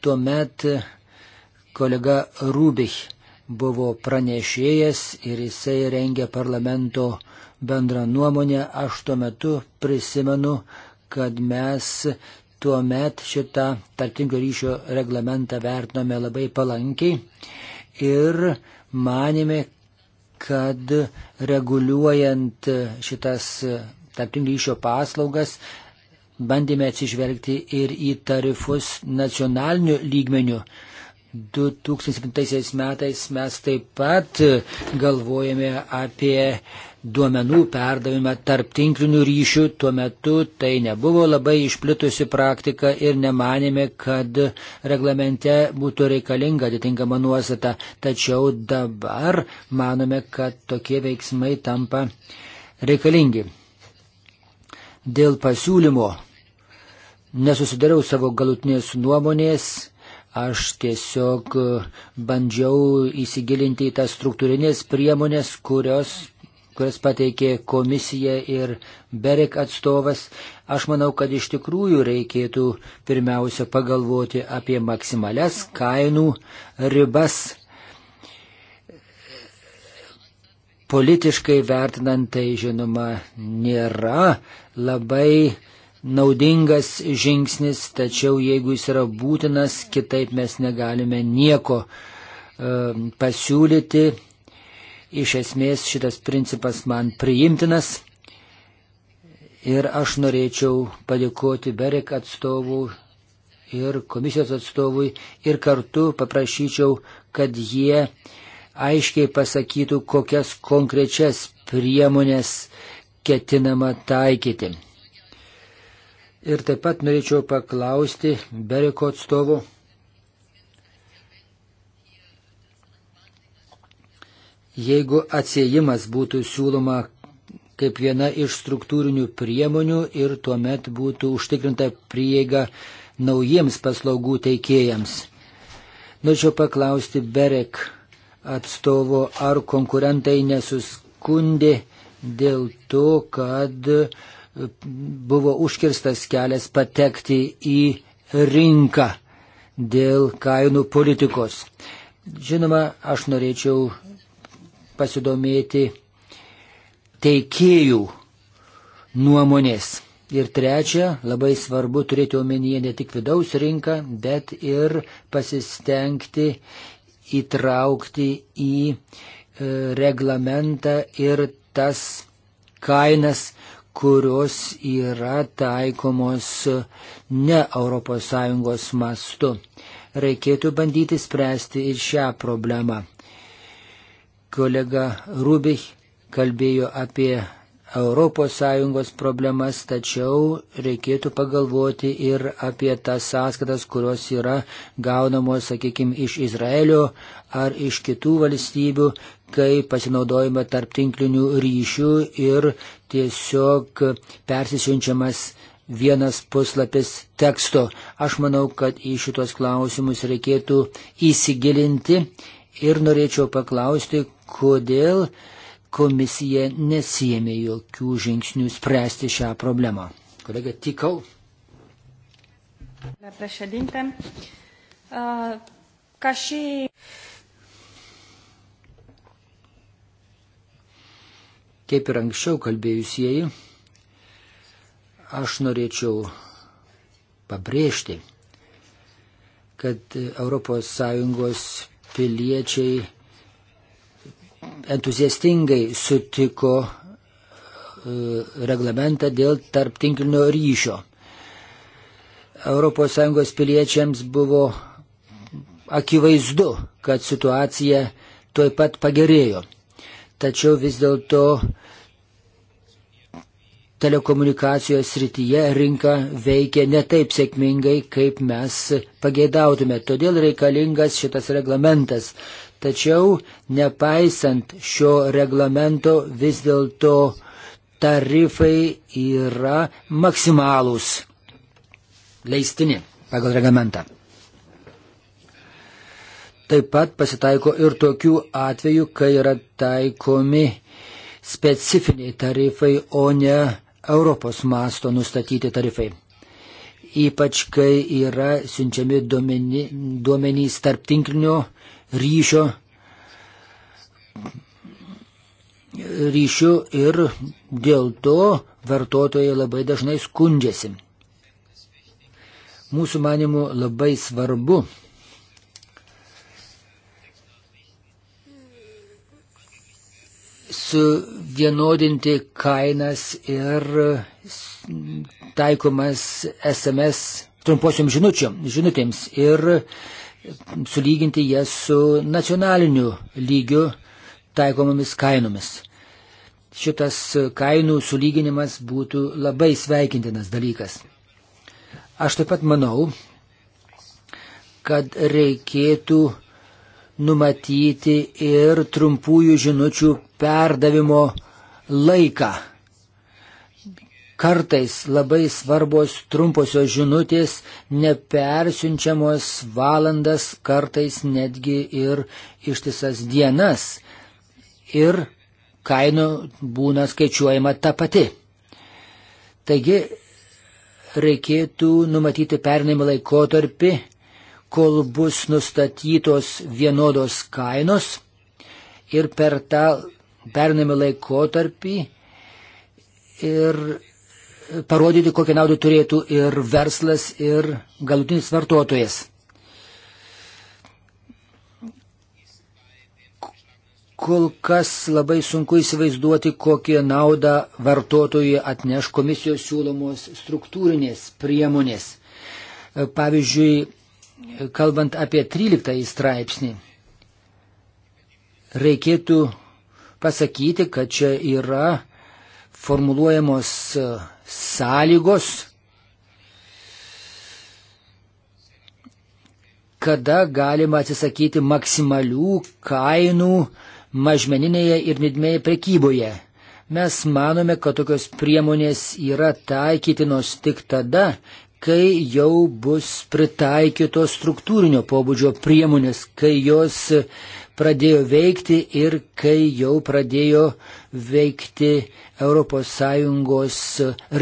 Tuomet kolega Rūbich buvo pranešėjas ir jisai rengė parlamento bendrą nuomonę. Aš tuo metu prisimenu, kad mes tuo met šitą tarptinklo ryšio reglamentą vertinome labai palankiai ir manėme, kad reguliuojant šitas tarptinklo ryšio paslaugas bandėme atsižvelgti ir į tarifus nacionaliniu lygmeniu. 2007 metais mes taip pat galvojame apie duomenų perdavimą tarp tinklinių ryšių. Tuo metu tai nebuvo labai išplitusi praktika ir nemanėme, kad reglamente būtų reikalinga atitinkama nuostata. Tačiau dabar manome, kad tokie veiksmai tampa reikalingi dėl pasiūlymo nesusidariau savo galutinės nuomonės, aš tiesiog e, bandžiau įsigilinti į tas struktūrinės priemonės, kurios kurias pateikė komisija ir Berek atstovas, aš manau, kad iš tikrųjų reikėtų pirmiausia pagalvoti apie maksimales kainų ribas Politiškai vertinant tai, žinoma, nėra labai naudingas žingsnis, tačiau jeigu jis yra būtinas, kitaip mes negalime nieko e, pasiūlyti. Iš esmės šitas principas man priimtinas ir aš norėčiau padėkoti Berek atstovų ir komisijos atstovui ir kartu paprašyčiau, kad jie aiškiai pasakytų, kokias konkrečias priemonės ketinama taikyti. Ir taip pat norėčiau paklausti Beriko atstovų. Jeigu atsiejimas būtų siūloma kaip viena iš struktūrinių priemonių ir tuomet būtų užtikrinta prieiga naujiems paslaugų teikėjams. Norėčiau paklausti Berek atstovo, ar konkurentai nesuskundė dėl to, kad e, buvo užkirstas kelias patekti į rinką dėl kainų politikos. Žinoma, aš norėčiau pasidomėti teikėjų nuomonės. Ir trečia, labai svarbu turėti omenyje ne tik vidaus rinką, bet ir pasistengti įtraukti į e, reglamentą ir tas kainas, kurios yra taikomos ne ES mastu. Reikėtų bandyti spręsti ir šią problemą. Kolega Rubich kalbėjo apie ES problemas, tačiau reikėtų pagalvoti ir apie tas sąskaitas, kurios yra gaunamos, sakykime, iš Izraelio ar iš kitų valstybių, kai pasinaudojama tarptinklinių ryšių ir tiesiog persisiunčiamas vienas puslapis teksto. Aš manau, kad į šitos klausimus reikėtų įsigilinti ir norėčiau paklausti, kodėl uh, komisija nesijėmė jokių žingsnių spręsti šią problemą. Kolega Tikau. Kaip ir anksčiau kalbėjusieji, aš norėčiau pabrėžti, kad ES piliečiai entuziastingai sutiko e, reglamentą dėl tarptinklinio ryšio. ES piliečiams buvo akivaizdu, kad situacija tuoj pat pagerėjo. Tačiau vis dėlto telekomunikacijos srityje rinka veikia ne taip sėkmingai, kaip mes pageidautume. Todėl reikalingas šitas reglamentas Tačiau, nepaisant šio reglamento, vis dėlto tarifai yra maksimalūs, leistini pagal reglamentą. Taip pat pasitaiko ir tokių atvejų, kai yra taikomi specifiniai tarifai, o ne Europos masto nustatyti tarifai ypač kai yra siunčiami duomenys tarp tinklinio ryšio ryšių ir dėl to vartotojai labai dažnai skundžiasi. Mūsų manimų labai svarbu suvienodinti kainas ir taikomas SMS trumposiom žinučiom, žinutėms ir sulyginti jas su nacionaliniu lygiu taikomomis kainomis. Šitas kainų sulyginimas būtų labai sveikintinas dalykas. Aš taip pat manau, kad reikėtų numatyti ir trumpųjų žinučių perdavimo laiką Kartais labai svarbos trumposios žinutės nepersiunčiamos valandas, kartais netgi ir ištisas dienas. Ir kainų būna skaičiuojama ta pati. Taigi reikėtų numatyti pernimą laikotarpį, kol bus nustatytos vienodos kainos ir per tą pernimą laikotarpį ir parodyti, kokią naudą turėtų ir verslas, ir galutinis vartotojas. Kol kas labai sunku įsivaizduoti, kokią naudą vartotojui atneš komisijos siūlomos struktūrinės priemonės. Pavyzdžiui, kalbant apie 13 straipsnį, reikėtų pasakyti, kad čia yra formuluojamos sąlygos, kada galima atsisakyti maksimalių kainų mažmeninėje ir didmėje prekyboje. Mes manome, kad tokios priemonės yra taikytinos tik tada, kai jau bus pritaikytos struktūrinio pobūdžio priemonės, kai jos pradėjo veikti ir kai jau pradėjo uh, veikti ES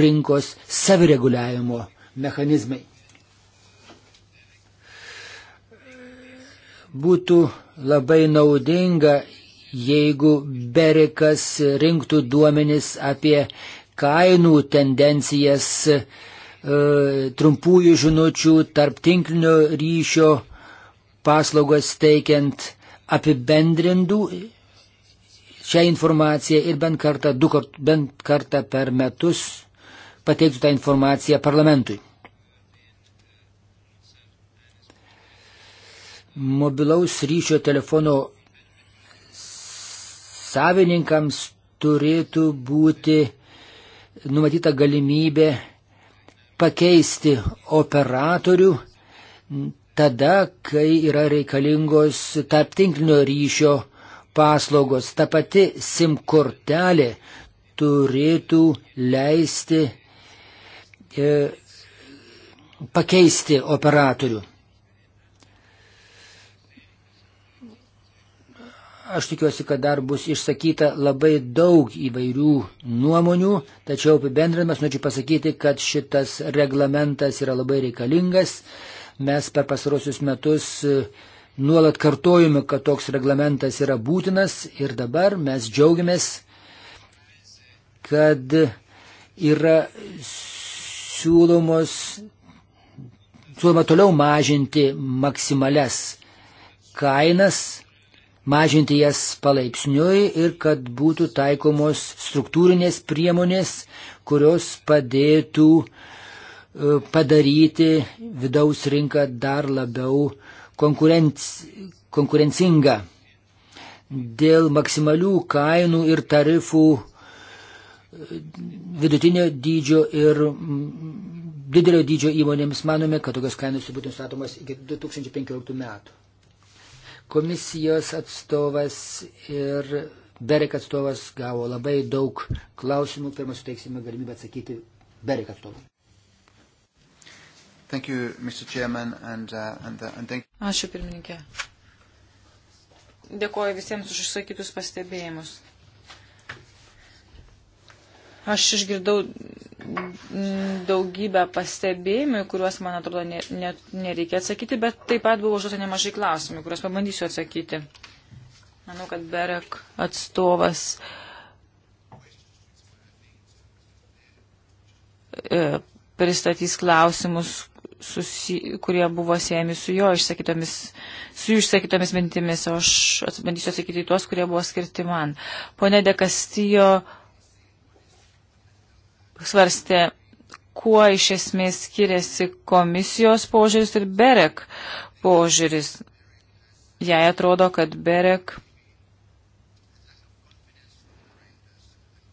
rinkos savireguliavimo mechanizmai. Būtų labai naudinga, jeigu Berikas rinktų duomenis apie kainų tendencijas e, trumpųjų žinučių tarp tinklinio ryšio paslaugas teikiant apibendrintų šią informaciją ir bent kartą, du kart, bent kartą per metus pateiktų tą informaciją parlamentui. Mobilaus ryšio telefono savininkams turėtų būti numatyta galimybė pakeisti operatorių tada, kai yra reikalingos tarptinklinio ryšio paslaugos. Ta pati SIM kortelė turėtų leisti e, pakeisti operatorių. Aš tikiuosi, kad dar bus išsakyta labai daug įvairių nuomonių, tačiau apibendrinamas norėčiau pasakyti, kad šitas reglamentas yra labai reikalingas. Mes per pasarosius metus e, nuolat kartojame, kad toks reglamentas yra būtinas ir dabar mes džiaugiamės, kad yra siūlomos, siūloma toliau mažinti maksimales kainas, mažinti jas palaipsniui ir kad būtų taikomos struktūrinės priemonės, kurios padėtų e, padaryti vidaus rinką dar labiau uh, konkurenc, konkurencinga dėl maksimalių kainų ir tarifų e, vidutinio dydžio ir didelio dydžio įmonėms manome, kad tokios kainos būtų nustatomos iki 2015 metų. Komisijos atstovas ir Berek atstovas gavo labai daug klausimų. Pirmą suteiksime galimybę atsakyti Berek atstovui. Thank you, Mr. Chairman, and, uh, and, uh, and thank... Ačiū pirmininkė. Dėkuoju visiems už išsakytus pastebėjimus. Aš išgirdau daugybę pastebėjimų, kuriuos, man atrodo, ne, ne, nereikia atsakyti, bet taip pat buvo užduota nemažai klausimų, kuriuos pabandysiu atsakyti. Manau, kad Berek atstovas e, pristatys klausimus, susi, kurie buvo siejami su jo išsakytomis, su jų išsakytomis mintimis, o aš bandysiu atsakyti į tuos, kurie buvo skirti man. Pone Dekastijo svarstė, kuo iš esmės skiriasi komisijos požiūris ir Berek požiūris. Jai atrodo, kad Berek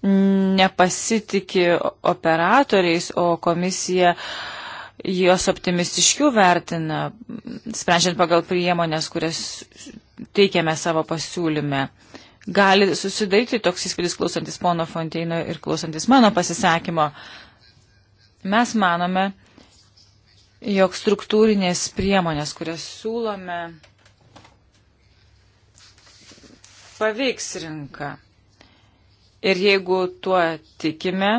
nepasitikė operatoriais, o komisija uh, juos optimistiškiau vertina, sprendžiant pagal priemonės, kurias teikiame savo pasiūlyme. Gali susidaryti toks įspūdis klausantis pono Fonteino ir klausantis mano pasisakymo. Mes manome, jog struktūrinės priemonės, kurias siūlome, paveiks rinką. Ir jeigu tuo tikime,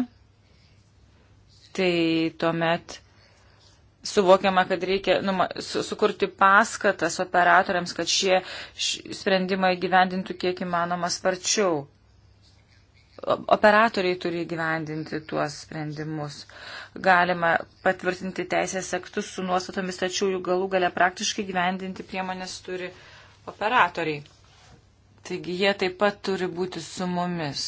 tai tuomet suvokiama, kad reikia numa, su, sukurti paskatas operatoriams, kad šie š, sprendimai gyvendintų kiek įmanoma sparčiau. Operatoriai turi gyvendinti tuos sprendimus. Galima patvirtinti teisės aktus su nuostatomis, tačiau jų galų gale praktiškai gyvendinti priemonės turi operatoriai. Taigi jie taip pat turi būti su mumis.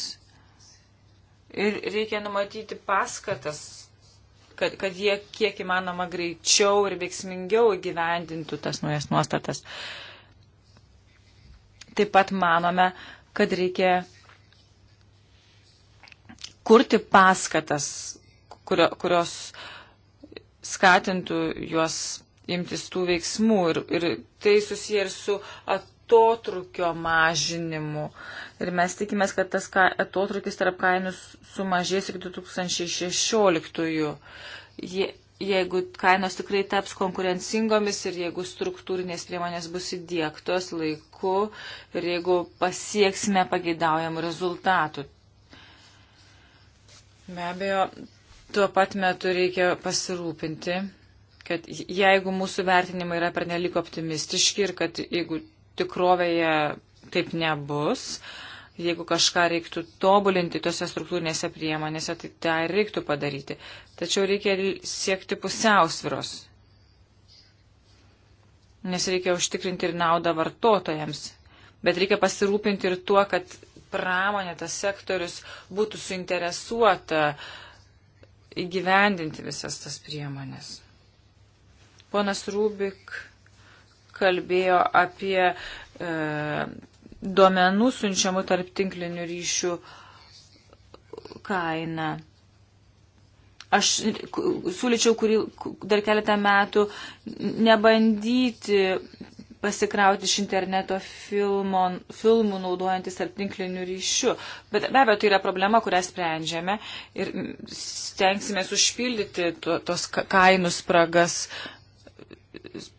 Ir reikia numatyti paskatas kad, kad jie kiek įmanoma greičiau ir veiksmingiau įgyvendintų tas naujas nuostatas. Taip pat manome, kad reikia kurti paskatas, kurio, kurios skatintų juos imtis tų veiksmų. Ir, ir tai susiję ir su at, atotrukio mažinimu. Ir mes tikimės, kad tas atotrukis tarp kainų sumažės iki 2016. Je, jeigu kainos tikrai taps konkurencingomis ir jeigu struktūrinės priemonės bus įdėktos laiku ir jeigu pasieksime pageidaujamų rezultatų. Be abejo, tuo pat metu reikia pasirūpinti kad jeigu mūsų vertinimai yra pernelik optimistiški ir kad jeigu tikrovėje taip nebus. Jeigu kažką reiktų tobulinti tose struktūrinėse priemonėse, tai tą ir reiktų padaryti. Tačiau reikia siekti pusiausviros, nes reikia užtikrinti ir naudą vartotojams. Bet reikia pasirūpinti ir tuo, kad pramonė, tas sektorius būtų suinteresuota įgyvendinti visas tas priemonės. Ponas Rubik kalbėjo apie e, duomenų siunčiamų tarp tinklinių ryšių kainą. Aš siūlyčiau kurį, dar keletą metų nebandyti pasikrauti iš interneto filmo, filmų naudojantis tarp tinklinių ryšių. Bet be abejo, tai yra problema, kurią sprendžiame ir stengsime užpildyti to, tos kainų spragas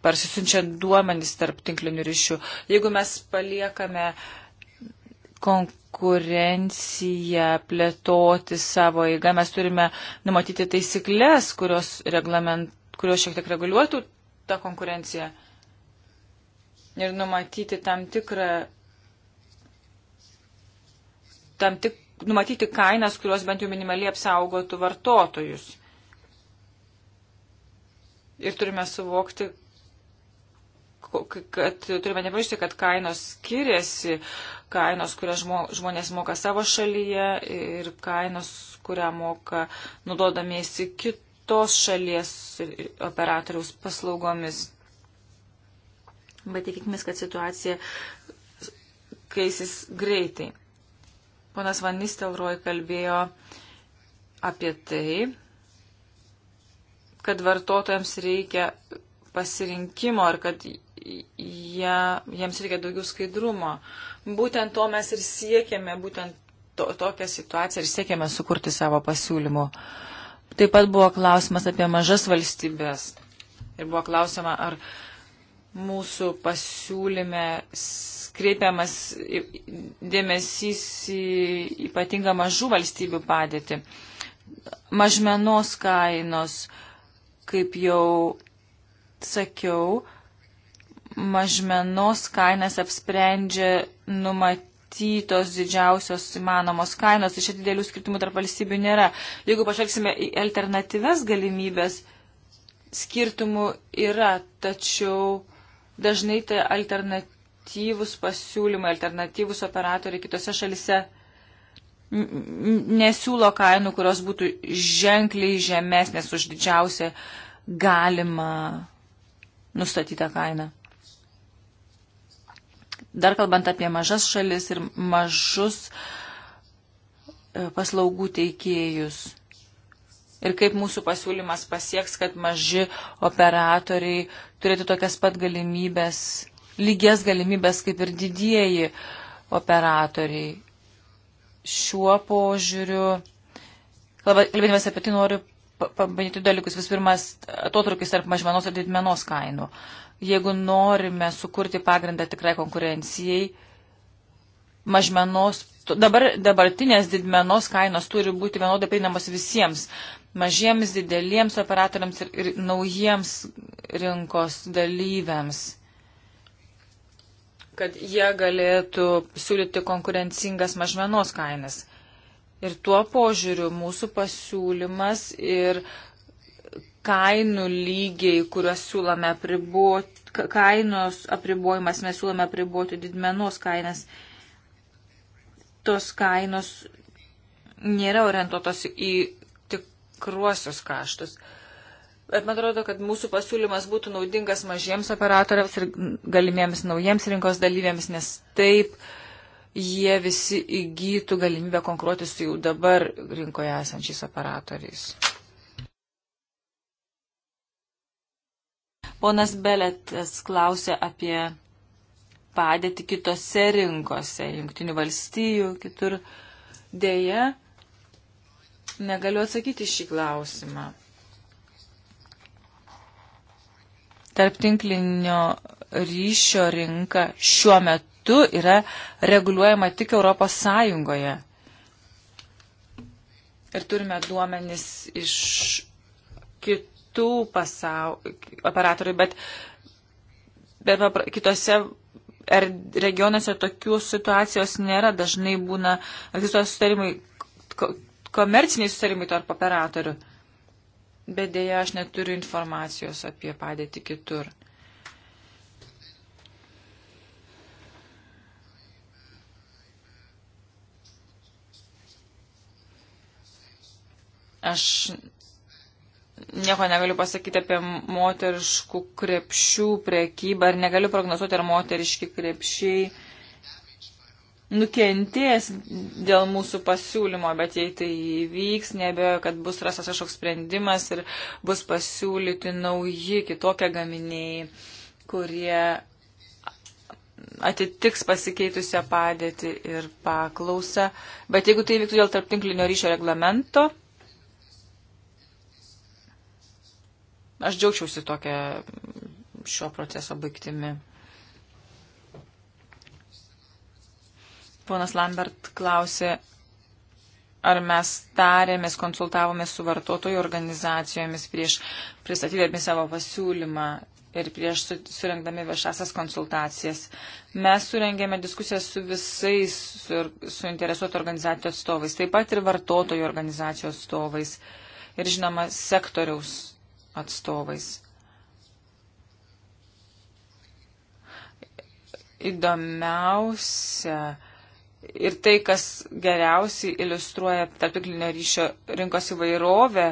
parsisiunčiant duomenys tarp tinklinių ryšių. Jeigu mes paliekame konkurenciją plėtoti savo eigą, mes turime numatyti taisyklės, kurios, reglament, kurios šiek tiek reguliuotų tą konkurenciją ir numatyti tam tikrą, tam tik, numatyti kainas, kurios bent jau minimaliai apsaugotų vartotojus ir turime suvokti, kad turime nepamiršti, kad kainos skiriasi, kainos, kurią žmonės moka savo šalyje ir kainos, kurią moka naudodamiesi kitos šalies operatoriaus paslaugomis. Bet tikėkime, kad situacija keisis greitai. Ponas Vanistelroj kalbėjo apie tai, kad vartotojams reikia pasirinkimo ir kad jie, jiems reikia daugiau skaidrumo. Būtent to mes ir siekėme, būtent to, tokią situaciją ir siekėme sukurti savo pasiūlymu. Taip pat buvo klausimas apie mažas valstybės. Ir buvo klausima, ar mūsų pasiūlyme skreipiamas dėmesys į ypatingą mažų valstybių padėtį. Mažmenos kainos, uh, kaip jau sakiau, mažmenos kainas apsprendžia numatytos didžiausios įmanomos kainos, tai čia didelių skirtumų tarp valstybių nėra. Jeigu pažvelgsime į alternatyves galimybės, skirtumų yra, tačiau dažnai tai alternatyvus pasiūlymai, alternatyvus operatoriai kitose šalise nesiūlo kainų, kurios būtų ženkliai žemesnės už didžiausią galimą nustatytą kainą. Dar kalbant apie mažas šalis ir mažus e, paslaugų teikėjus. Ir kaip mūsų pasiūlymas pasieks, kad maži operatoriai turėtų tokias pat galimybės, lygias galimybės kaip ir didieji operatoriai šiuo požiūriu, kalbėdamas apie tai, noriu pabandyti dalykus. Vis pirmas, atotrukis tarp mažmenos ir didmenos kainų. Jeigu norime sukurti pagrindą tikrai konkurencijai, mažmenos, dabar, dabartinės didmenos kainos turi būti vienodai prieinamos visiems mažiems, dideliems operatoriams ir, ir naujiems rinkos dalyviams kad jie galėtų siūlyti konkurencingas mažmenos kainas. Ir tuo požiūriu mūsų pasiūlymas ir kainų lygiai, kuriuos siūlome apriboti, kainos apribojimas, mes siūlome apriboti didmenos kainas. Tos kainos nėra orientuotos į tikruosius kaštus. Uh, Bet man atrodo, kad mūsų pasiūlymas būtų naudingas mažiems operatoriams ir galimiems naujiems rinkos dalyviams, nes taip jie visi įgytų galimybę konkuruoti su jau dabar rinkoje esančiais operatoriais. Ponas Beletas klausė apie padėti kitose rinkose, jungtinių valstijų, kitur. Deja, negaliu atsakyti šį klausimą. tarptinklinio ryšio rinka šiuo metu yra reguliuojama tik Europos Sąjungoje. Ir turime duomenis iš kitų pasau... operatorių, bet, bet kitose er, regionuose tokių situacijos nėra. Dažnai būna egzistuoja sutarimai, komerciniai sutarimai tarp operatorių. Uh, bet dėja aš neturiu informacijos apie padėtį kitur. Aš nieko negaliu pasakyti apie moteriškų krepšių priekybą ir negaliu prognozuoti, ar moteriški krepšiai nukentės dėl mūsų pasiūlymo, bet jei tai įvyks, nebejoju, kad bus rastas kažkoks sprendimas ir bus pasiūlyti nauji kitokie gaminiai, kurie atitiks pasikeitusią padėtį ir paklausą. Bet jeigu tai vyktų dėl tarptinklinio ryšio reglamento, aš džiaugčiausi tokia šio proceso baigtimi. Ponas Lambert klausė, ar mes tarėmės, konsultavomės su vartotojų organizacijomis prieš pristatydami savo pasiūlymą ir prieš surinkdami viešasias konsultacijas. Mes surengėme diskusijas su visais suinteresuotų organizacijų atstovais, taip pat ir vartotojų organizacijų atstovais ir, žinoma, sektoriaus atstovais. Įdomiausia ir tai, kas geriausiai iliustruoja tarpiklinio ryšio rinkos įvairovę,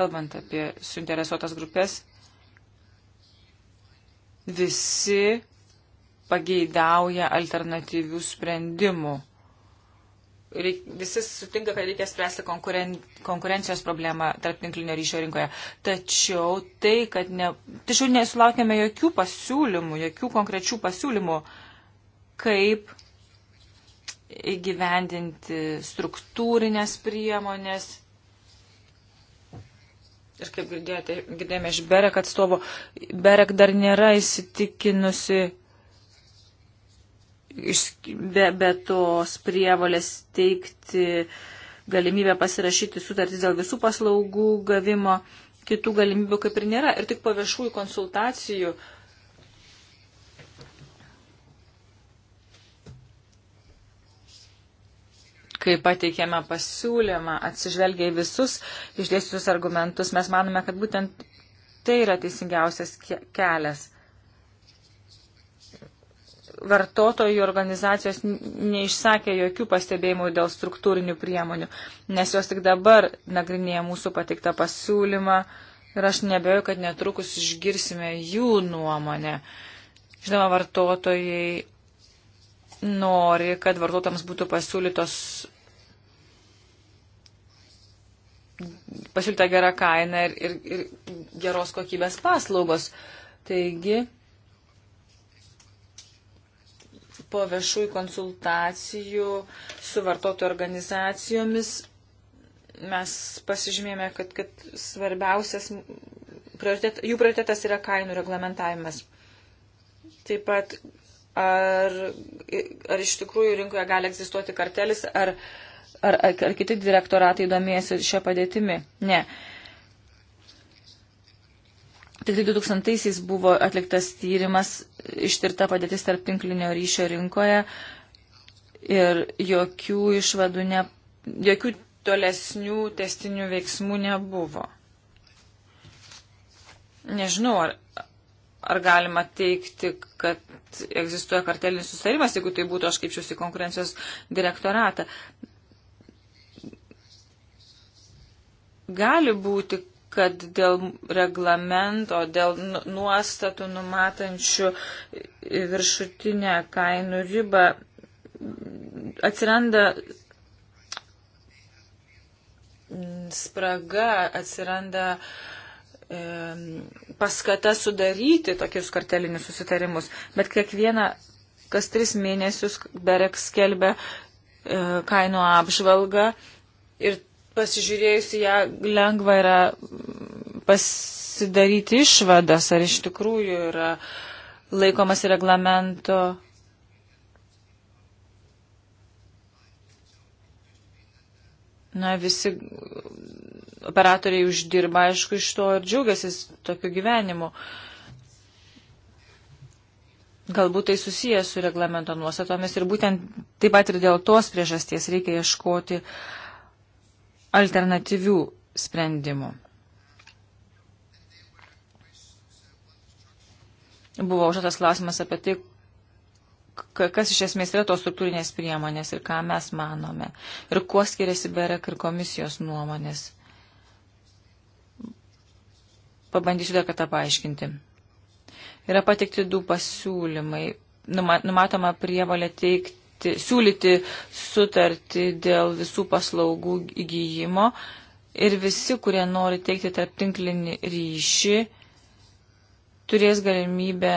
kalbant apie suinteresuotas grupės, visi pageidauja alternatyvių sprendimų. Reik, visi sutinka, kad reikia spręsti konkuren, konkurencijos problemą tarp tinklinio ryšio rinkoje. Tačiau tai, kad ne, tačiau nesulaukėme jokių pasiūlymų, jokių konkrečių pasiūlymų, kaip įgyvendinti struktūrinės priemonės. Ir kaip girdėjote, girdėjome iš Berek atstovo, Berek dar nėra įsitikinusi be, be tos prievalės teikti galimybę pasirašyti sutartis dėl visų paslaugų gavimo, kitų galimybių kaip ir nėra. Ir tik po viešųjų konsultacijų uh, kai pateikėme pasiūlymą, atsižvelgia į visus išdėstytus argumentus, mes manome, kad būtent tai yra teisingiausias kelias. Vartotojų organizacijos neišsakė jokių pastebėjimų dėl struktūrinių priemonių, nes jos tik dabar nagrinėja mūsų patiktą pasiūlymą ir aš nebejoju, kad netrukus išgirsime jų nuomonę. Žinoma, vartotojai nori, kad vartotojams būtų pasiūlytos pasiūlyta gera kaina ir, ir, ir geros kokybės paslaugos. Taigi, po viešųjų konsultacijų su vartotojų organizacijomis mes pasižymėjome, kad, kad svarbiausias prioritet, jų prioritetas yra kainų reglamentavimas. Taip pat, ar, ar iš tikrųjų rinkoje gali egzistuoti kartelis, ar uh, ar, ar kiti direktoratai domėjosi šią padėtimi. Ne. Tik 2000-aisiais tai buvo atliktas tyrimas, ištirta padėtis tarp tinklinio ryšio rinkoje ir jokių išvadų, ne, jokių tolesnių testinių veiksmų nebuvo. Nežinau, ar, ar galima teikti, kad egzistuoja kartelinis susitarimas, jeigu tai būtų, aš kaip šiusi konkurencijos direktoratą. gali būti, kad dėl reglamento, dėl nu- nuostatų numatančių viršutinę kainų ribą atsiranda spraga, atsiranda e, paskata sudaryti tokius kartelinius susitarimus. Bet kiekvieną, kas tris mėnesius Berek skelbia e, kainų apžvalgą ir pasižiūrėjus ją lengva yra pasidaryti išvadas, ar iš tikrųjų yra laikomas reglamento. Na, visi operatoriai uždirba, aišku, iš to ir džiaugiasi tokiu gyvenimu. Galbūt tai susijęs su reglamento nuostatomis ir būtent taip pat ir dėl tos priežasties reikia ieškoti uh, alternatyvių sprendimų. Buvo užduotas klausimas apie tai, kas iš esmės yra tos struktūrinės priemonės ir ką mes manome. Ir kuo skiriasi BEREK ir komisijos nuomonės. Pabandysiu dar kartą paaiškinti. Yra patikti du pasiūlymai. Numatoma prievalė teikti sutarti, siūlyti sutartį dėl visų paslaugų įgyjimo ir visi, kurie nori teikti tarp tinklinį ryšį, turės galimybę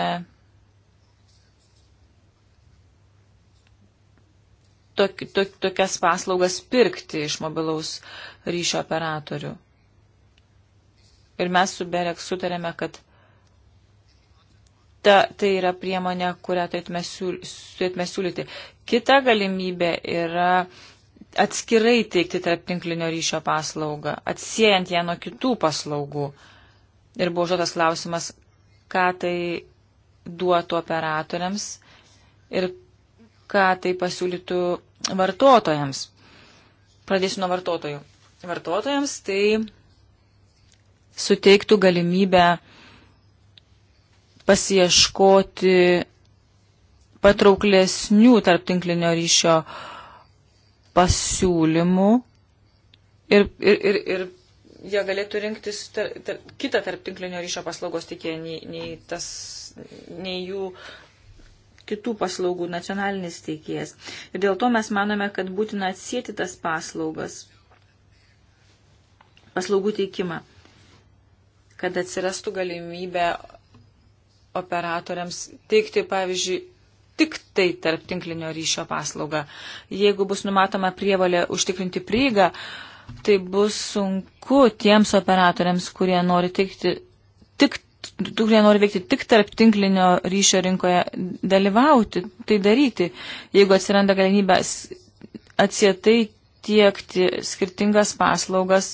tok, tok, tokias paslaugas pirkti iš mobilaus ryšio operatorių. Ir mes su Berek sutarėme, kad ta, tai yra priemonė, kurią turėtume tai siūlyti. Kita galimybė yra atskirai teikti tarp tinklinio ryšio paslaugą, atsiejant ją nuo kitų paslaugų. Ir buvo užduotas klausimas, ką tai duotų operatoriams ir ką tai pasiūlytų vartotojams. Pradėsiu nuo vartotojų. Vartotojams tai suteiktų galimybę pasieškoti patrauklesnių tarptinklinio ryšio pasiūlymų ir, ir, ir, ir jie galėtų rinktis tar, tar, kitą tarptinklinio ryšio paslaugos tikėję nei, nei, tas, nei jų kitų paslaugų nacionalinis teikėjas. Ir dėl to mes manome, kad būtina atsėti tas paslaugas, paslaugų teikimą, kad atsirastų galimybė operatoriams teikti, pavyzdžiui, tik tai tarp tinklinio ryšio paslaugą. Jeigu bus numatoma prievalė užtikrinti prieigą, tai bus sunku tiems operatoriams, kurie nori, teikti, tik, kurie nori veikti tik tarp tinklinio ryšio rinkoje, dalyvauti, tai daryti, jeigu atsiranda galimybė atsietai tiekti skirtingas paslaugas.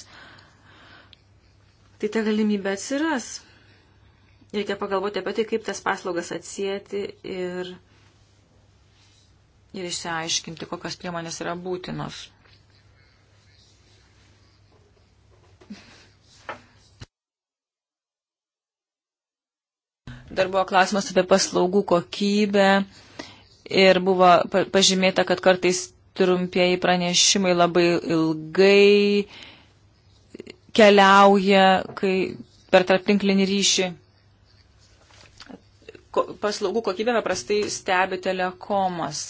Tai ta galimybė atsiras. Reikia pagalvoti apie tai, kaip tas paslaugas atsijėti ir, ir išsiaiškinti, kokios priemonės yra būtinos. Dar buvo klausimas apie paslaugų kokybę ir buvo pažymėta, kad kartais trumpieji pranešimai labai ilgai keliauja kai, per tarptinklinį ryšį paslaugų kokybę paprastai stebi telekomas,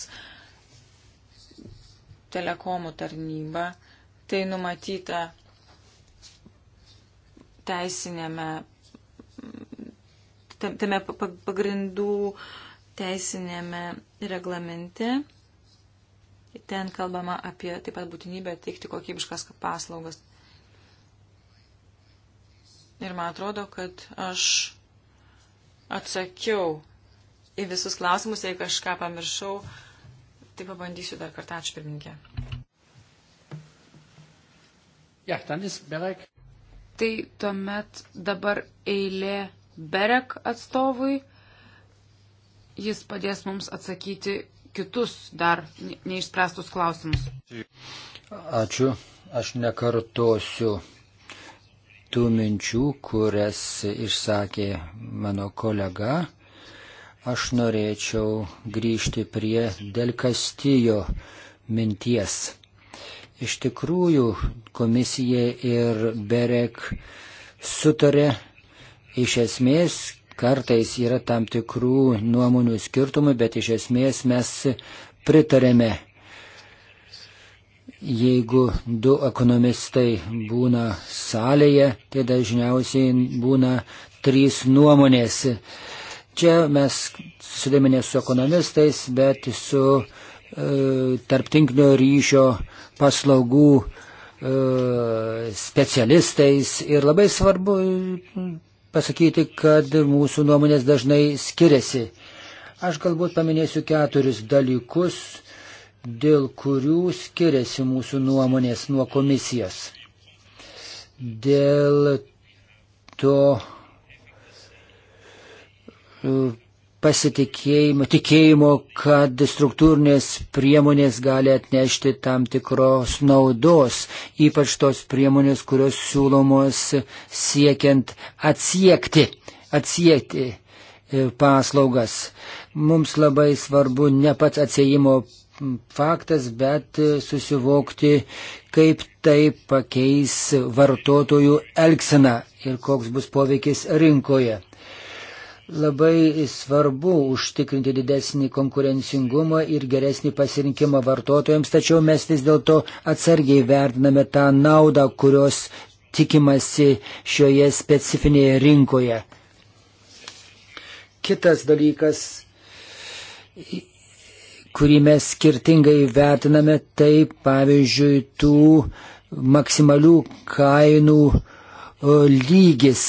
telekomų tarnyba. Tai numatyta teisinėme, tame pagrindų teisinėme reglamente. Ten kalbama apie taip pat būtinybę teikti kokybiškas paslaugas. Ir man atrodo, kad aš atsakiau į visus klausimus, jei kažką pamiršau, tai pabandysiu dar kartą. Ačiū pirmininkė. Ja, berek... Tai tuomet dabar eilė Berek atstovui. Jis padės mums atsakyti kitus dar neišspręstus klausimus. Ačiū. Aš nekartosiu tų minčių, kurias išsakė mano kolega, aš norėčiau grįžti prie Del Castillo minties. Iš tikrųjų, komisija ir Berek sutarė iš esmės, kartais yra tam tikrų nuomonių skirtumų, bet iš esmės mes pritarėme Jeigu du ekonomistai būna salėje, tai dažniausiai būna trys nuomonės. Čia mes susidėmė ne su ekonomistais, bet su e, tarptinklinio ryšio paslaugų e, specialistais. Ir labai svarbu pasakyti, kad mūsų nuomonės dažnai skiriasi. Aš galbūt paminėsiu keturis dalykus, dėl kurių skiriasi mūsų nuomonės nuo komisijos. Dėl to e, pasitikėjimo, tikėjimo, kad struktūrinės priemonės gali atnešti tam tikros naudos, ypač tos priemonės, kurios siūlomos siekiant atsiekti, atsiekti e, paslaugas. Mums labai svarbu ne pats atsiejimo faktas, bet susivokti, kaip tai pakeis vartotojų elgseną ir koks bus poveikis rinkoje. Labai svarbu užtikrinti didesnį konkurencingumą ir geresnį pasirinkimą vartotojams, tačiau mes vis dėlto atsargiai vertiname tą naudą, kurios tikimasi šioje specifinėje rinkoje. Kitas dalykas kurį mes skirtingai vertiname, tai pavyzdžiui tų maksimalių kainų lygis.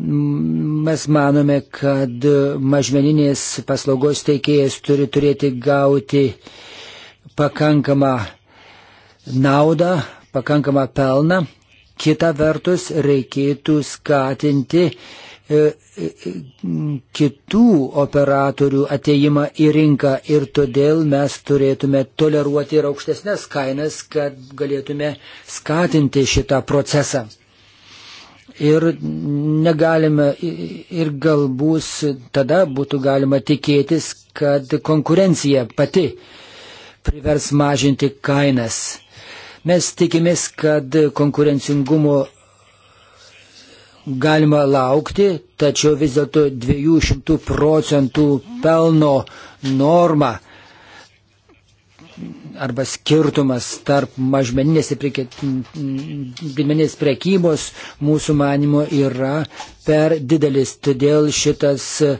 Mes manome, kad mažmeninės paslaugos teikėjas turi turėti gauti pakankamą naudą, pakankamą pelną. Kita vertus, reikėtų skatinti uh, E, e, kitų operatorių ateimą į rinką ir todėl mes turėtume toleruoti ir aukštesnės kainas, kad galėtume skatinti šitą procesą. Ir negalime, ir galbūt tada būtų galima tikėtis, kad konkurencija pati privers mažinti kainas. Mes tikimės, kad konkurencingumo galima laukti, tačiau vis dėlto 200 procentų pelno norma arba skirtumas tarp mažmeninės ir didmeninės prekybos mūsų manimo yra per didelis. Todėl šitas e,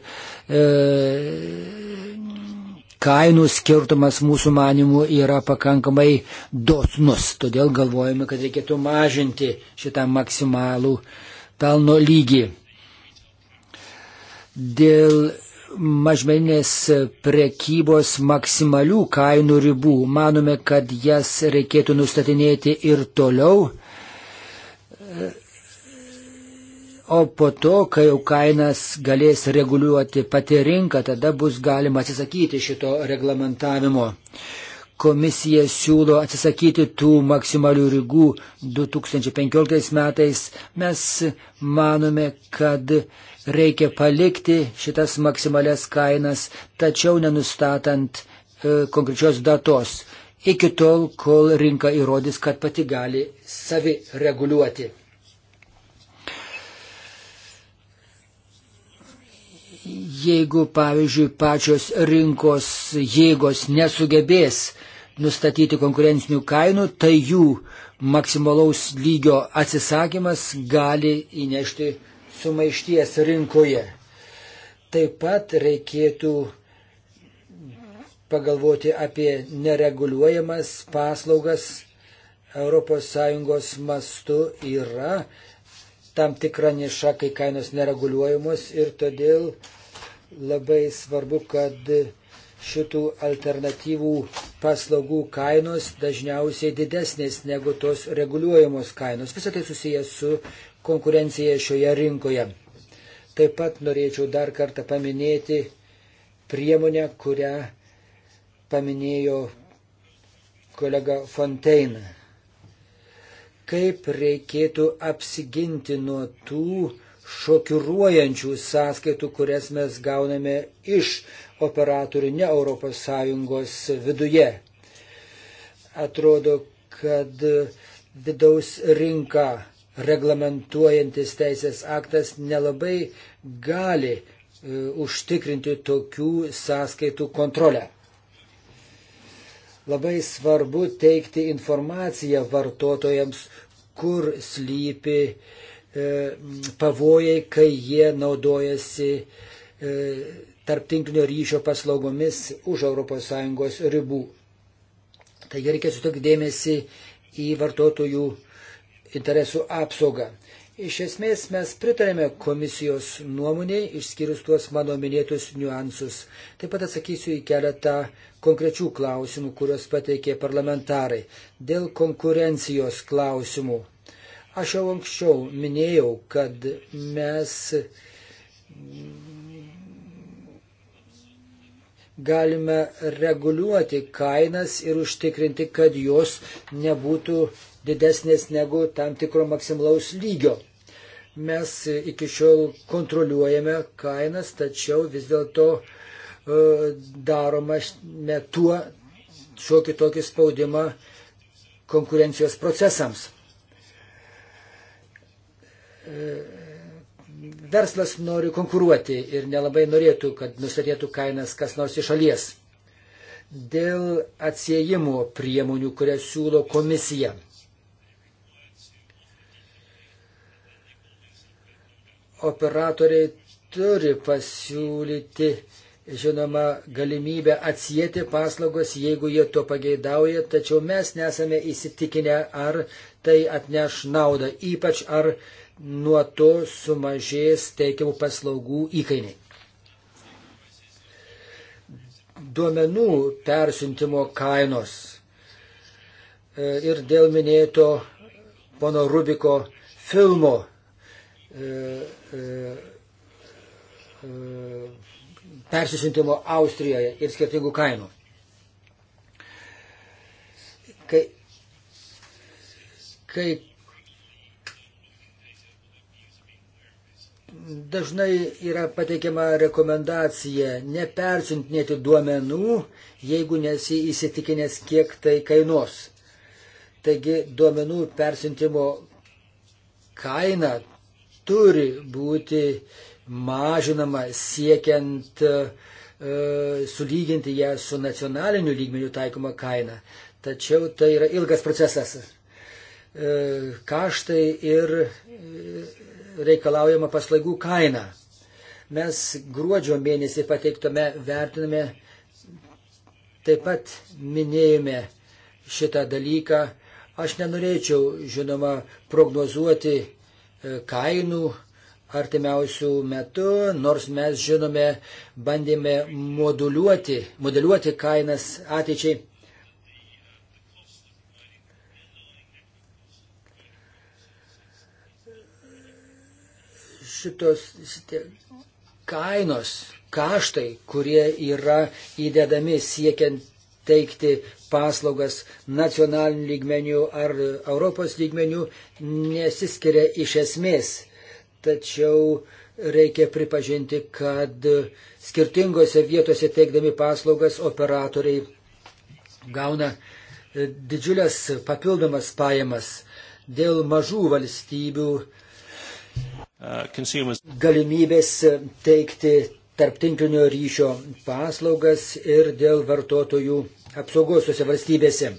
kainų skirtumas mūsų manimų yra pakankamai dosnus. Todėl galvojame, kad reikėtų mažinti šitą maksimalų uh, pelno lygį. Dėl mažmeninės prekybos maksimalių kainų ribų manome, kad jas reikėtų nustatinėti ir toliau. O po to, kai jau kainas galės reguliuoti pati rinka, tada bus galima atsisakyti šito reglamentavimo komisija siūlo atsisakyti tų maksimalių rygų 2015 metais, mes manome, kad reikia palikti šitas maksimalias kainas, tačiau nenustatant e, konkrečios datos, iki tol, kol rinka įrodys, kad pati gali savi reguliuoti. Jeigu, pavyzdžiui, pačios rinkos jėgos nesugebės, nustatyti konkurencinių kainų, tai jų maksimalaus lygio atsisakymas gali įnešti sumaišties rinkoje. Taip pat reikėtų pagalvoti apie nereguliuojamas paslaugas. ES mastu yra tam tikra niša, kai kainos nereguliuojamos ir todėl labai svarbu, kad šitų alternatyvų paslaugų kainos dažniausiai didesnės negu tos reguliuojamos kainos. Visą tai susijęs su konkurencija šioje rinkoje. Taip pat norėčiau dar kartą paminėti priemonę, kurią paminėjo kolega Fontein. Kaip reikėtų apsiginti nuo tų šokiruojančių sąskaitų, kurias mes gauname iš operatorių ne ES viduje. Atrodo, kad vidaus rinką reglamentuojantis teisės aktas nelabai gali e, užtikrinti tokių sąskaitų kontrolę labai svarbu teikti informaciją vartotojams, kur slypi e, pavojai, kai jie naudojasi e, tarptinklinio ryšio paslaugomis už ES ribų. Taigi reikia sutikti dėmesį į vartotojų interesų apsaugą. Iš esmės mes pritarėme komisijos nuomonėje, išskyrus tuos mano minėtus niuansus. Taip pat atsakysiu į keletą konkrečių klausimų, kuriuos pateikė parlamentarai. Dėl konkurencijos klausimų. Aš jau anksčiau minėjau, kad mes galime reguliuoti kainas ir užtikrinti, kad jos nebūtų didesnės negu tam tikro maksimalaus lygio. Mes iki šiol kontroliuojame kainas, tačiau vis dėlto e, daroma tuo šiokį tokį spaudimą konkurencijos procesams e, verslas nori konkuruoti ir nelabai norėtų, kad nustatėtų kainas kas nors iš šalies. Dėl atsiejimo priemonių, kurias siūlo komisija. Operatoriai turi pasiūlyti, žinoma, galimybę atsijėti paslaugos, jeigu jie to pageidauja, tačiau mes nesame įsitikinę, ar tai atneš naudą, ypač ar uh, nuo to sumažės teikiamų paslaugų įkainiai. Duomenų persintimo kainos e, ir dėl minėto pono Rubiko filmo e, e, persisintimo Austrijoje ir skirtingų kainų. Kai, kai dažnai yra pateikiama rekomendacija nepersiuntinėti duomenų, jeigu nesi įsitikinęs, kiek tai kainuos. Taigi duomenų persiuntimo kaina turi būti mažinama siekiant e, sulyginti ją su nacionaliniu lygmeniu taikoma kaina. Tačiau tai yra ilgas procesas. E, kaštai ir e, reikalaujama paslaugų kaina. Mes gruodžio mėnesį pateiktome vertiname, taip pat minėjome šitą dalyką. Aš nenorėčiau, žinoma, prognozuoti e, kainų artimiausių metų, nors mes, žinome, bandėme moduliuoti, modeliuoti kainas ateičiai. šitos šitie, kainos, kaštai, kurie yra įdedami siekiant teikti paslaugas nacionalinių lygmenių ar Europos lygmenių, nesiskiria iš esmės. Tačiau reikia pripažinti, kad skirtingose vietose teikdami paslaugas operatoriai gauna e, didžiulės papildomas pajamas dėl mažų valstybių Uh, galimybės teikti tarptinklinio ryšio paslaugas ir dėl vartotojų apsaugos tose valstybėse.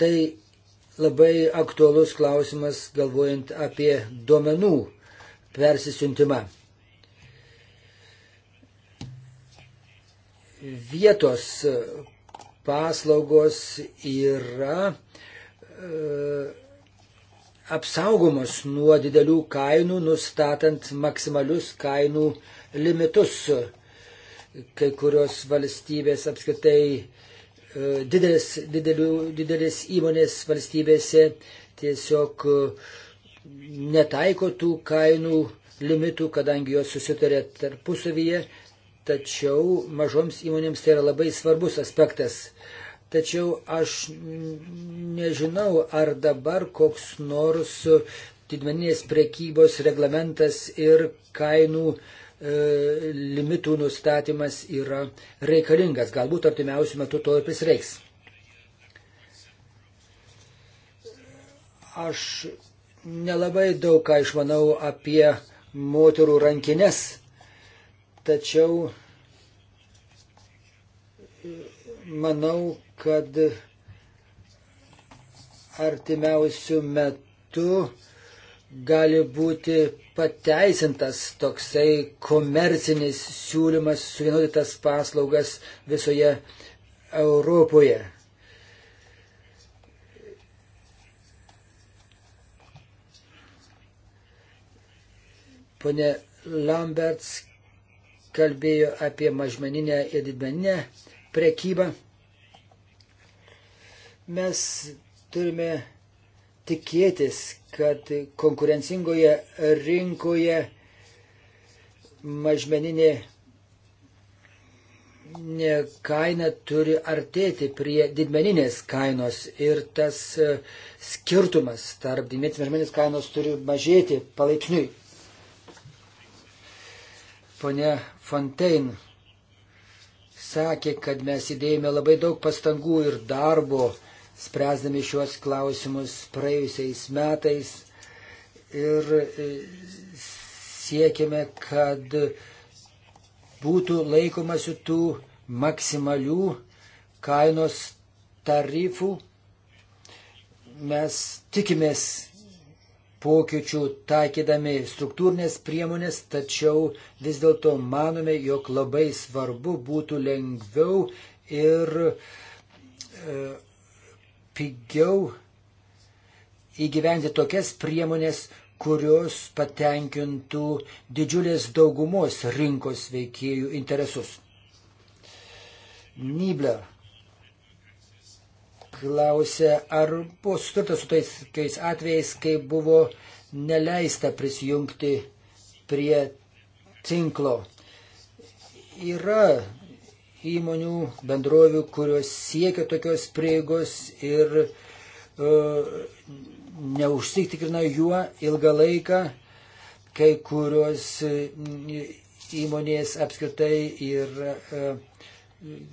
Tai labai aktuolus klausimas galvojant apie duomenų persisuntimą. Vietos paslaugos yra e, apsaugomos nuo didelių kainų, nustatant maksimalius kainų limitus. Kai kurios valstybės apskritai e, didelės, didelių, didelės įmonės valstybėse tiesiog e, netaiko tų kainų limitų, kadangi jos susitarė tarpusavyje, tačiau mažoms įmonėms tai yra labai svarbus aspektas. Tačiau aš nežinau, ar dabar koks nors didmeninės prekybos reglamentas ir kainų e, limitų nustatymas yra reikalingas. Galbūt artimiausių metų to ir prisireiks. Aš nelabai daug ką išmanau apie moterų rankinės, tačiau manau, kad artimiausių metų gali būti pateisintas toksai komercinis siūlymas suvienodytas paslaugas visoje Europoje. Pone Lamberts kalbėjo apie mažmeninę ir didmeninę prekybą. Mes turime tikėtis, kad konkurencingoje rinkoje mažmeninė kaina turi artėti prie didmeninės kainos ir tas e, skirtumas tarp didmeninės ir mažmeninės kainos turi mažėti palaipsniui. Pone Fontaine sakė, kad mes įdėjome labai daug pastangų ir darbo, spręsdami šiuos klausimus praėjusiais metais ir e, siekėme, kad būtų laikomasi tų maksimalių kainos tarifų. Mes tikimės pokyčių taikydami struktūrinės priemonės, tačiau vis dėlto manome, jog labai svarbu būtų lengviau ir e, pigiau įgyventi tokias priemonės, kurios patenkintų didžiulės daugumos rinkos veikėjų interesus. Nibler klausia, ar buvo sutarta su tais atvejais, kai buvo neleista prisijungti prie tinklo. Yra įmonių, bendrovių, kurios siekia tokios prieigos ir uh, e, neužsitikrina juo ilgą laiką, kai kurios e, įmonės apskritai ir uh,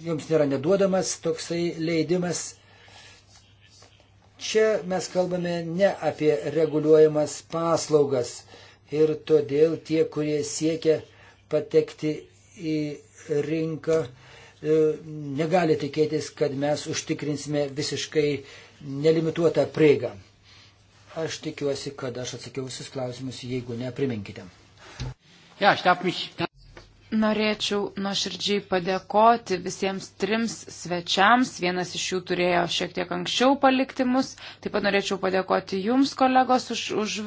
joms nėra neduodamas toksai leidimas Čia mes kalbame ne apie reguliuojamas paslaugas ir todėl tie, kurie siekia patekti į rinką, e, negali tikėtis, kad mes užtikrinsime visiškai nelimituotą prieigą. Aš tikiuosi, kad aš atsakiau visus klausimus, jeigu ne, priminkite. Ja, ich darf mich Norėčiau nuoširdžiai padėkoti visiems trims svečiams. Vienas iš jų turėjo šiek tiek anksčiau palikti mus. Taip pat norėčiau padėkoti jums, kolegos, už, už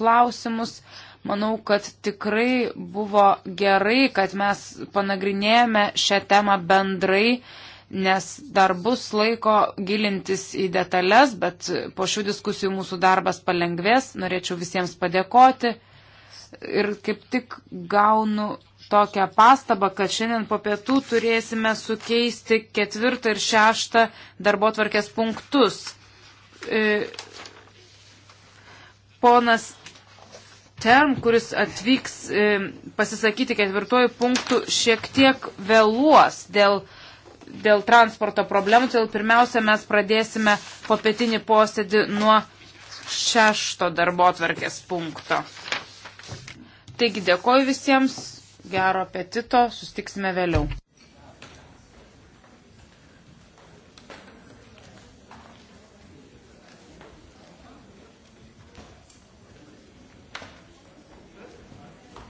klausimus. Manau, kad tikrai buvo gerai, kad mes panagrinėjome šią temą bendrai, nes dar bus laiko gilintis į detalės, bet po šių diskusijų mūsų darbas palengvės. Norėčiau visiems padėkoti. Ir kaip tik gaunu tokią pastabą, kad šiandien po pietų turėsime sukeisti ketvirtą ir šeštą darbo tvarkės punktus. E, ponas Term, kuris atvyks e, pasisakyti ketvirtojų punktų, šiek tiek vėluos dėl, dėl transporto problemų, todėl pirmiausia mes pradėsime popietinį posėdį nuo šešto darbo tvarkės punkto. Taigi dėkoju visiems gero apetito, sustiksime vėliau.